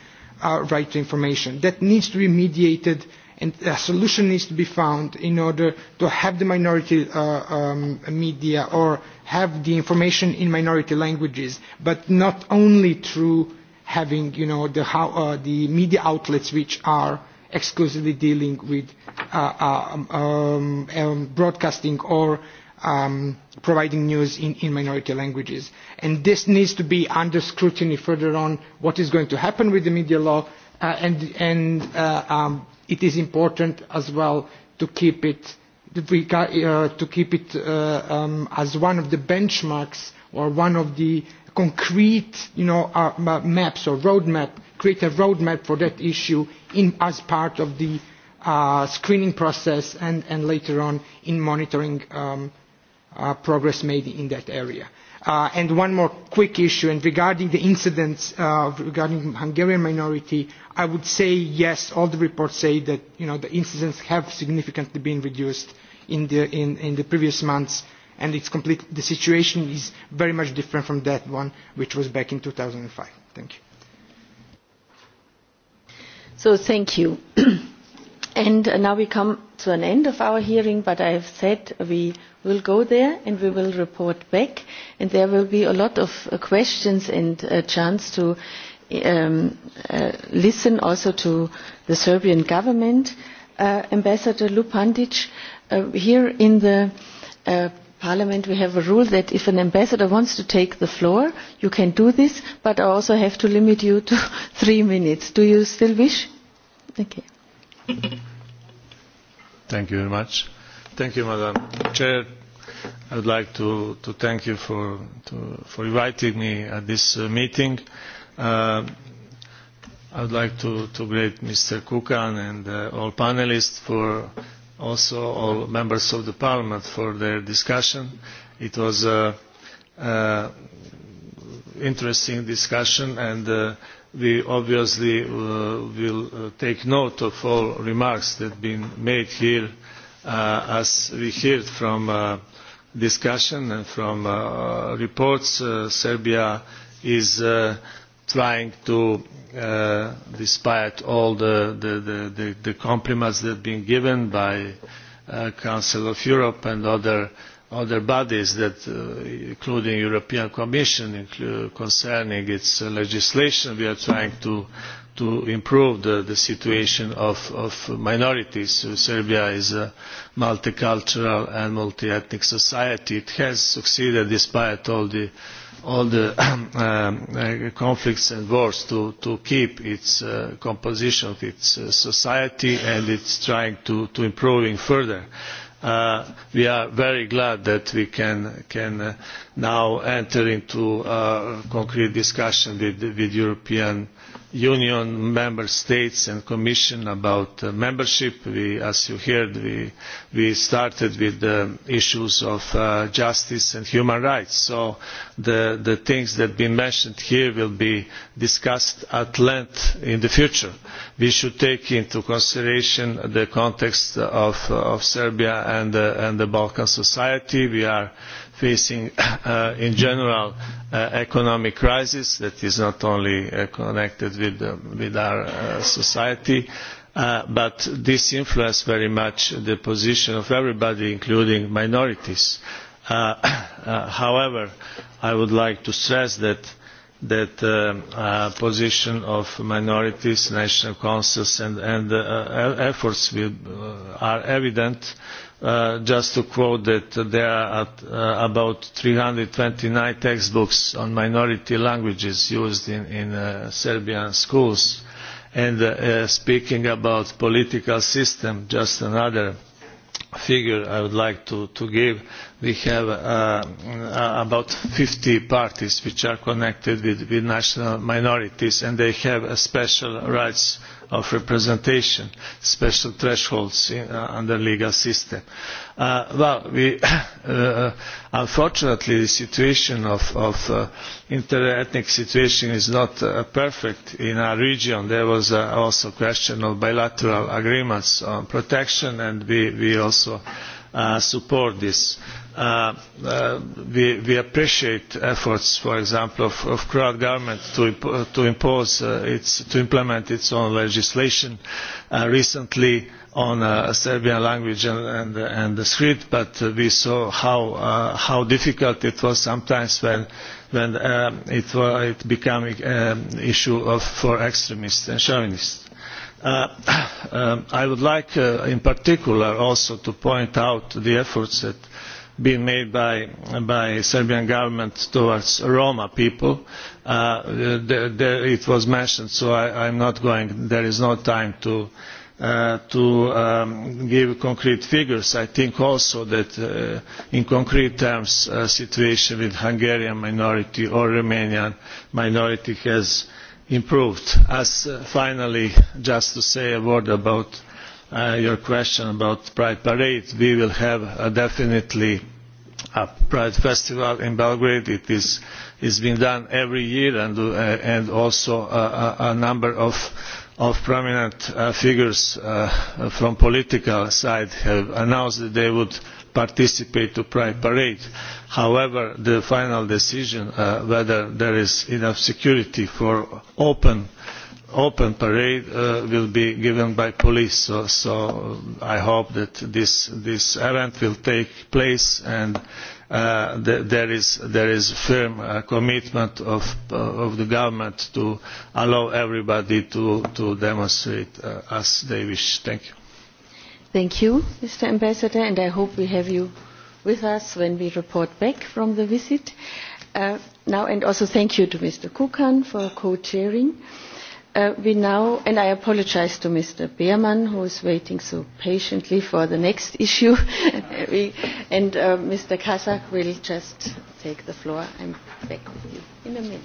uh, right to information. That needs to be mediated and a solution needs to be found in order to have the minority uh, um, media or have the information in minority languages, but not only through having you know, the, how, uh, the media outlets which are exclusively dealing with uh, uh, um, um, broadcasting or uh, um, providing news in, in minority languages. And this needs to be under scrutiny further on what is going to happen with the media law. Uh, and and uh, um, it is important as well to keep it, uh, to keep it uh, um, as one of the benchmarks or one of the concrete you know, uh, maps or roadmap, create a roadmap for that issue in, as part of the uh, screening process and, and later on in monitoring um, uh, Uh, progress made in that area. Uh, and one more quick issue, and regarding the incidents uh, regarding Hungarian minority, I would say yes, all the reports say that you know, the incidents have significantly been reduced in the, in, in the previous months, and it's complete, the situation is very much different from that one, which was back in 2005. Thank you. So thank you. and uh, now we come to an end of our hearing, but I have said we will go there and we will report back and there will be a lot of uh, questions and a uh, chance to um, uh, listen also to the Serbian government. Uh, Ambassador Lupandic, uh, here in the uh, parliament we have a rule that if an ambassador wants to take the floor, you can do this, but I also have to limit you to three minutes. Do you still wish? Okay. Thank you very much chair i would like to thank you for inviting me at this uh, meeting. Uh, i would like to greet mr kukan and uh, all panelists for also all members of the parliament for their discussion. it was an interesting discussion and we obviously will take note of all remarks that have been made here uh, as we heard from uh, discussion and from uh, reports, uh, Serbia is uh, trying to uh, despite all the, the, the, the, the compliments that have been given by uh, Council of Europe and other, other bodies, that, uh, including European Commission, concerning its uh, legislation, we are trying to to improve the situation of minorities. Uh, serbia is a multicultural and multi ethnic society. it has succeeded despite all the um, uh, conflicts and wars to keep its uh, composition of its society and it is trying to improve further. we are very glad that we can now enter into a concrete discussion with the european union member states and commission about uh, membership. as you heard we started with the issues of uh, justice and human rights so the things that have been mentioned here will be discussed at length in the future. we should take into consideration the context of serbia and the balkan society. we facing uh, in general uh, economic crisis that is not only uh, connected with, uh, with our uh, society, uh, but this influenced very much the position of everybody, including minorities. Uh, uh, however, I would like to stress that the uh, uh, position of minorities, national councils and, and uh, e-, efforts will, uh, are evident. Uh, just to quote that there are uh, about three hundred and twenty nine textbooks on minority languages used in uh, serbian schools and speaking about the political system just another figure i would like to give we have about fifty parties which are connected with national minorities and they have special rights of representation special thresholds uh, under the legal system. Uh, uh, unfortunately the situation of the inter ethnic situation is not perfect in our region. there was also a question of bilateral agreements on protection and we also support this. Uh, uh, we appreciate efforts for example of the croat government uh, to implement its own legislation recently on serbian language and the script but we saw how difficult it was sometimes when it became an um, issue for extremists and chauvinists. Um, i would like in particular also to point out the efforts that being made by the serbian government towards roma people. Uh, it was mentioned so i am not going to there is no time to uh, um, give concrete figures. i think also that uh, in concrete terms the situation with the hungarian minority or romanian minority has improved. finally just to say a word about Uh, your question about pride parade we will have a uh, definitely a pride festival in belgrade it is it's been done every year and uh, and also a, a, a number of of prominent uh, figures uh, from political side have announced that they would participate to pride parade however the final decision uh, whether there is enough security for open uh, open parade uh, will be given by police so um, i hope that this event will take place and uh, there is a firm uh, commitment of the government to allow everybody to demonstrate as they wish. thank you. thank you, mr. ambassador, and i hope we have you with us when we report back from the visit. Uh, now, and also thank you to mr. kukan for co-chairing. Uh, Uh, we now and i apologize to mr beerman who is waiting so patiently for the next issue we, and uh, mr kazak will just take the floor i'm back with you in a minute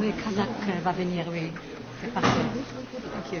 Le Kazakh euh, va venir, oui. C'est parfait. Thank you.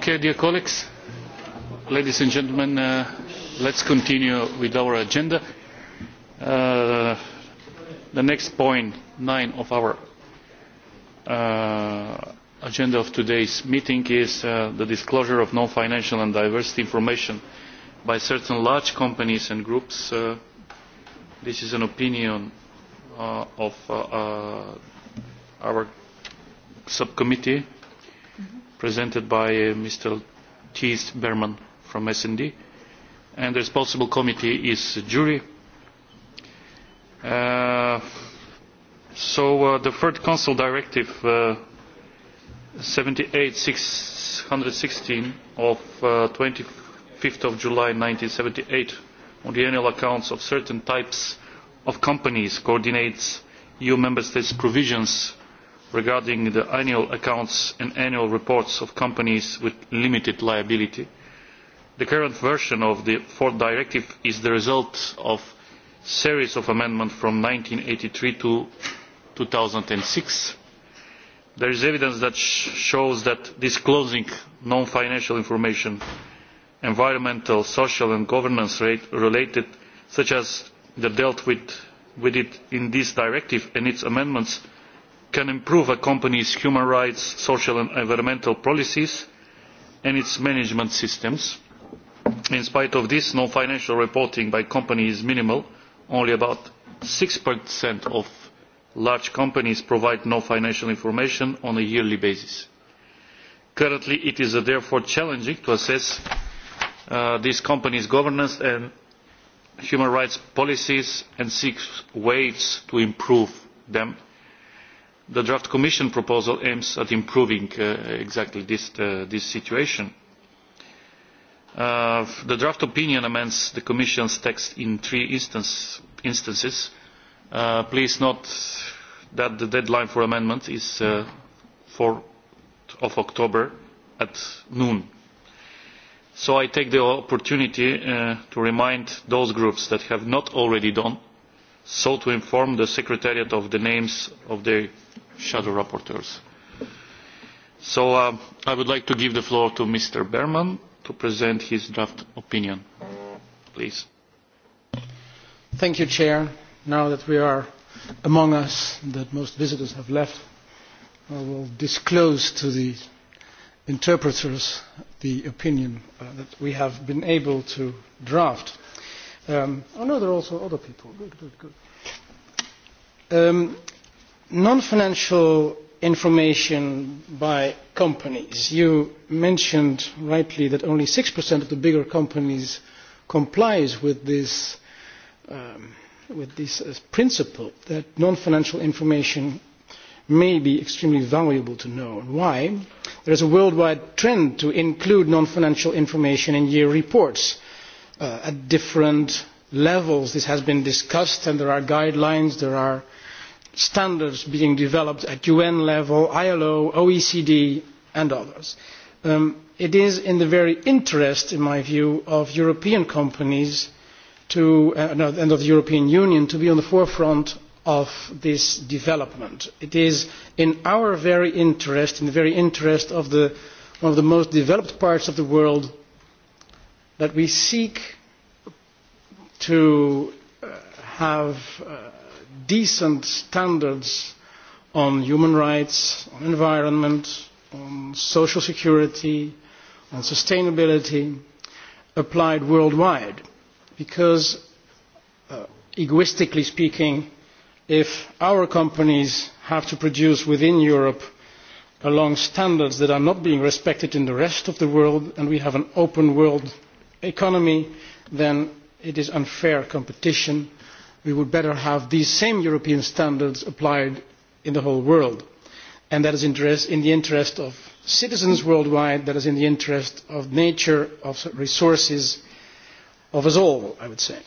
dear colleagues ladies and gentlemen uh, let's continue with our agenda. Uh, the next point nine of our uh, agenda of today's meeting is the disclosure of non financial and diversity information by certain large companies and groups. this is an opinion of our subcommittee presented by uh, Mr. Keith Berman from S&D. And the responsible committee is the jury. Uh, so uh, the third council directive, uh, 78616 of uh, 25th of July 1978 on the annual accounts of certain types of companies coordinates EU member states' provisions regarding the annual accounts and annual reports of companies with limited liability. The current version of the fourth directive is the result of a series of amendments from 1983 to 2006. There is evidence that shows that disclosing non-financial information, environmental, social, and governance related, such as the dealt with it in this directive and its amendments, can improve a company's human rights social and environmental policies and its management systems. in spite of this non financial reporting by companies is minimal only about six of large companies provide non financial information on a yearly basis. currently it is uh, therefore challenging to assess uh, these companies' governance and human rights policies and seek ways to improve them the draft commission proposal aims at improving uh, exactly this uh, situation. Uh, the draft opinion amends the commission's text in three instances. please note that the deadline for amendments is four october at noon. so i take the opportunity to remind those groups that have not already done so to inform the secretariat of the names of the shadow rapporteurs. So uh, I would like to give the floor to Mr. Berman to present his draft opinion. Please. Thank you, Chair. Now that we are among us, that most visitors have left, I will disclose to the interpreters the opinion uh, that we have been able to draft. Um, oh no, there are also other people. Good, good, good. Um, non-financial information by companies. You mentioned rightly that only 6% of the bigger companies complies with this, um, with this uh, principle that non-financial information may be extremely valuable to know. Why? There is a worldwide trend to include non-financial information in year reports uh, at different levels this has been discussed and there are guidelines, there are standards being developed at UN level, ILO, OECD and others. Um, it is in the very interest, in my view, of European companies to, uh, no, and of the European Union to be on the forefront of this development. It is in our very interest, in the very interest of, the, one of the most developed parts of the world that we seek to uh, have uh, decent standards on human rights, on environment, on social security, on sustainability applied worldwide. Because, uh, egoistically speaking, if our companies have to produce within Europe along standards that are not being respected in the rest of the world, and we have an open world economy then it is unfair competition. we would better have these same european standards applied in the whole world and that is in the interest of citizens worldwide that is in the interest of nature of resources of us all i would say.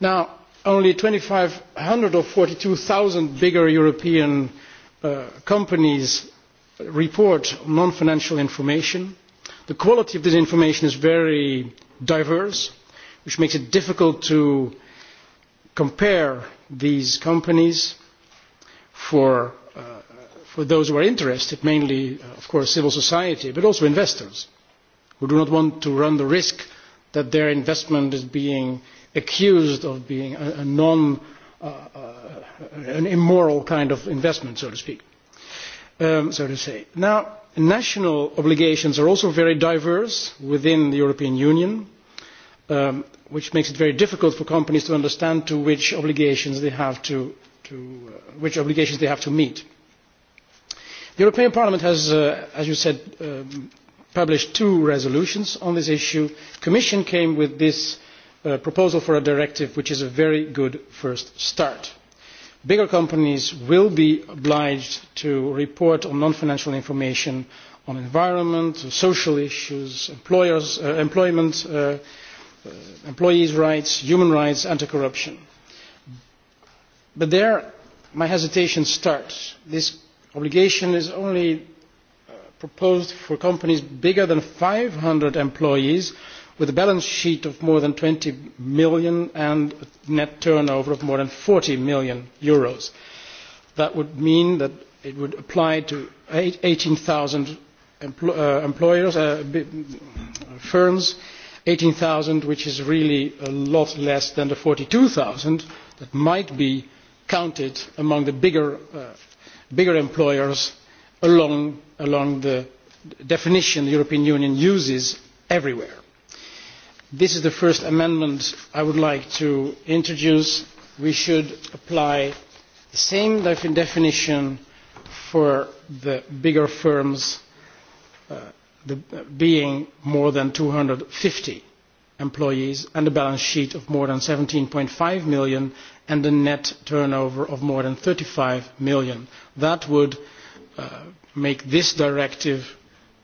now only two thousand five hundred or forty two zero bigger european uh, companies report non financial information. the quality of this information is very diverse which makes it difficult to compare these companies for uh, for those who are interested mainly uh, of course civil society but also investors who do not want to run the risk that their investment is being accused of being a, a non uh, uh, an immoral kind of investment, so to speak, um, so to say. Now, national obligations are also very diverse within the european union um, which makes it very difficult for companies to understand uh, which obligations they have to meet. the european parliament has uh, as you said um, published two resolutions on this issue. the commission came with this uh, proposal for a directive which is a very good first start bigger companies will be obliged to report on non financial information on environment social issues uh, employment uh, uh, employees' rights human rights and anti corruption. but there my hesitation starts. this obligation is only proposed for companies bigger than five hundred employees with a balance sheet of more than eur twenty million and a net turnover of more than eur forty million. that would mean that it would apply to eighteen zero uh, employers uh, firms eighteen zero which is really a lot less than the forty two zero that might be counted among the bigger uh, employers along the definition the european union uses everywhere this is the first amendment i would like to introduce we should apply the same definition for the bigger firms uh, uh being more than 250 employees and a balance sheet of more than 17.5 million and a net turnover of more than 35 million that would uh, make this directive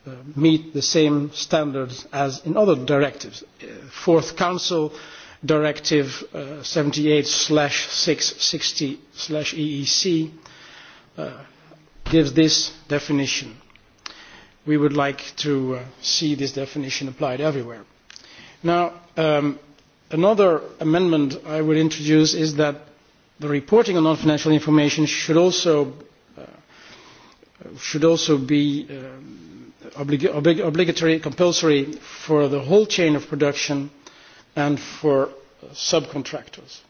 Uh, meet the same standards as in other directives. Uh, Fourth Council Directive uh, 78-660-EEC e e uh, gives this definition. We would like to uh, see this definition applied everywhere. Now, um, another amendment I would introduce is that the reporting of non-financial information should also, uh, should also be uh, obligatory compulsory for the whole chain of production and for subcontractors.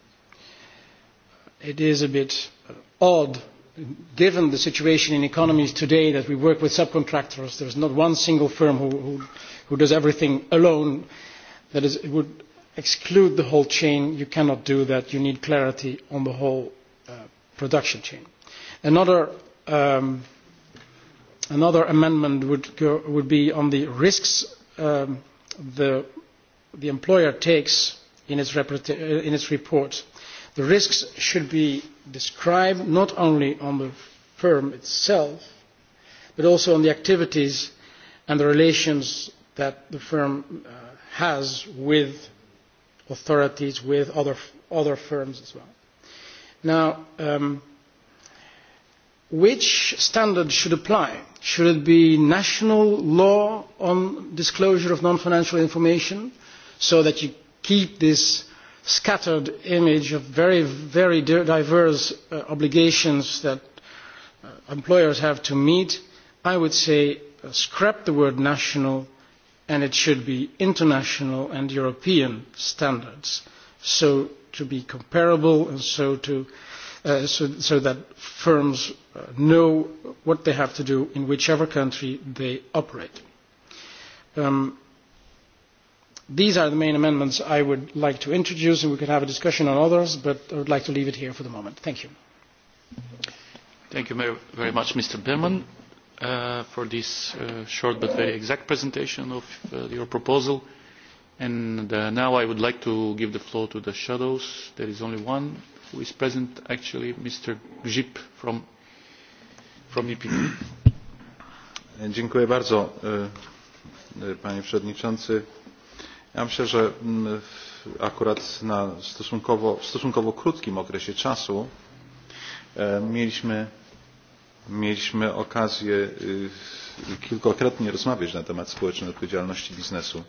It is a bit odd, given the situation in economies today, that we work with subcontractors. There is not one single firm who, who, who does everything alone. That is, it would exclude the whole chain. You cannot do that. You need clarity on the whole uh, production chain. Another um, another amendment would be on the risks um, the employer takes uh, in its report. the risks should be described not only on the firm itself but also on the activities and the relations that the firm uh, has with authorities with other firms as well. now um, which standards should apply? should it be national law on disclosure of non financial information so that you keep this scattered image of very, very diverse uh, obligations that uh, employers have to meet? I would say uh, scrap the word national and it should be international and European standards so to be comparable and so to uh, Uh, so, so that firms uh, know what they have to do in whichever country they operate. Um, these are the main amendments I would like to introduce, and we could have a discussion on others, but I would like to leave it here for the moment. Thank you. Thank you very much, Mr. Berman, uh, for this uh, short but very exact presentation of uh, your proposal. And uh, now I would like to give the floor to the shadows. There is only one who is present actually Mr. Grzyb from from EPP. E, dziękuję bardzo e, e, panie przewodniczący. Ja myślę, że akurat na stosunkowo, w stosunkowo krótkim okresie czasu mieliśmy mieliśmy okazję kilkakrotnie rozmawiać na temat społecznej odpowiedzialności biznesu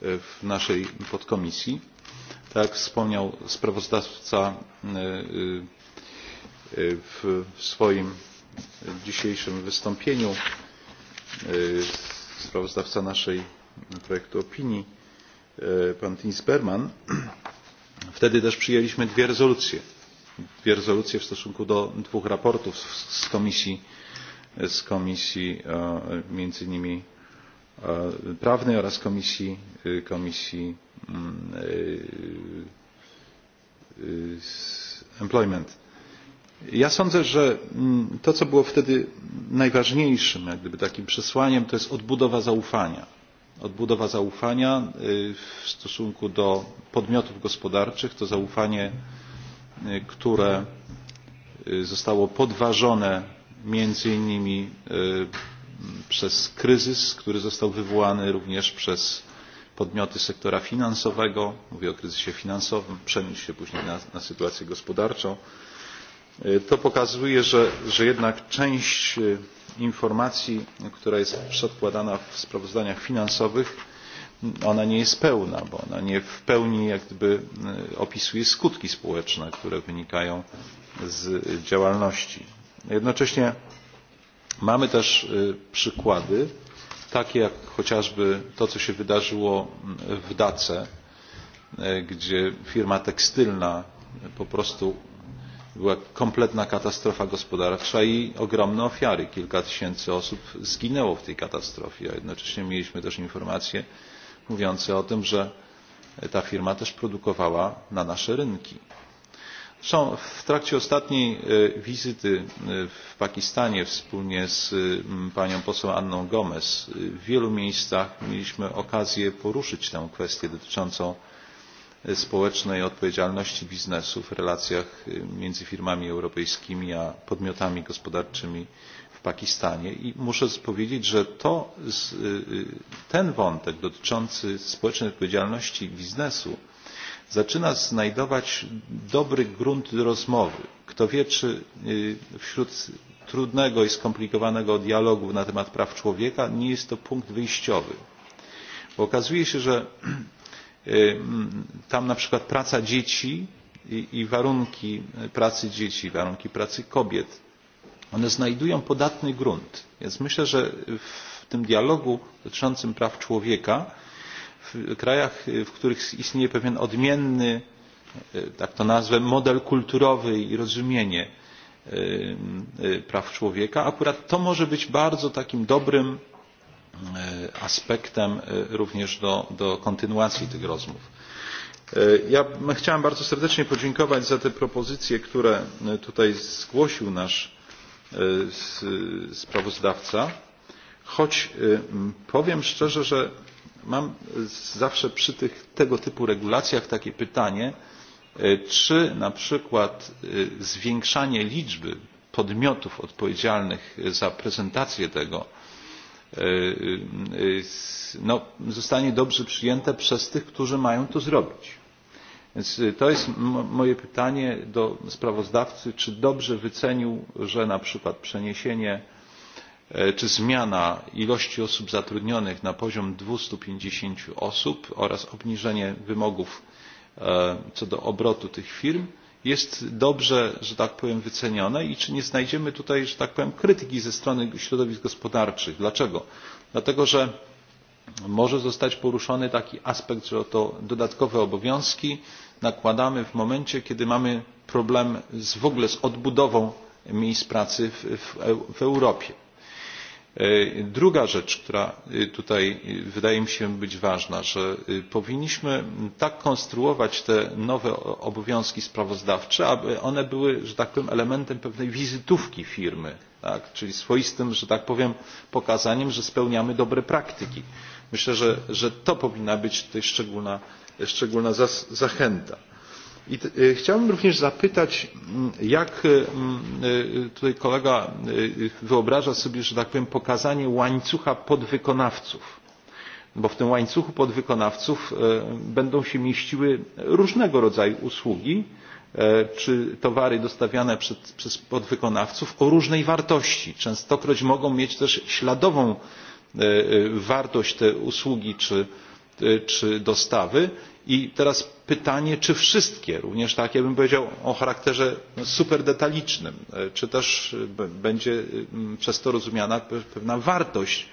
w naszej podkomisji jak wspomniał sprawozdawca e, e, w swoim dzisiejszym wystąpieniu e, sprawozdawca naszej projektu opinii pan timmermans wtedy też przyjęliśmy dwie rezolucje dwie rezolucje w stosunku do dwóch raportów z komisji z komisji między innymi prawnej oraz komisji komisji E, e, employment. Ja sądzę, że mm, to, co było wtedy najważniejszym jak gdyby, takim przesłaniem, to jest odbudowa zaufania. Odbudowa zaufania e, w stosunku do podmiotów gospodarczych, to zaufanie, które zostało podważone między innymi przez kryzys, który został wywołany również przez podmioty sektora finansowego mówię o kryzysie finansowym przenieść się później na, na sytuację gospodarczą to pokazuje że, że jednak część informacji która jest przedkładana w sprawozdaniach finansowych ona nie jest pełna bo ona nie w pełni jak gdyby opisuje skutki społeczne które wynikają z działalności. jednocześnie mamy też przykłady takie jak chociażby to co się wydarzyło w dace e, gdzie firma tekstylna po prostu była kompletna katastrofa gospodarcza i ogromne ofiary kilka tysięcy osób zginęło w tej katastrofie a jednocześnie mieliśmy też informacje mówiące o tym że ta firma też produkowała na nasze rynki w trakcie ostatniej e, wizyty e, w pakistanie wspólnie z e, panią poseł anną gomes w wielu miejscach mieliśmy okazję poruszyć tę kwestię dotyczącą społecznej odpowiedzialności biznesu w relacjach między firmami europejskimi a podmiotami gospodarczymi w pakistanie i muszę powiedzieć że ten wątek dotyczący społecznej odpowiedzialności biznesu zaczyna znajdować dobry grunt do rozmowy. Kto wie, czy wśród trudnego i skomplikowanego dialogu na temat praw człowieka nie jest to punkt wyjściowy. Bo okazuje się, że tam na przykład praca dzieci i warunki pracy dzieci, warunki pracy kobiet, one znajdują podatny grunt. Więc myślę, że w tym dialogu dotyczącym praw człowieka krajach w których istnieje pewien odmienny tak to nazwę model kulturowy i rozumienie praw człowieka akurat to może być bardzo takim dobrym aspektem również do, do kontynuacji tych rozmów. Ja chciałem bardzo serdecznie podziękować za te propozycje, które tutaj zgłosił nasz sprawozdawca, choć powiem szczerze, że mam zawsze przy tych, tego typu regulacjach takie pytanie, e, czy na przykład e, zwiększanie liczby podmiotów odpowiedzialnych za prezentację tego e, no, zostanie dobrze przyjęte przez tych, którzy mają to zrobić. Więc to jest moje pytanie do sprawozdawcy, czy dobrze wycenił, że na przykład przeniesienie E, czy zmiana ilości osób zatrudnionych na poziom dwieście pięćdziesiąt osób oraz obniżenie wymogów e, co do obrotu tych firm jest dobrze że tak powiem wycenione i czy nie znajdziemy tutaj że tak powiem krytyki ze strony środowisk gospodarczych. dlaczego? dlatego że może zostać poruszony taki aspekt że oto dodatkowe obowiązki nakładamy w momencie kiedy mamy problem w ogóle z odbudową miejsc pracy w europie. E, druga rzecz która e, tutaj wydaje mi się być ważna że e, powinniśmy tak konstruować te nowe obowiązki sprawozdawcze aby one były że tak powiem elementem pewnej wizytówki firmy czyli swoistym że tak powiem pokazaniem że spełniamy dobre praktyki. myślę że to powinna być tutaj szczególna zachęta. E, chciałbym również zapytać mm, jak e, mm, e, tutaj kolega wyobraża sobie że tak powiem pokazanie łańcucha podwykonawców bo w tym łańcuchu podwykonawców będą się mieściły różnego rodzaju usługi czy towary dostawiane przez podwykonawców o różnej wartości częstokroć mogą mieć też śladową wartość te usługi czy dostawy i teraz pytanie czy wszystkie również takie ja bym powiedział o charakterze super detalicznym e, czy też e, będzie e, przez to rozumiana pewna wartość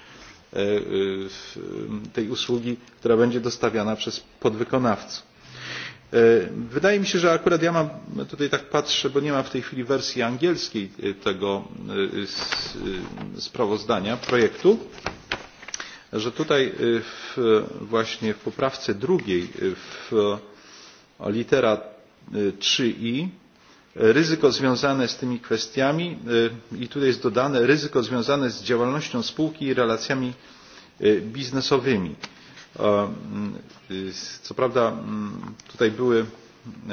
tej usługi która będzie dostawiana przez podwykonawcę. wydaje mi się że akurat ja mam tutaj tak patrzę bo nie ma w tej chwili wersji angielskiej tego sprawozdania projektu że tutaj w, właśnie w poprawce drugiej w litera 3i ryzyko związane z tymi kwestiami i tutaj jest dodane ryzyko związane z działalnością spółki i relacjami biznesowymi. Co prawda mm, tutaj były,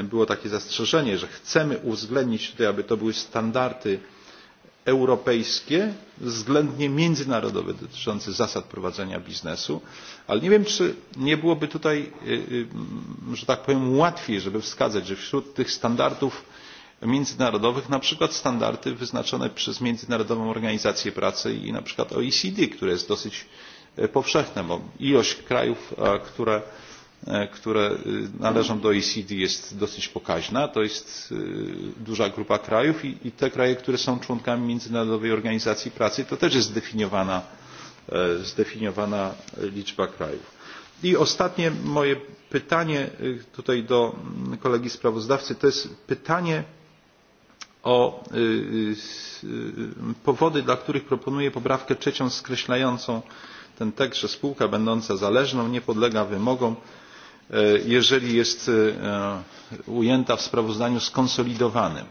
było takie zastrzeżenie, że chcemy uwzględnić tutaj, aby to były standardy europejskie względnie międzynarodowe dotyczące zasad prowadzenia biznesu ale nie wiem czy nie byłoby tutaj że tak powiem łatwiej żeby wskazać że wśród tych standardów międzynarodowych na przykład standardy wyznaczone przez międzynarodową organizację pracy i na przykład oecd które jest dosyć e, powszechne bo ilość krajów które E, które należą do oecd jest dosyć pokaźna to jest duża grupa krajów i te kraje które są członkami międzynarodowej organizacji pracy to też jest zdefiniowana e, liczba krajów. i ostatnie moje pytanie tutaj do mm, kolegi sprawozdawcy to jest pytanie o powody dla których proponuję poprawkę trzy skreślającą ten tekst że spółka będąca zależną nie podlega wymogom E, jeżeli jest e, ujęta w sprawozdaniu skonsolidowanym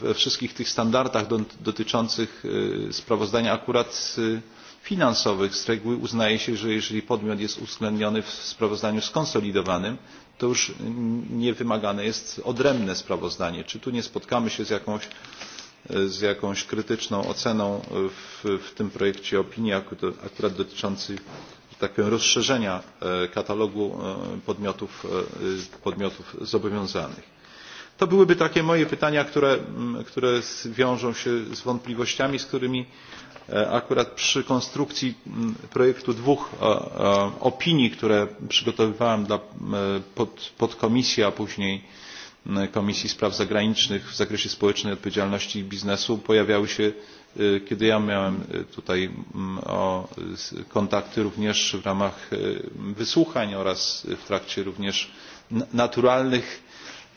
we wszystkich tych standardach dotyczących e, sprawozdań akurat finansowych z reguły uznaje się że jeżeli podmiot jest uwzględniony w sprawozdaniu skonsolidowanym to już nie wymagane jest odrębne sprawozdanie. czy tu nie spotkamy się z jakąś krytyczną oceną w tym projekcie opinii akurat dotyczącej tak powiem rozszerzenia e, katalogu e, e, podmiotów zobowiązanych. to byłyby takie moje pytania które wiążą się z wątpliwościami z którymi akurat przy konstrukcji projektu dwóch opinii które przygotowywałem dla podkomisji a później komisji spraw zagranicznych w zakresie społecznej odpowiedzialności biznesu pojawiały się kiedy ja miałem e, tutaj kontakty również w ramach e, wysłuchań oraz w trakcie również naturalnych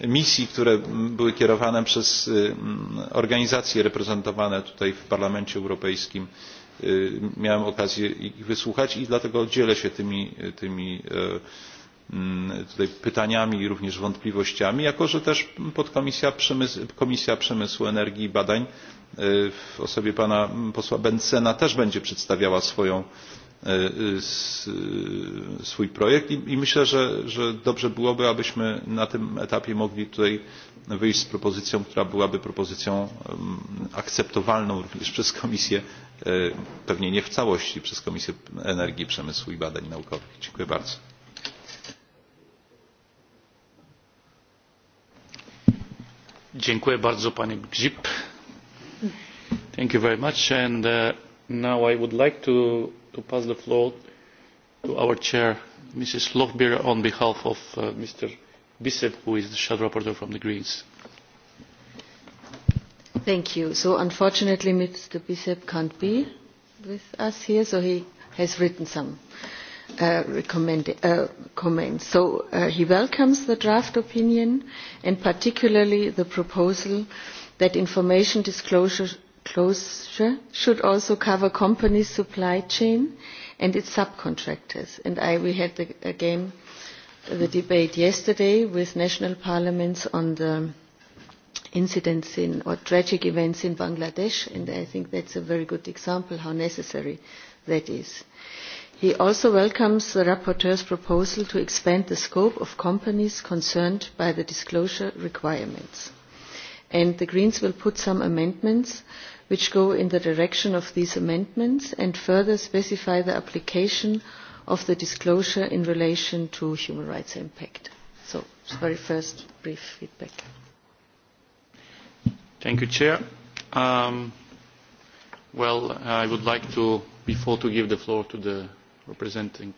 misji które były kierowane przez e, organizacje reprezentowane tutaj w parlamencie europejskim miałem okazję ich wysłuchać i dlatego dzielę się tymi tutaj pytaniami i również wątpliwościami jako że też podkomisja komisja przemysłu energii i badań E, w osobie pana posła bendtsena też będzie przedstawiała e, e, swój projekt i myślę że dobrze byłoby abyśmy na tym etapie mogli tutaj wyjść z propozycją która byłaby propozycją akceptowalną również przez komisję pewnie nie w całości przez komisję energii przemysłu i badań naukowych. dziękuję bardzo. dziękuję bardzo panie grzyb. Thank you very much. And uh, now I would like to, to pass the floor to our chair, Mrs. Lochbier, on behalf of uh, Mr. Bissett, who is the shadow rapporteur from the Greens. Thank you. So unfortunately, Mr. Bissett can't be with us here, so he has written some uh, recommend, uh, comments. So uh, he welcomes the draft opinion, and particularly the proposal that information disclosure closure should also cover companies' supply chain and its subcontractors. And I, we had the, again the debate yesterday with national parliaments on the incidents in, or tragic events in Bangladesh, and I think that's a very good example how necessary that is. He also welcomes the rapporteur's proposal to expand the scope of companies concerned by the disclosure requirements. And the Greens will put some amendments which go in the direction of these amendments and further specify the application of the disclosure in relation to human rights impact. So, it's the very first brief feedback. Thank you, Chair. Um, well, I would like to, before to give the floor to the representing,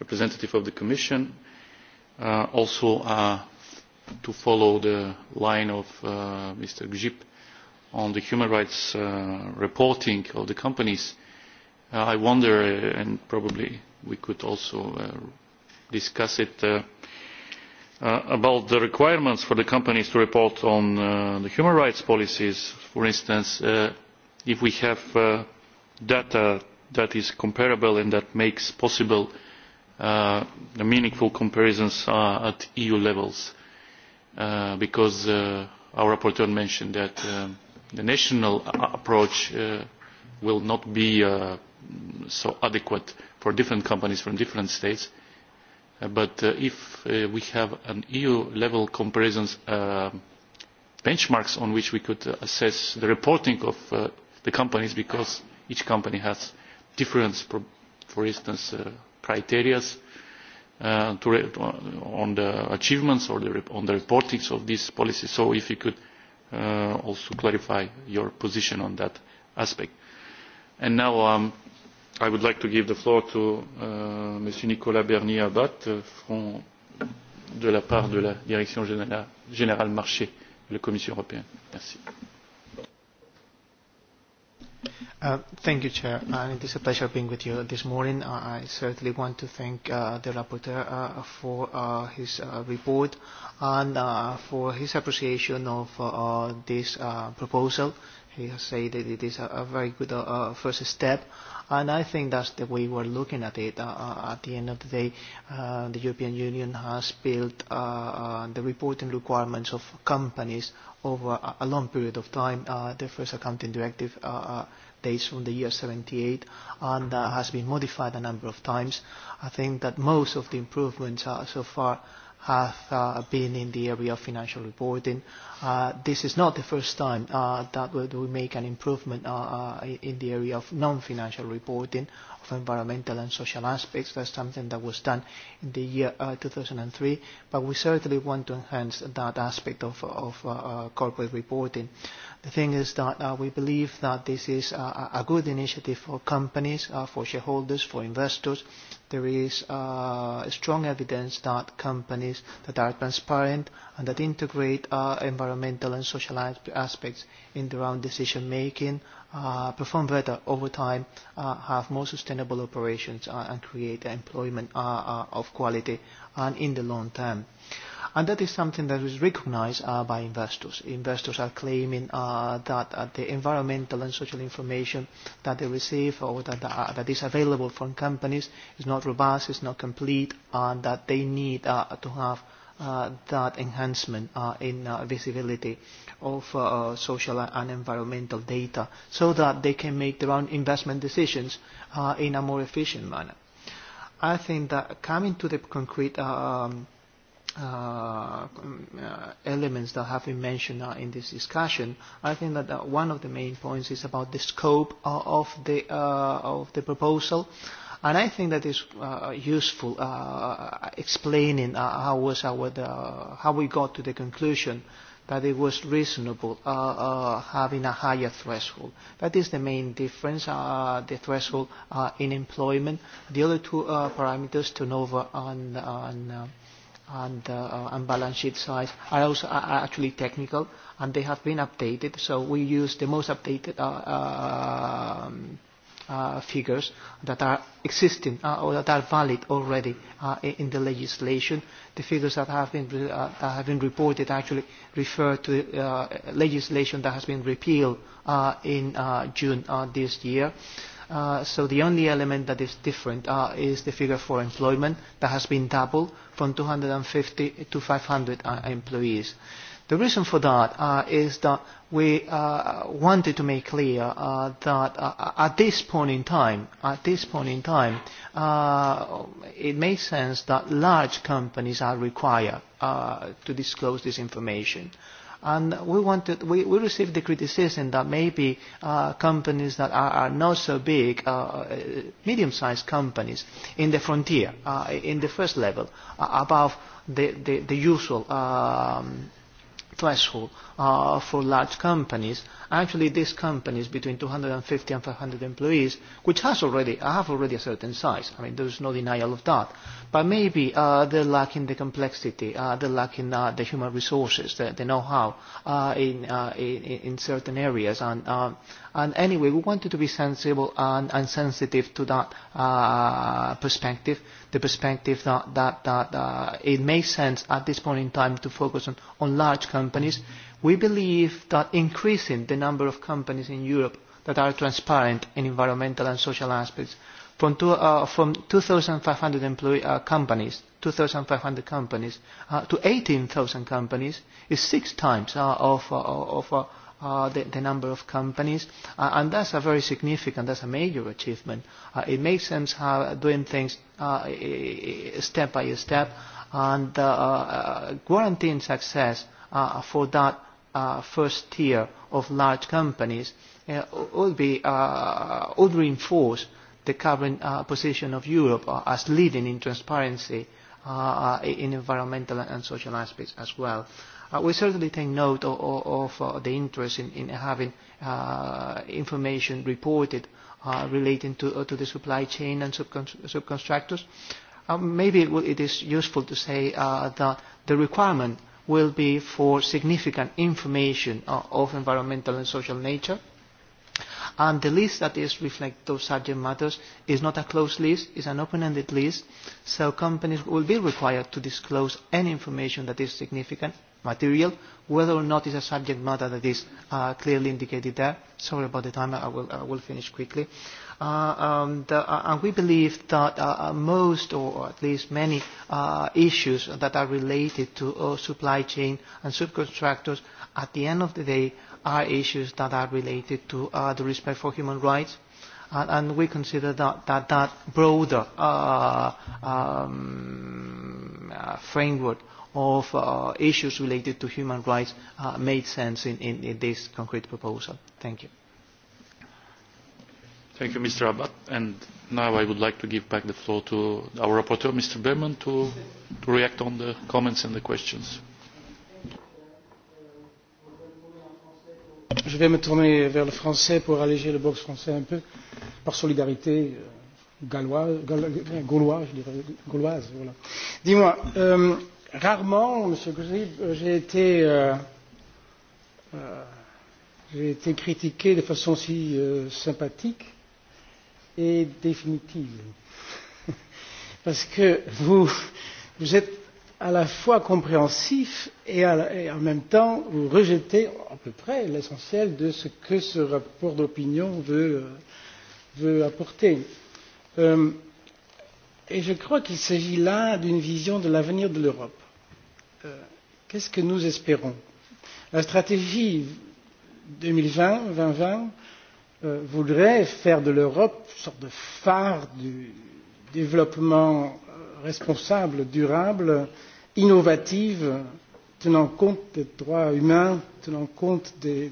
representative of the Commission, uh, also uh, to follow the line of uh, Mr. Gzip. Uh, on the human rights uh, reporting of the companies, uh, I wonder, uh, and probably we could also uh, discuss it, uh, uh, about the requirements for the companies to report on uh, the human rights policies, for instance, uh, if we have uh, data that is comparable and that makes possible uh, the meaningful comparisons uh, at EU levels, uh, because uh, our rapporteur mentioned that uh, the national uh, approach uh, will not be uh, so adequate for different companies from different states. Uh, but uh, if uh, we have an EU-level comparison uh, benchmarks on which we could uh, assess the reporting of uh, the companies, because each company has different, for, for instance, uh, criteria uh, on the achievements or the on the reportings of these policies. So if you could Uh, also clarify your position on that aspect. And now um, I would like to give the floor to uh, Monsieur Nicolas Bernier Abbott uh, from de la part de la Direction Générale Marché de la Commission européenne. Merci. Uh, thank you, Chair. And uh, it is a pleasure being with you this morning. Uh, I certainly want to thank uh, the rapporteur uh, for uh, his uh, report and uh, for his appreciation of uh, this uh, proposal he has said that it is a, a very good uh, uh, first step. And I think that's the way we're looking at it. Uh, uh, at the end of the day, uh, the European Union has built uh, uh, the reporting requirements of companies over a long period of time. Uh, the first accounting directive uh, uh, dates from the year 78 and uh, has been modified a number of times. I think that most of the improvements uh, so far have uh, been in the area of financial reporting. Uh, this is not the first time uh, that we make an improvement uh, uh, in the area of non-financial reporting of environmental and social aspects. That's something that was done in the year uh, 2003, but we certainly want to enhance that aspect of, of uh, uh, corporate reporting. The thing is that uh, we believe that this is a, a good initiative for companies, uh, for shareholders, for investors. There is uh, strong evidence that companies that are transparent and that integrate uh, environmental and social aspects in their own decision making uh, perform better over time, uh, have more sustainable operations uh, and create employment uh, uh, of quality and in the long term and that is something that is recognized uh, by investors. Investors are claiming uh, that uh, the environmental and social information that they receive or that, uh, that is available from companies is not robust, is not complete, and that they need uh, to have uh, that enhancement uh, in uh, visibility of uh, social and environmental data so that they can make their own investment decisions uh, in a more efficient manner. I think that coming to the concrete um, Uh, uh, elements that have been mentioned uh, in this discussion, I think that uh, one of the main points is about the scope uh, of, the, uh, of the proposal. And I think that is uh, useful uh, explaining uh, how, was our, the, how we got to the conclusion that it was reasonable uh, uh, having a higher threshold. That is the main difference, uh, the threshold uh, in employment. The other two uh, parameters, turnover and, and uh, and uh, uh, and balance sheet size are also are actually technical and they have been updated so we use the most updated uh, um, uh, figures that are existing uh, or that are valid already uh, in the legislation. The figures that have been, uh, that have been reported actually refer to uh, legislation that has been repealed uh, in uh, June uh, this year. Uh, Uh, so the only element that is different uh, is the figure for employment that has been doubled from 250 to 500 uh, employees. The reason for that uh, is that we uh, wanted to make clear uh, that uh, at this point in time, at this point in time, uh, it makes sense that large companies are required uh, to disclose this information. Uh, And we wanted, we, we received the criticism that maybe uh, companies that are, are not so big, uh, uh, medium-sized companies in the frontier, uh, in the first level, uh, above the, the, the usual um, threshold uh, for large companies. Actually, these companies between 250 and 500 employees, which has already, have already a certain size, I mean, there is no denial of that. But maybe uh, they're lacking the complexity, uh, they're lacking uh, the human resources, the, the know-how uh, in, uh, in, in certain areas. And, uh, And anyway, we wanted to be sensible and, and sensitive to that uh, perspective, the perspective that, that, that uh, it makes sense at this point in time to focus on, on large companies. Mm-hmm. We believe that increasing the number of companies in Europe that are transparent in environmental and social aspects from, two, uh, from 2,500 employee, uh, companies, 2,500 companies uh, to 18,000 companies is six times uh, of, uh, of uh, uh, the, the number of companies, uh, and that's a very significant, that's a major achievement. Uh, it makes sense how doing things uh, step by step, and uh, uh, guaranteeing success uh, for that uh, first tier of large companies uh, would, be, uh, would reinforce the current uh, position of Europe uh, as leading in transparency uh, uh in environmental and social aspects as well. Uh, Uh, we certainly take note of, of, of uh, the interest in, in having uh, information reported uh, relating to, uh, to the supply chain and subcontractors. Uh, maybe it, will, it is useful to say uh, that the requirement will be for significant information uh, of environmental and social nature. And the list that is reflect those subject matters is not a closed list, it's an open-ended list. So companies will be required to disclose any information that is significant, material, whether or not it's a subject matter that is uh, clearly indicated there. Sorry about the time, I will, I will finish quickly. Uh, and, um, uh, and we believe that uh, uh most or at least many uh, issues that are related to uh, supply chain and subcontractors at the end of the day are issues that are related to uh, the respect for human rights, and, and we consider that that, that broader uh, um, uh, framework of uh, issues related to human rights uh, made sense in, in, in this concrete proposal. Thank you. Thank you, Mr. Abbott. And now I would like to give back the floor to our rapporteur, Mr. Berman, to, to react on the comments and the questions. Thank you. je vais me tourner vers le français pour alléger le box français un peu, par solidarité euh, galloise, euh, gauloise, je dirais, gauloise. Voilà. Dis-moi, euh, rarement, Monsieur Grib, j'ai été, euh, euh, j'ai été critiqué de façon si euh, sympathique et définitive, parce que vous, vous êtes à la fois compréhensif et en même temps vous rejetez à peu près l'essentiel de ce que ce rapport d'opinion veut euh, apporter. Euh, et je crois qu'il s'agit là d'une vision de l'avenir de l'Europe. Euh, qu'est-ce que nous espérons La stratégie 2020-2020 voudrait faire de l'Europe une sorte de phare du développement responsable durable innovative tenant compte des droits humains tenant compte des,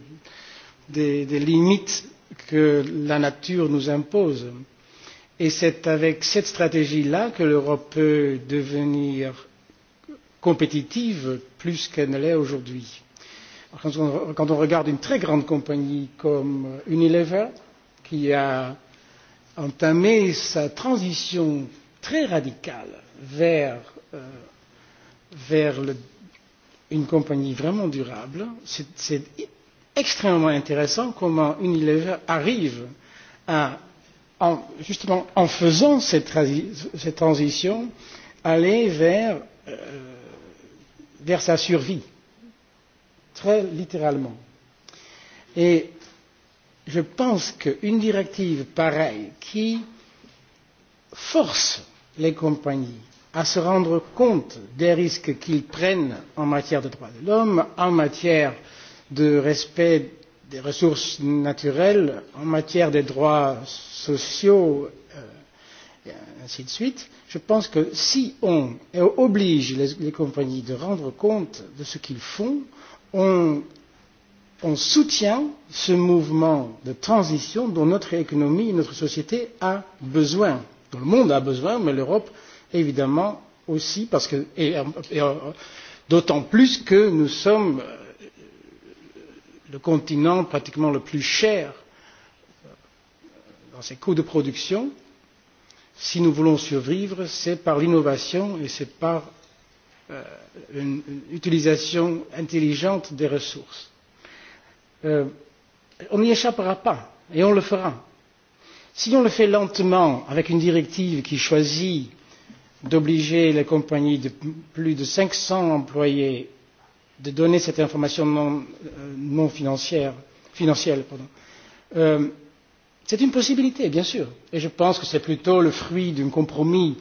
des, des limites que la nature nous impose. Et c'est avec cette stratégie là que l'Europe peut devenir compétitive plus qu'elle ne l'est aujourd'hui. Quand on, quand on regarde une très grande compagnie comme Unilever, qui a entamé sa transition très radicale vers, euh, vers le, une compagnie vraiment durable. C'est extrêmement intéressant comment Unilever arrive à, en, justement en faisant cette, cette transition, aller vers, euh, vers sa survie, très littéralement. Et je pense qu'une directive pareille qui force les compagnies à se rendre compte des risques qu'ils prennent en matière de droits de l'homme en matière de respect des ressources naturelles en matière de droits sociaux euh, et ainsi de suite je pense que si on oblige les compagnies à rendre compte de ce qu'ils font on, on soutient ce mouvement de transition dont notre économie et notre société ont besoin. Tout le monde a besoin, mais l'Europe, évidemment, aussi, parce que, et, et, d'autant plus que nous sommes euh, le continent pratiquement le plus cher euh, dans ses coûts de production. Si nous voulons survivre, c'est par l'innovation et c'est par euh, une, une utilisation intelligente des ressources. Euh, on n'y échappera pas et on le fera si on le fait lentement avec une directive qui choisit d'obliger les compagnies de plus de cinq cents employés à donner cette information non, euh, non financière, financière pardon, euh, c'est une possibilité, bien sûr. Et je pense que c'est plutôt le fruit d'un compromis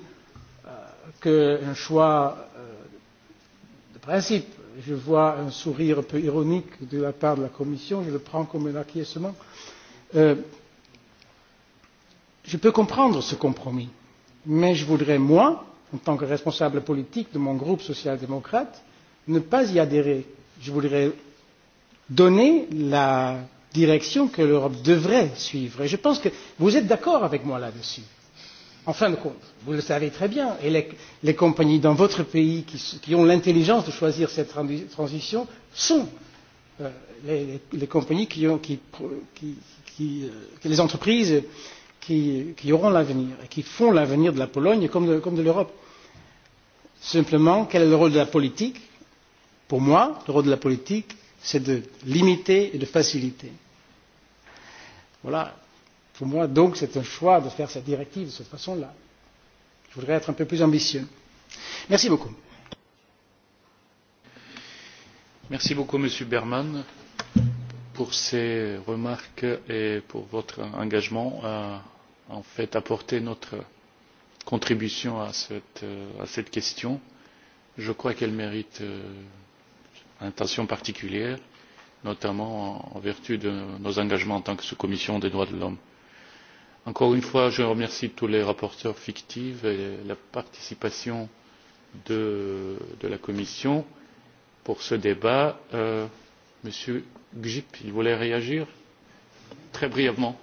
euh, qu'un choix euh, de principe. Je vois un sourire un peu ironique de la part de la Commission, je le prends comme un acquiescement. Euh, je peux comprendre ce compromis mais je voudrais moi en tant que responsable politique de mon groupe social démocrate ne pas y adhérer. je voudrais donner la direction que l'europe devrait suivre et je pense que vous êtes d'accord avec moi là dessus. en fin de compte vous le savez très bien et les compagnies dans votre pays qui ont l'intelligence de choisir cette transition sont euh, les compagnies qui ont euh, les entreprises qui qui auront l'avenir et qui font l'avenir de la pologne comme de l'europe. simplement quel est le rôle de la politique? pour moi le rôle de la politique c'est de limiter et de faciliter. voilà pour moi donc c'est un choix de faire cette directive de cette façon là. je voudrais être un peu plus ambitieux. merci beaucoup. Merci beaucoup, Monsieur Berman, pour ces remarques et pour votre engagement. Euh en fait apporter notre contribution euh, à cette question. je crois qu'elle mérite euh, une attention particulière notamment en vertu de nos engagements en tant que sous commission des droits de l'homme. encore une fois je remercie tous les rapporteurs fictifs et la participation de la commission pour ce débat. Euh, m. grzyb voulait réagir très brièvement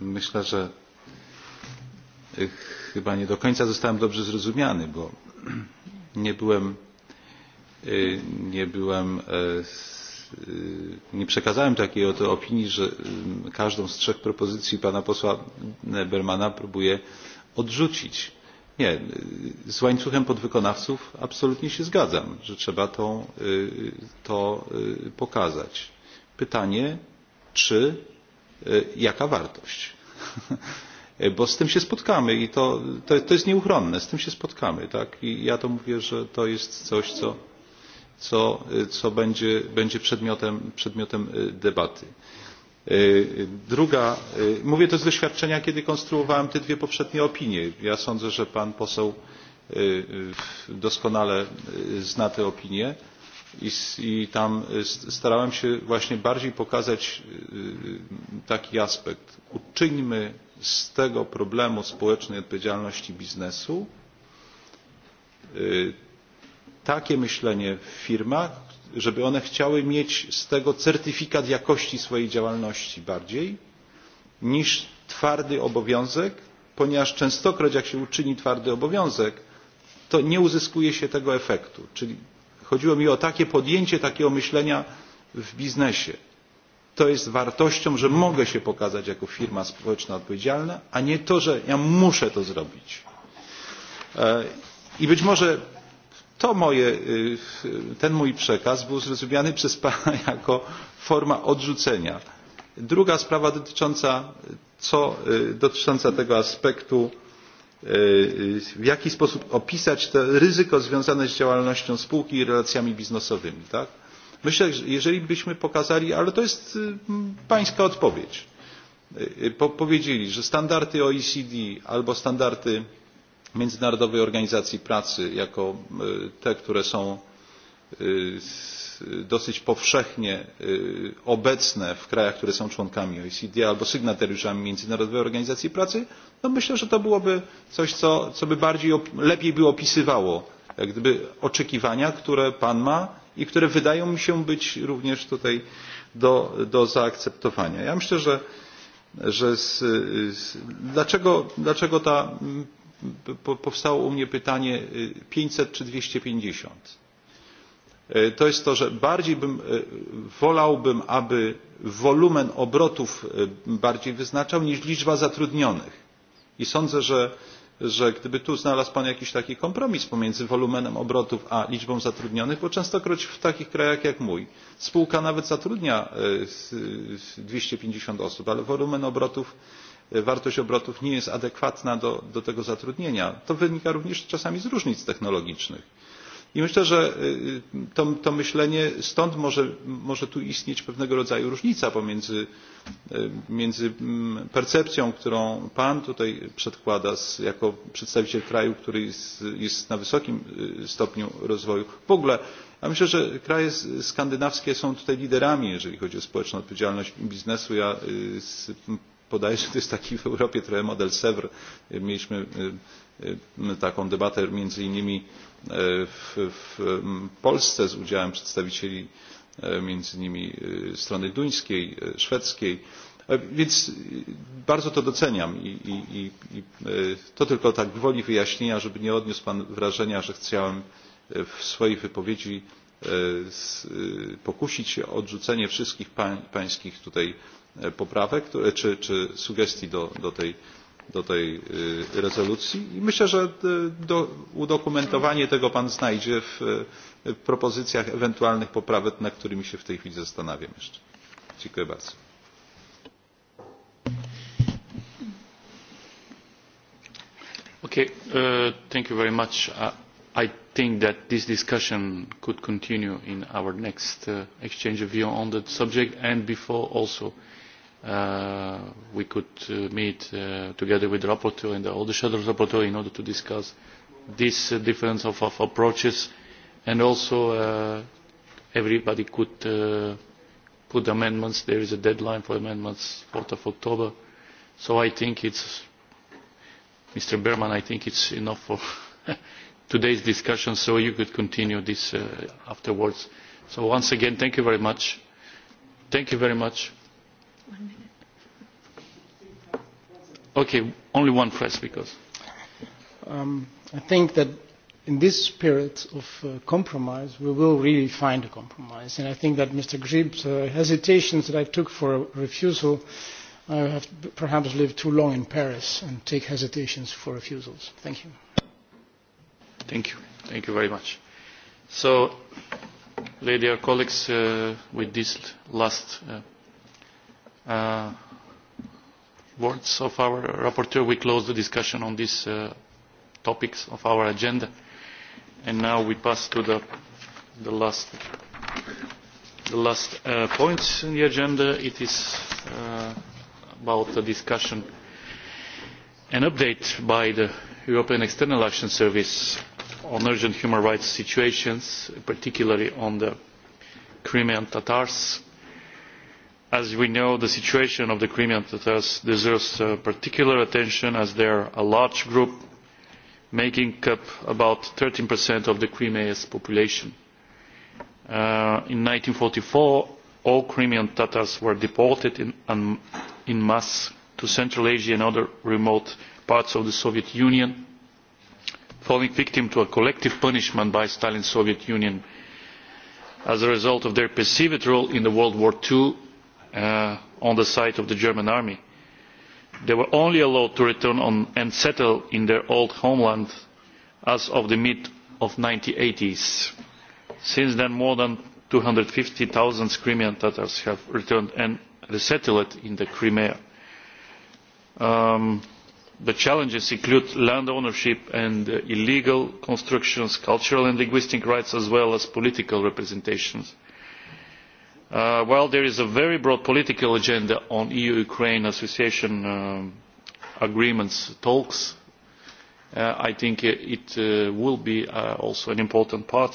myślę że chyba nie do końca zostałem dobrze zrozumiany bo nie byłem nie byłem e, nie przekazałem takiej oto opinii, że każdą z trzech propozycji pana posła Bermana próbuje odrzucić. Nie, z łańcuchem podwykonawców absolutnie się zgadzam, że trzeba to, to pokazać. Pytanie, czy E, jaka wartość? Bo z tym się spotkamy i to, to, to jest nieuchronne, z tym się spotkamy, tak? I ja to mówię, że to jest coś, co, co, co będzie, będzie przedmiotem, przedmiotem e, debaty. E, druga, mówię to z doświadczenia, kiedy konstruowałem te dwie poprzednie opinie. Ja sądzę, że pan poseł doskonale zna te opinie i, i tam e, starałem się właśnie bardziej pokazać e, taki aspekt. Uczyńmy z tego problemu społecznej odpowiedzialności biznesu e, takie myślenie w firmach, żeby one chciały mieć z tego certyfikat jakości swojej działalności bardziej niż twardy obowiązek, ponieważ częstokroć jak się uczyni twardy obowiązek, to nie uzyskuje się tego efektu. Czyli chodziło mi o takie podjęcie takiego myślenia w biznesie to jest wartością że mogę się pokazać jako firma społeczna odpowiedzialna a nie to że ja muszę to zrobić e, i być może to moje, ten mój przekaz był zrozumiany przez pana jako forma odrzucenia druga sprawa dotycząca co dotycząca tego aspektu E, w jaki sposób opisać to ryzyko związane z działalnością spółki i relacjami biznesowymi. myślę że jeżeli byśmy pokazali ale to jest pańska odpowiedź powiedzieli że standardy oecd albo standardy międzynarodowej organizacji pracy jako te które są dosyć powszechnie obecne w krajach które są członkami oecd albo sygnatariuszami międzynarodowej organizacji pracy to no myślę że to byłoby coś co by lepiej opisywało e, oczekiwania które pan ma i które wydają mi się być również tutaj do zaakceptowania. ja myślę że dlaczego dlaczego powstało u mnie pytanie pięćset czy dwieście pięćdziesiąt? E, to jest to że bardziej e, wolałbym aby wolumen obrotów e, bardziej wyznaczał niż liczba zatrudnionych i sądzę że gdyby tu znalazł pan jakiś taki kompromis pomiędzy wolumenem obrotów a liczbą zatrudnionych bo częstokroć w takich krajach jak mój spółka nawet zatrudnia dwieście pięćdziesiąt osób ale wolumen obrotów wartość obrotów nie jest adekwatna do tego zatrudnienia to wynika również czasami z różnic technologicznych i myślę że to myślenie stąd może tu istnieć pewnego rodzaju różnica pomiędzy mm, percepcją którą pan tutaj przedkłada jako przedstawiciel kraju który jest na wysokim stopniu rozwoju w ogóle ja myślę że kraje skandynawskie są tutaj liderami jeżeli chodzi o społeczną odpowiedzialność biznesu ja podaję że to jest taki w europie trochę model sevres mieliśmy taką debatę między innymi w polsce z udziałem przedstawicieli e, między innymi e, strony duńskiej e, szwedzkiej więc bardzo to doceniam i to tylko tak gwoli wyjaśnienia żeby nie odniósł pan wrażenia że chciałem w swojej wypowiedzi pokusić się o odrzucenie wszystkich pańskich tutaj poprawek czy sugestii do tej do tej rezolucji i myślę że udokumentowanie tego pan znajdzie w propozycjach ewentualnych poprawek nad którymi się w tej chwili zastanawiam jeszcze. dziękuję bardzo. Okay, uh, thank you very much. Uh, I think that this discussion could continue in our next uh, exchange of view on the subject and before also uh, we could uh, meet uh, together with the rapporteur and all the shadow rapporteurs in order to discuss this uh, difference of, of approaches and also uh, everybody could uh, put amendments. There is a deadline for amendments, 4th of October. So I think it's, Mr. Berman, I think it's enough for today's discussion so you could continue this uh, afterwards. So once again, thank you very much. Thank you very much. Um, i think that in this spirit of uh, compromise we will really find a compromise and i think that mr grzyb's uh, hesitations that i took for a refusal i uh, have perhaps lived too long in paris and take hesitations for refusals. thank you. thank you. thank you very much. so ladies and colleagues uh, with this last uh, Uh, words of our rapporteur we close the discussion on these uh, topics of our agenda and now we pass to the last the last uh, points in the agenda it is about the discussion an update by the european external action service on urgent human rights situations particularly on the crimean tatars as we know the situation of the crimean tatars deserves uh, particular attention as they are a large group making up about thirteen of the crimea's population. Uh, in one thousand nine hundred and forty four all crimean tatars were deported en masse to central asia and other remote parts of the soviet union falling victim to a collective punishment by stalin's soviet union as a result of their perceived role in world war ii Uh, on the side of the german army. they were only allowed to return and settle in their old homeland as of the mid one thousand nine hundred and eighty s. since then more than two hundred and fifty zero crimean tatars have returned and resettled in the crimea. Um, the challenges include land ownership and uh, illegal constructions cultural and linguistic rights as well as political representations. Uh, while there is a very broad political agenda on eu ukraine association um, agreement talks uh, i think uh, it will be also an important part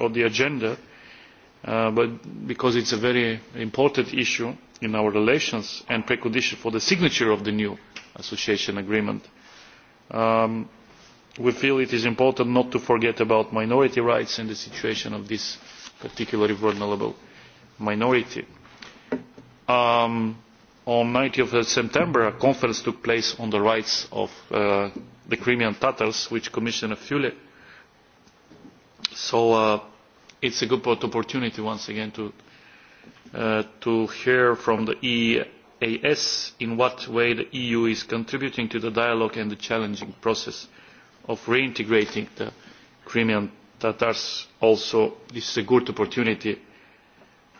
of the agenda because it is a very important issue in our relations and a precondition for the signature of the new association agreement. Um, we feel it is important not to forget about minority rights and the situation of this particularly vulnerable minority. Um, on 19 September, a conference took place on the rights of uh, the Crimean Tatars, which Commissioner Fule. So uh, it's a good opportunity once again to, uh, to hear from the EAS in what way the EU is contributing to the dialogue and the challenging process of reintegrating the Crimean Tatars. Also, this is a good opportunity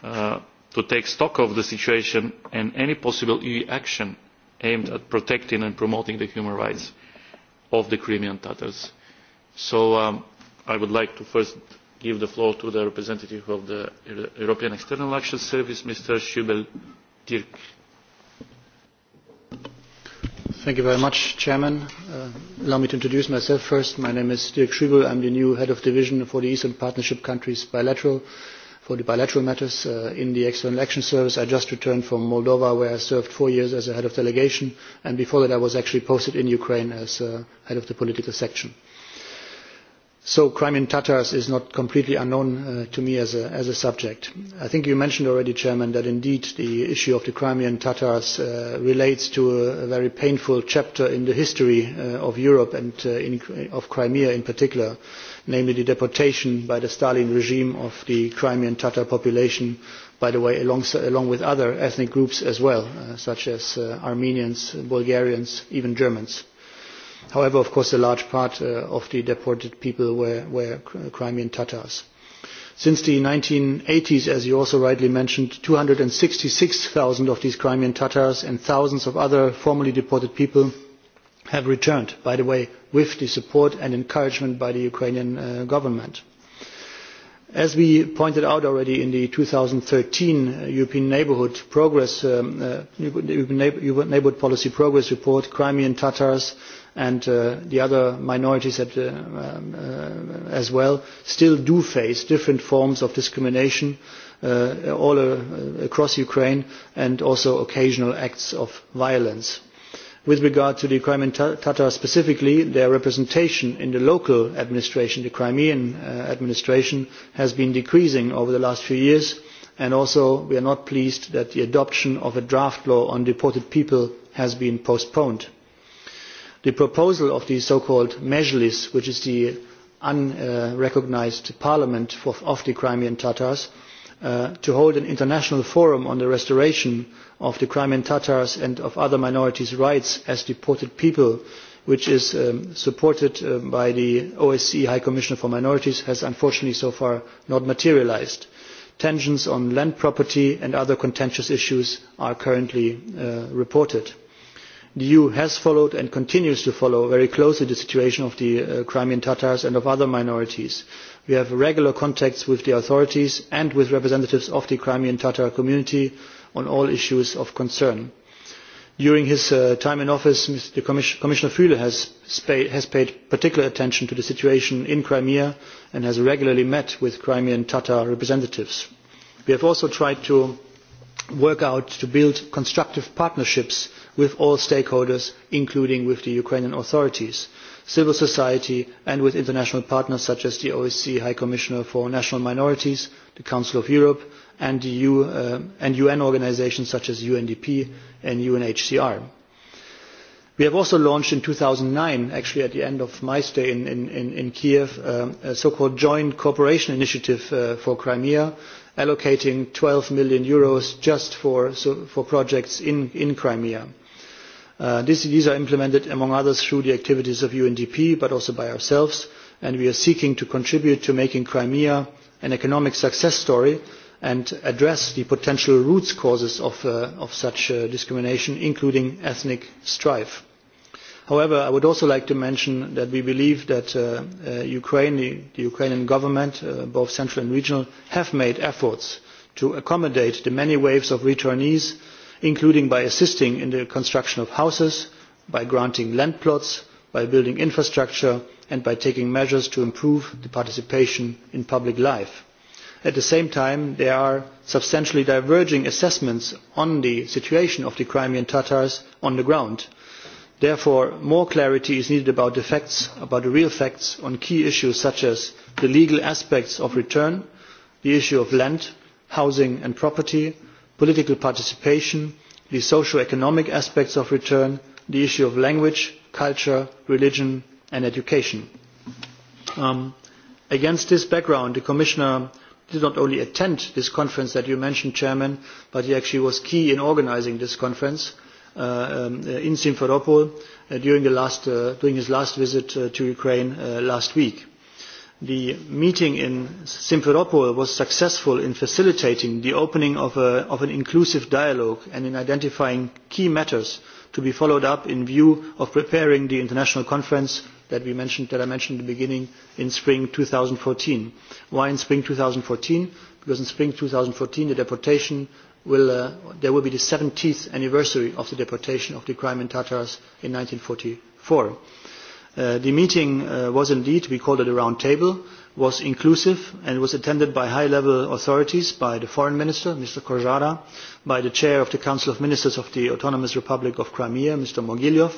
Uh, to take stock of the situation and any possible eu action aimed at protecting and promoting the human rights of the crimean tatars. so um, i would like to first give the floor to the representative of the european external action service mr schuble dirk. thank you very much, chairman. Uh, allow me to introduce myself first. my name is dirk schuble. i'm the new head of division for the eastern partnership countries bilateral for the bilateral matters uh, in the External Action Service. I just returned from Moldova, where I served four years as a head of delegation, and before that I was actually posted in Ukraine as uh, head of the political section. So crime in Tatars is not completely unknown uh, to me as a, as a subject. I think you mentioned already, Chairman, that indeed the issue of the Crimean Tatars uh, relates to a, a very painful chapter in the history uh, of Europe and uh, in, of Crimea in particular, namely the deportation by the Stalin regime of the Crimean Tatar population, by the way, along, along with other ethnic groups as well, uh, such as uh, Armenians, Bulgarians, even Germans. However, of course, a large part uh, of the deported people were, were Crimean Tatars. Since the 1980s, as you also rightly mentioned, 266,000 of these Crimean Tatars and thousands of other formerly deported people have returned, by the way, with the support and encouragement by the Ukrainian uh, government. As we pointed out already in the 2013 uh, European Neighbourhood, Progress, um, uh, European Neighbourhood Policy Progress Report, Crimean Tatars and uh, the other minorities at, uh, um, uh, as well still do face different forms of discrimination uh, all uh, across Ukraine and also occasional acts of violence. With regard to the Crimean Tatars specifically, their representation in the local administration, the Crimean uh, administration, has been decreasing over the last few years. And also, we are not pleased that the adoption of a draft law on deported people has been postponed the proposal of the so called mejlis which is the unrecognised parliament of the crimean tatars uh, to hold an international forum on the restoration of the crimean tatars and of other minorities' rights as deported people which is um, supported uh, by the osce high commissioner for minorities has unfortunately so far not materialised. tensions on land property and other contentious issues are currently uh, reported the eu has followed and continues to follow very closely the situation of the uh, crimean tatars and of other minorities. we have regular contacts with the authorities and with representatives of the crimean tatar community on all issues of concern. during his uh, time in office commissioner fle has paid particular attention to the situation in crimea and has regularly met with crimean tatar representatives. we have also tried to work out to build constructive partnerships with all stakeholders, including with the Ukrainian authorities, civil society, and with international partners such as the OSCE High Commissioner for National Minorities, the Council of Europe, and, the EU, uh, and UN organizations such as UNDP and UNHCR. We have also launched in 2009, actually at the end of my stay in, in, in Kiev, uh, a so-called joint cooperation initiative uh, for Crimea, allocating 12 million euros just for, so for projects in, in Crimea. Uh, these, these are implemented, among others, through the activities of UNDP, but also by ourselves, and we are seeking to contribute to making Crimea an economic success story and address the potential roots causes of, uh, of such uh, discrimination, including ethnic strife. However, I would also like to mention that we believe that uh, uh, Ukraine, the, the Ukrainian government, uh, both central and regional, have made efforts to accommodate the many waves of returnees uh, including by assisting in the construction of houses by granting land plots by building infrastructure and by taking measures to improve participation in public life. at the same time there are substantially diverging assessments on the situation of the crimean tatars on the ground. therefore more clarity is needed about the facts about the real facts on key issues such as the legal aspects of return the issue of land housing and property political participation the socio economic aspects of return the issue of language culture religion and education. Um, against this background the commissioner did not only attend this conference that you mentioned but he actually was key in organising this conference uh, um, uh, in simferopol uh, during his last visit to ukraine last week the meeting in Simferopol was successful in facilitating the opening of, a, of an inclusive dialogue and in identifying key matters to be followed up in view of preparing the international conference that, we mentioned, that I mentioned in the beginning in spring 2014. Why in spring 2014? Because in spring 2014 the deportation will, uh, there will be the 17th anniversary of the deportation of the Crimean Tatars in 1944. Uh, the meeting uh, was indeed, we called it a round table, was inclusive and was attended by high-level authorities, by the foreign minister, Mr. Korzada, by the chair of the Council of Ministers of the Autonomous Republic of Crimea, Mr. Mogilyov,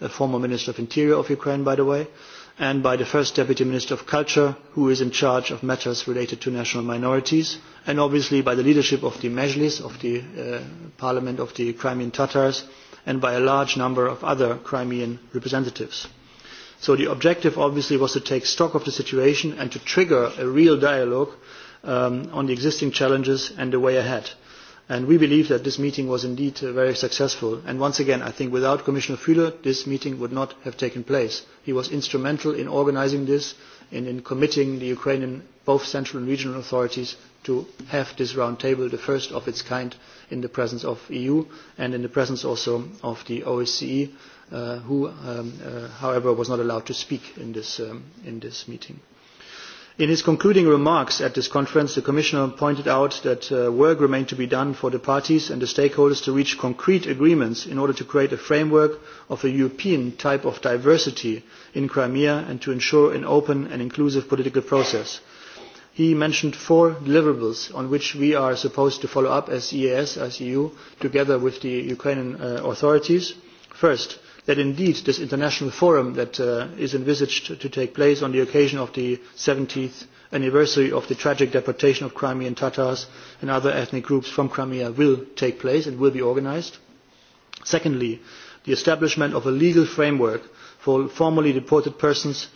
a former minister of interior of Ukraine, by the way, and by the first deputy minister of culture, who is in charge of matters related to national minorities, and obviously by the leadership of the Mezhlis, of the uh, parliament of the Crimean Tatars, and by a large number of other Crimean representatives. So the objective obviously was to take stock of the situation and to trigger a real dialogue um, on the existing challenges and the way ahead. And we believe that this meeting was indeed uh, very successful. And once again, I think without Commissioner Fühler, this meeting would not have taken place. He was instrumental in organizing this and in committing the Ukrainian, both central and regional authorities, to have this roundtable, the first of its kind, in the presence of EU and in the presence also of the OSCE uh, who, um, uh, however, was not allowed to speak in this, um, in this meeting. In his concluding remarks at this conference, the Commissioner pointed out that uh, work remained to be done for the parties and the stakeholders to reach concrete agreements in order to create a framework of a European type of diversity in Crimea and to ensure an open and inclusive political process. He mentioned four deliverables on which we are supposed to follow up as EAS, as EU, together with the Ukrainian uh, authorities. First, that indeed this international forum that uh, is envisaged to take place on the occasion of the seventieth anniversary of the tragic deportation of crimean tatars and other ethnic groups from crimea will take place and will be organised. secondly the establishment of a legal framework for formerly deported persons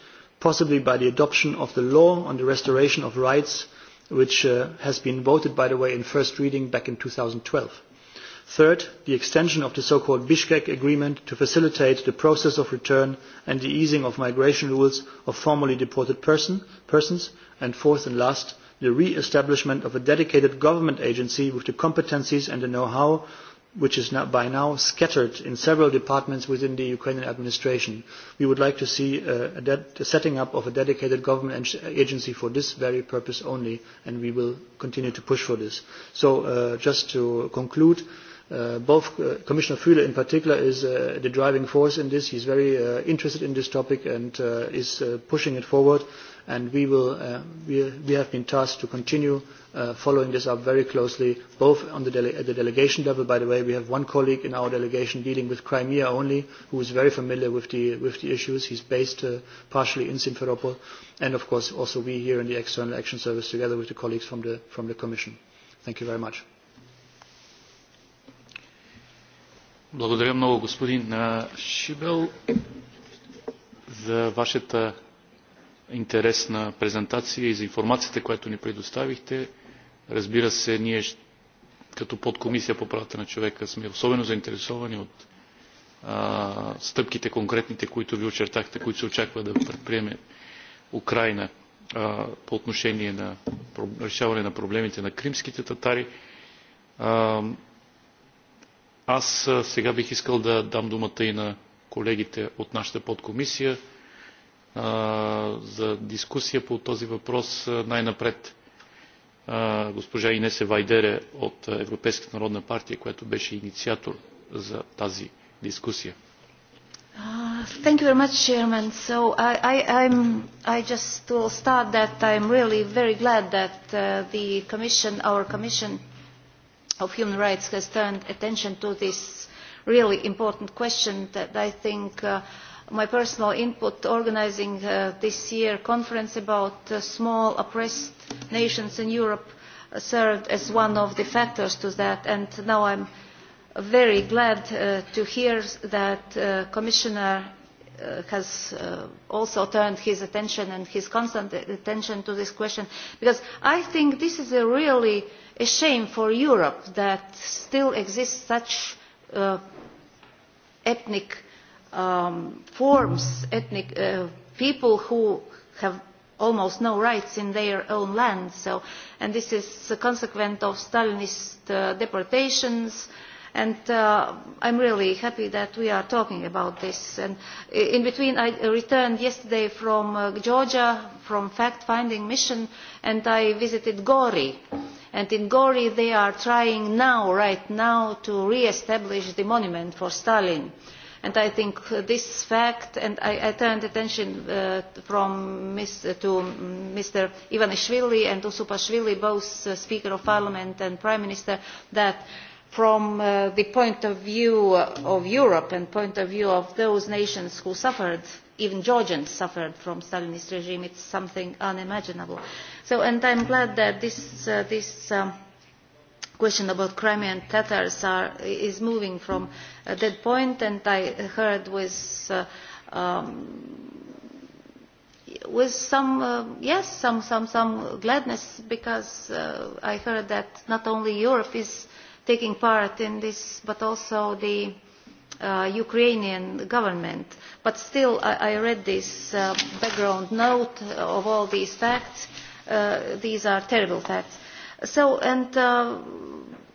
possibly by the adoption of the law on the restoration of rights which uh, has been voted by the way in first reading back in two thousand and twelve third the extension of the so called bishkek agreement to facilitate the process of return and the easing of migration rules of formerly deported persons and fourth and last the re establishment of a dedicated government agency with the competencies and the know how which is not by now scattered in several departments within the Ukrainian administration. We would like to see uh, a, a the setting up of a dedicated government agency for this very purpose only, and we will continue to push for this. So, uh, just to conclude, Uh, both uh, Commissioner Fühle in particular is uh, the driving force in this. He's very uh, interested in this topic and uh, is uh, pushing it forward. And we, will, uh, we, we have been tasked to continue uh, following this up very closely, both on the dele at the delegation level. By the way, we have one colleague in our delegation dealing with Crimea only, who is very familiar with the, with the issues. He's based uh, partially in Simferopol. And of course, also we here in the External Action Service, together with the colleagues from the, from the Commission. Thank you very much. Благодаря много, господин Шибел, за вашата интересна презентация и за информацията, която ни предоставихте. Разбира се, ние като подкомисия по правата на човека сме особено заинтересовани от а, стъпките конкретните, които ви очертахте, които се очаква да предприеме Украина а, по отношение на решаване на проблемите на кримските татари. А, аз сега бих искал да дам думата и на колегите от нашата подкомисия а, за дискусия по този въпрос най-напред а, госпожа Инесе Вайдере от Европейска народна партия, която беше инициатор за тази дискусия. Thank you very much, Chairman. So I, I, I'm, I just will start that I'm really very glad that uh, the Commission, our Commission, of Human Rights has turned attention to this really important question that I think uh, my personal input organizing uh, this year conference about uh, small oppressed nations in Europe uh, served as one of the factors to that and now I'm very glad uh, to hear that uh, Commissioner uh, has uh, also turned his attention and his constant attention to this question because I think this is a really uh, a shame for Europe that still exists such uh, ethnic um, forms, ethnic uh, people who have almost no rights in their own land. So, and this is a consequent of Stalinist uh, deportations. And uh, I'm really happy that we are talking about this. And in between, I returned yesterday from uh, Georgia from fact-finding mission, and I visited Gori. Mm-hmm and in gori they are trying right now to re establish the monument to stalin and i think this fact and i, I turned attention uh, from mr, to mr ivanishvili and usupashvili both uh, speaker of parliament and prime minister that from uh, the point of view of europe and point of view of those nations who suffered even georgians suffered from the stalinist regime is something unimaginable. i am glad that this uh, um, question about crimean tatars is moving from that point and i heard with uh, um, some uh, yes some some some gladness because i heard that not only europe is taking part in this but also the uh, Ukrainian government. But still, I, I read this uh, background note of all these facts. Uh, these are terrible facts. So, and. Uh,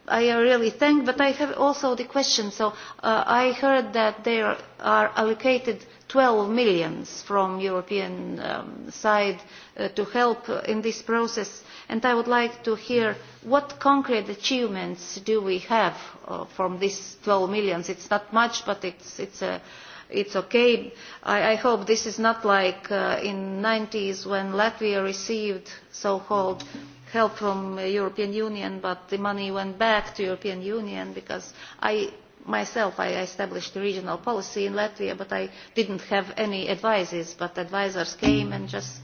I really thank, but I have also the question. So uh, I heard that there are allocated 12 million from European um, side uh, to help in this process, and I would like to hear what concrete achievements do we have uh, from this 12 million. It's not much, but it's, it's a uh, it's okay. I, I hope this is not like uh, in 90s when Latvia received so-called help from the european union but the money went back to the european union because i myself established a regional policy in latvia but i did not have any advisers but advisers came and just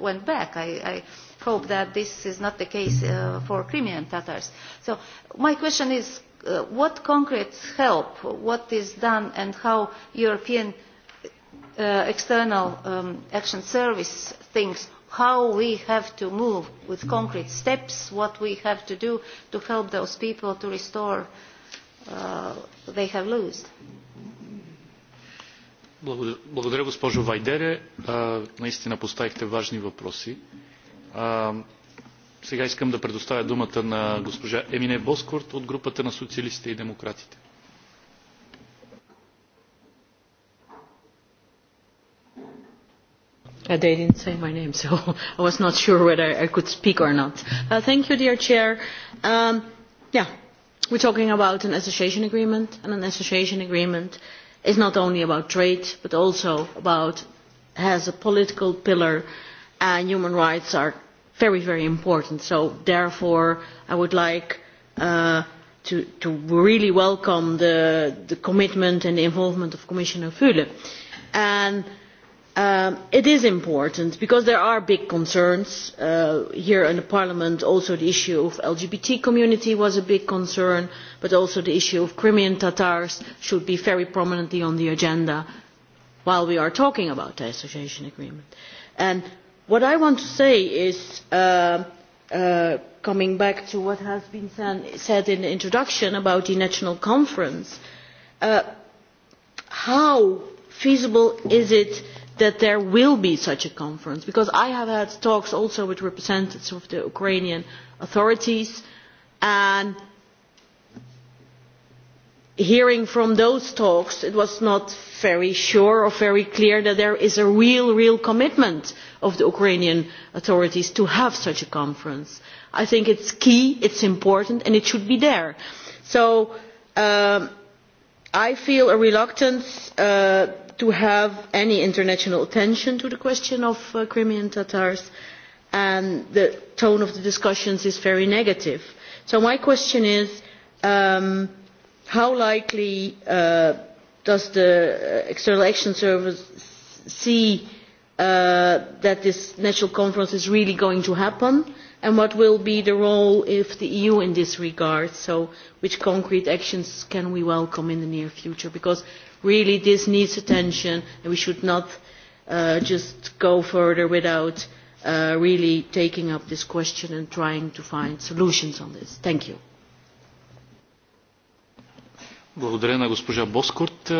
went back. i hope that this is not the case uh, for crimean tatars. so my question is uh, what concrete help, what is done and how european uh, external um, action service thinks how we have to move with concrete steps, what we have to do to help those people to restore uh, what they have lost. Благодаря госпожо Вайдере. Наистина поставихте важни въпроси. Сега искам да предоставя думата на госпожа Емине Боскорт от групата на социалистите и демократите. Uh, they didn't say my name, so I was not sure whether I could speak or not. Uh, thank you, dear Chair. Um, yeah, we're talking about an association agreement, and an association agreement is not only about trade, but also about has a political pillar, and human rights are very, very important. So therefore, I would like uh, to, to really welcome the, the commitment and the involvement of Commissioner Fühle. And... Um, it is important because there are big concerns uh, here in parliament also the issue of the lgbt community was a big concern but also the issue of crimean tatars should be very prominently on the agenda while we are talking about the association agreement. what i want to say is uh, uh, coming back to what has been said in the introduction about the national conference how feasible is it that there will be such a conference because i have had talks also with representatives of the ukrainian authorities and hearing from those talks it was not very sure or very clear that there is a real real commitment of the ukrainian authorities to have such a conference i think it's key it's important and it should be there so um, i feel a reluctance uh, to draw any international attention to the question of uh, crimean tatars and the tone of the discussions is very negative. so my question is um, how likely uh, does the uh, external action service see that this national conference is really going to happen and what will be the role of the eu in this regard? so which concrete actions can we welcome in the near future? because really this needs attention and we should not uh, just go further without uh, really taking up this question and trying to find solutions on this. Thank you. Благодаря на госпожа Боскорт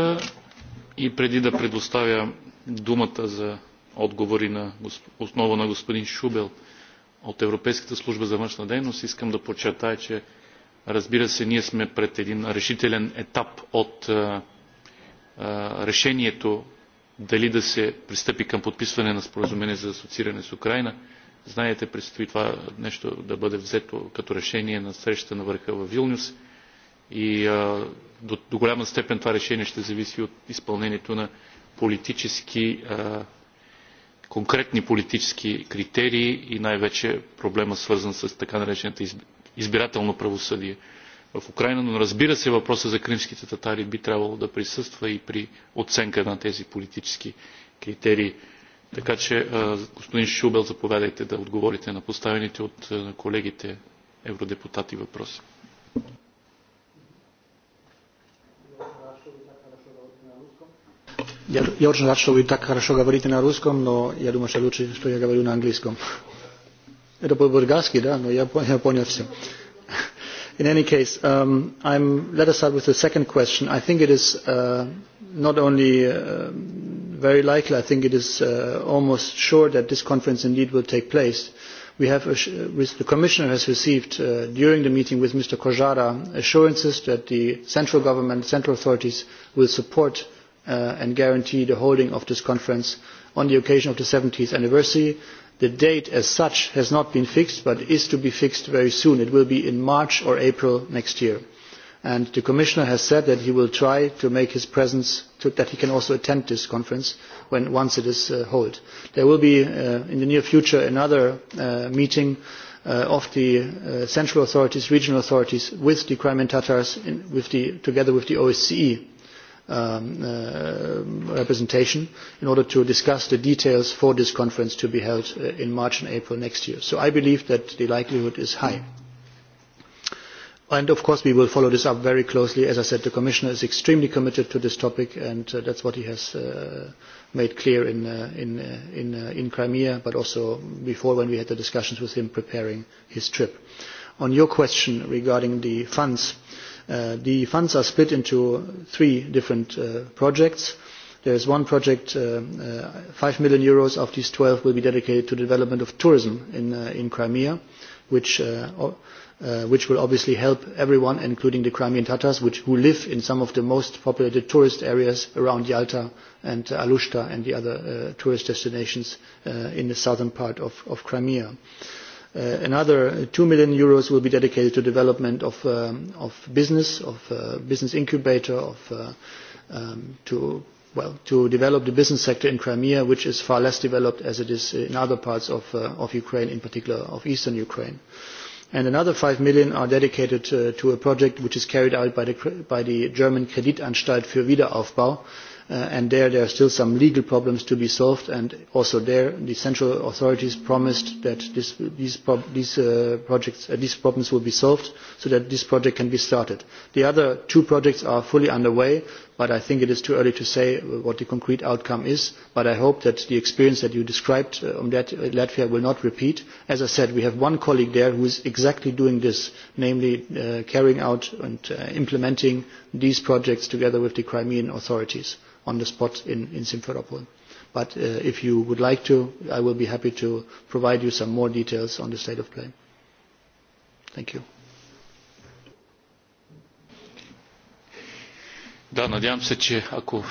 и преди да предоставя думата за отговори на основа на господин Шубел от Европейската служба за външна дейност, искам да подчертая, че разбира се, ние сме пред един решителен етап от а, решението дали да се пристъпи към подписване на споразумение за асоцииране с Украина. Знаете, предстои това нещо да бъде взето като решение на среща на върха в Вилнюс и а, до, до голяма степен това решение ще зависи от изпълнението на политически, а, конкретни политически критерии и най-вече проблема свързан с така наречената избирателно правосъдие в Украина, но разбира се въпроса за кримските татари би трябвало да присъства и при оценка на тези политически критерии. Така че, господин Шубел, заповядайте да отговорите на поставените от колегите евродепутати въпроси. Я, я очень рад, что вы так хорошо говорите на русском, но я думаю, что лучше, что я говорю на английском. Это по-бургарски, да, но я, я понял все in any case um, let us start with the second question. i think it is uh, not only uh, very likely i think it is uh, almost sure that this conference indeed will take place. the commissioner has received during the meeting with mr kojala assurances that the central government and central authorities will support and guarantee the holding of this conference on the occasion of the seventieth anniversary the date as such has not been fixed but is to be fixed very soon it will be in march or april next year and the commissioner has said that he will try to make his presence so that he can also attend this conference once it is held. Uh, there will be uh, in the near future another uh, meeting of the central authorities regional authorities with the crimean tatars together with the osce um, uh, representation in order to discuss the details for this conference to be held uh, in March and April next year. So I believe that the likelihood is high. And of course we will follow this up very closely. As I said, the Commissioner is extremely committed to this topic and uh, that's what he has uh, made clear in, uh, in, uh, in uh, Crimea, but also before when we had the discussions with him preparing his trip. On your question regarding the funds, uh, Uh, the funds are split into three different uh, projects. There is one project, uh, uh, 5 million euros of these 12 will be dedicated to the development of tourism in, uh, in Crimea, which, uh, uh, which will obviously help everyone, including the Crimean Tatars, which, who live in some of the most populated tourist areas around Yalta and uh, Alushta and the other uh, tourist destinations uh, in the southern part of, of Crimea. Uh, Uh, another eur two million euros will be dedicated to development of, um, of business, of uh, business incubator, of, uh, um, to, well, to develop the business sector in Crimea, which is far less developed as it is in other parts of, uh, of Ukraine, in particular of eastern Ukraine. And another five million are dedicated to, uh, to a project which is carried out by the, by the German Kreditanstalt für Wiederaufbau, uh, and there there are still some legal problems to be solved and also there the central authorities promised that this, these, pro these uh, projects uh, these problems will be solved so that this project can be started. The other two projects are fully underway but i think it is too early to say what the concrete outcome is but i hope that the experience that you described in uh, uh, latvia will not repeat. as i said we have one colleague there who is exactly doing this namely uh, carrying out and implementing these projects together with the crimean authorities on the spot in simferopol. but if you would like to i will be happy to provide you with some more details on the state of play. thank you. da nadejam se če ako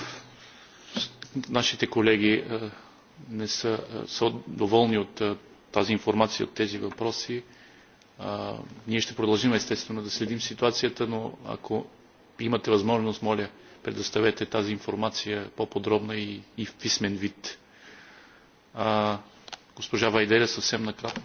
naši te kolegi не са, са доволни от тази информация, от тези въпроси. А, ние ще продължим естествено да следим ситуацията, но ако имате възможност, моля, предоставете тази информация по-подробна и, и в писмен вид. А, госпожа Вайделя, съвсем накратко.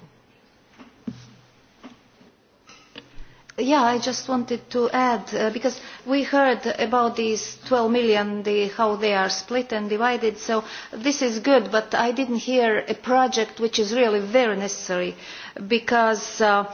Yeah, I just wanted to add, uh, because we heard about these 12 million, the, how they are split and divided, so this is good, but I didn't hear a project which is really very necessary, because uh,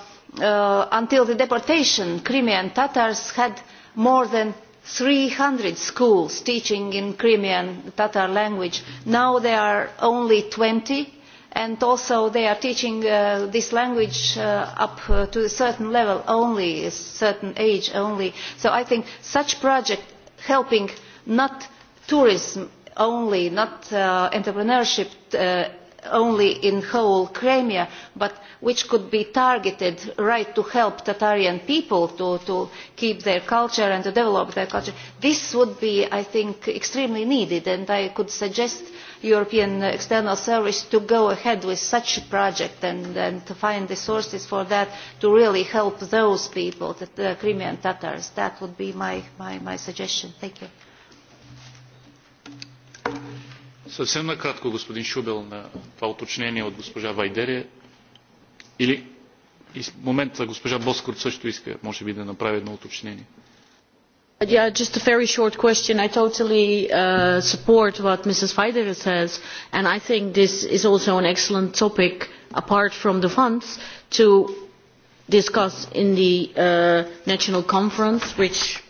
uh, until the deportation, Crimean Tatars had more than 300 schools teaching in Crimean Tatar language. Now there are only 20, and also they are teaching uh, this language uh, up uh, to a certain level only a certain age only so i think such project helping not tourism only not uh, entrepreneurship uh, only in whole crimea but which could be targeted right to help tatarian people to, to keep their culture and to develop their culture this would be i think extremely needed and i could suggest uh, european external service to go ahead with such a project and to find the sources for that to really help those people the crimean tatars that would be my, my, my suggestion thank you Съвсем накратко, господин Шубел, на това уточнение от госпожа Вайдере. Или в момента госпожа Боскор също иска, може би, да направи едно уточнение just a very short question i totally uh, support what mrs vaider says and i think this is also an excellent topic apart from the funds to discuss in the uh, national conference which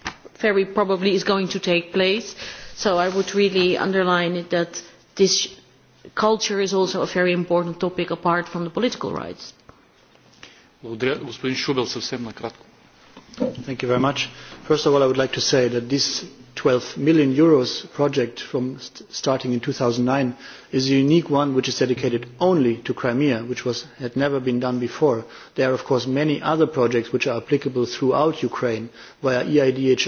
very probably is going to take place so i would really underline that this culture is also a very important topic apart from the political rights. Thank you very much. First of all, I would like to say that this 12 million euros project from st starting in 2009 is a unique one which is dedicated only to crimea which had never been done before. there are of course many other projects which are applicable throughout ukraine via eidhr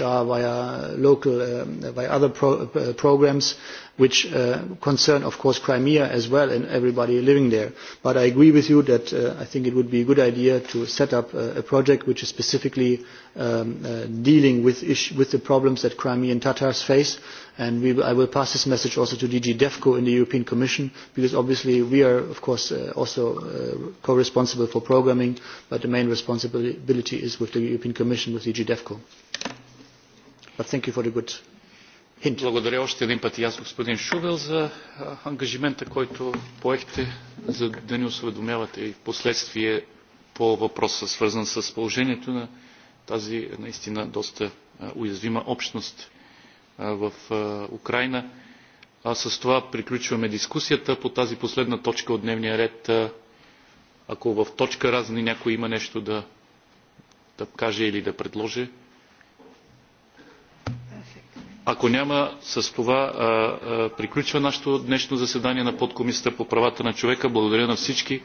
um, via other uh, programmes which uh, concern of course crimea as well and everybody living there. but i agree with you that uh, i think it would be a good idea to set up a project which is specifically um, dealing with the problems that crimean tatars face and we, I will pass this message also to DG DEFCO in the European Commission because obviously we are of course uh, also uh, co-responsible for programming but the main responsibility is with the European Commission with DG DEFCO. But thank you for the good hint. Благодаря още един път и аз господин Шувел за ангажимента, който поехте за да ни осведомявате и последствие по въпроса, свързан с положението на тази наистина доста уязвима общност в Украина. Аз с това приключваме дискусията по тази последна точка от дневния ред. Ако в точка разни някой има нещо да, да каже или да предложи. Ако няма, с това а, а, приключва нашето днешно заседание на подкомисията по правата на човека. Благодаря на всички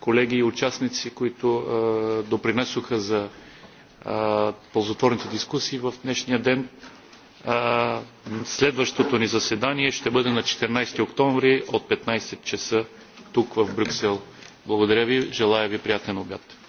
колеги и участници, които а, допринесоха за а, ползотворните дискусии в днешния ден следващото ни заседание ще бъде на четиринадесети октомври от петнадесет часа тук в брюксел. благодаря ви желая ви приятен обяд.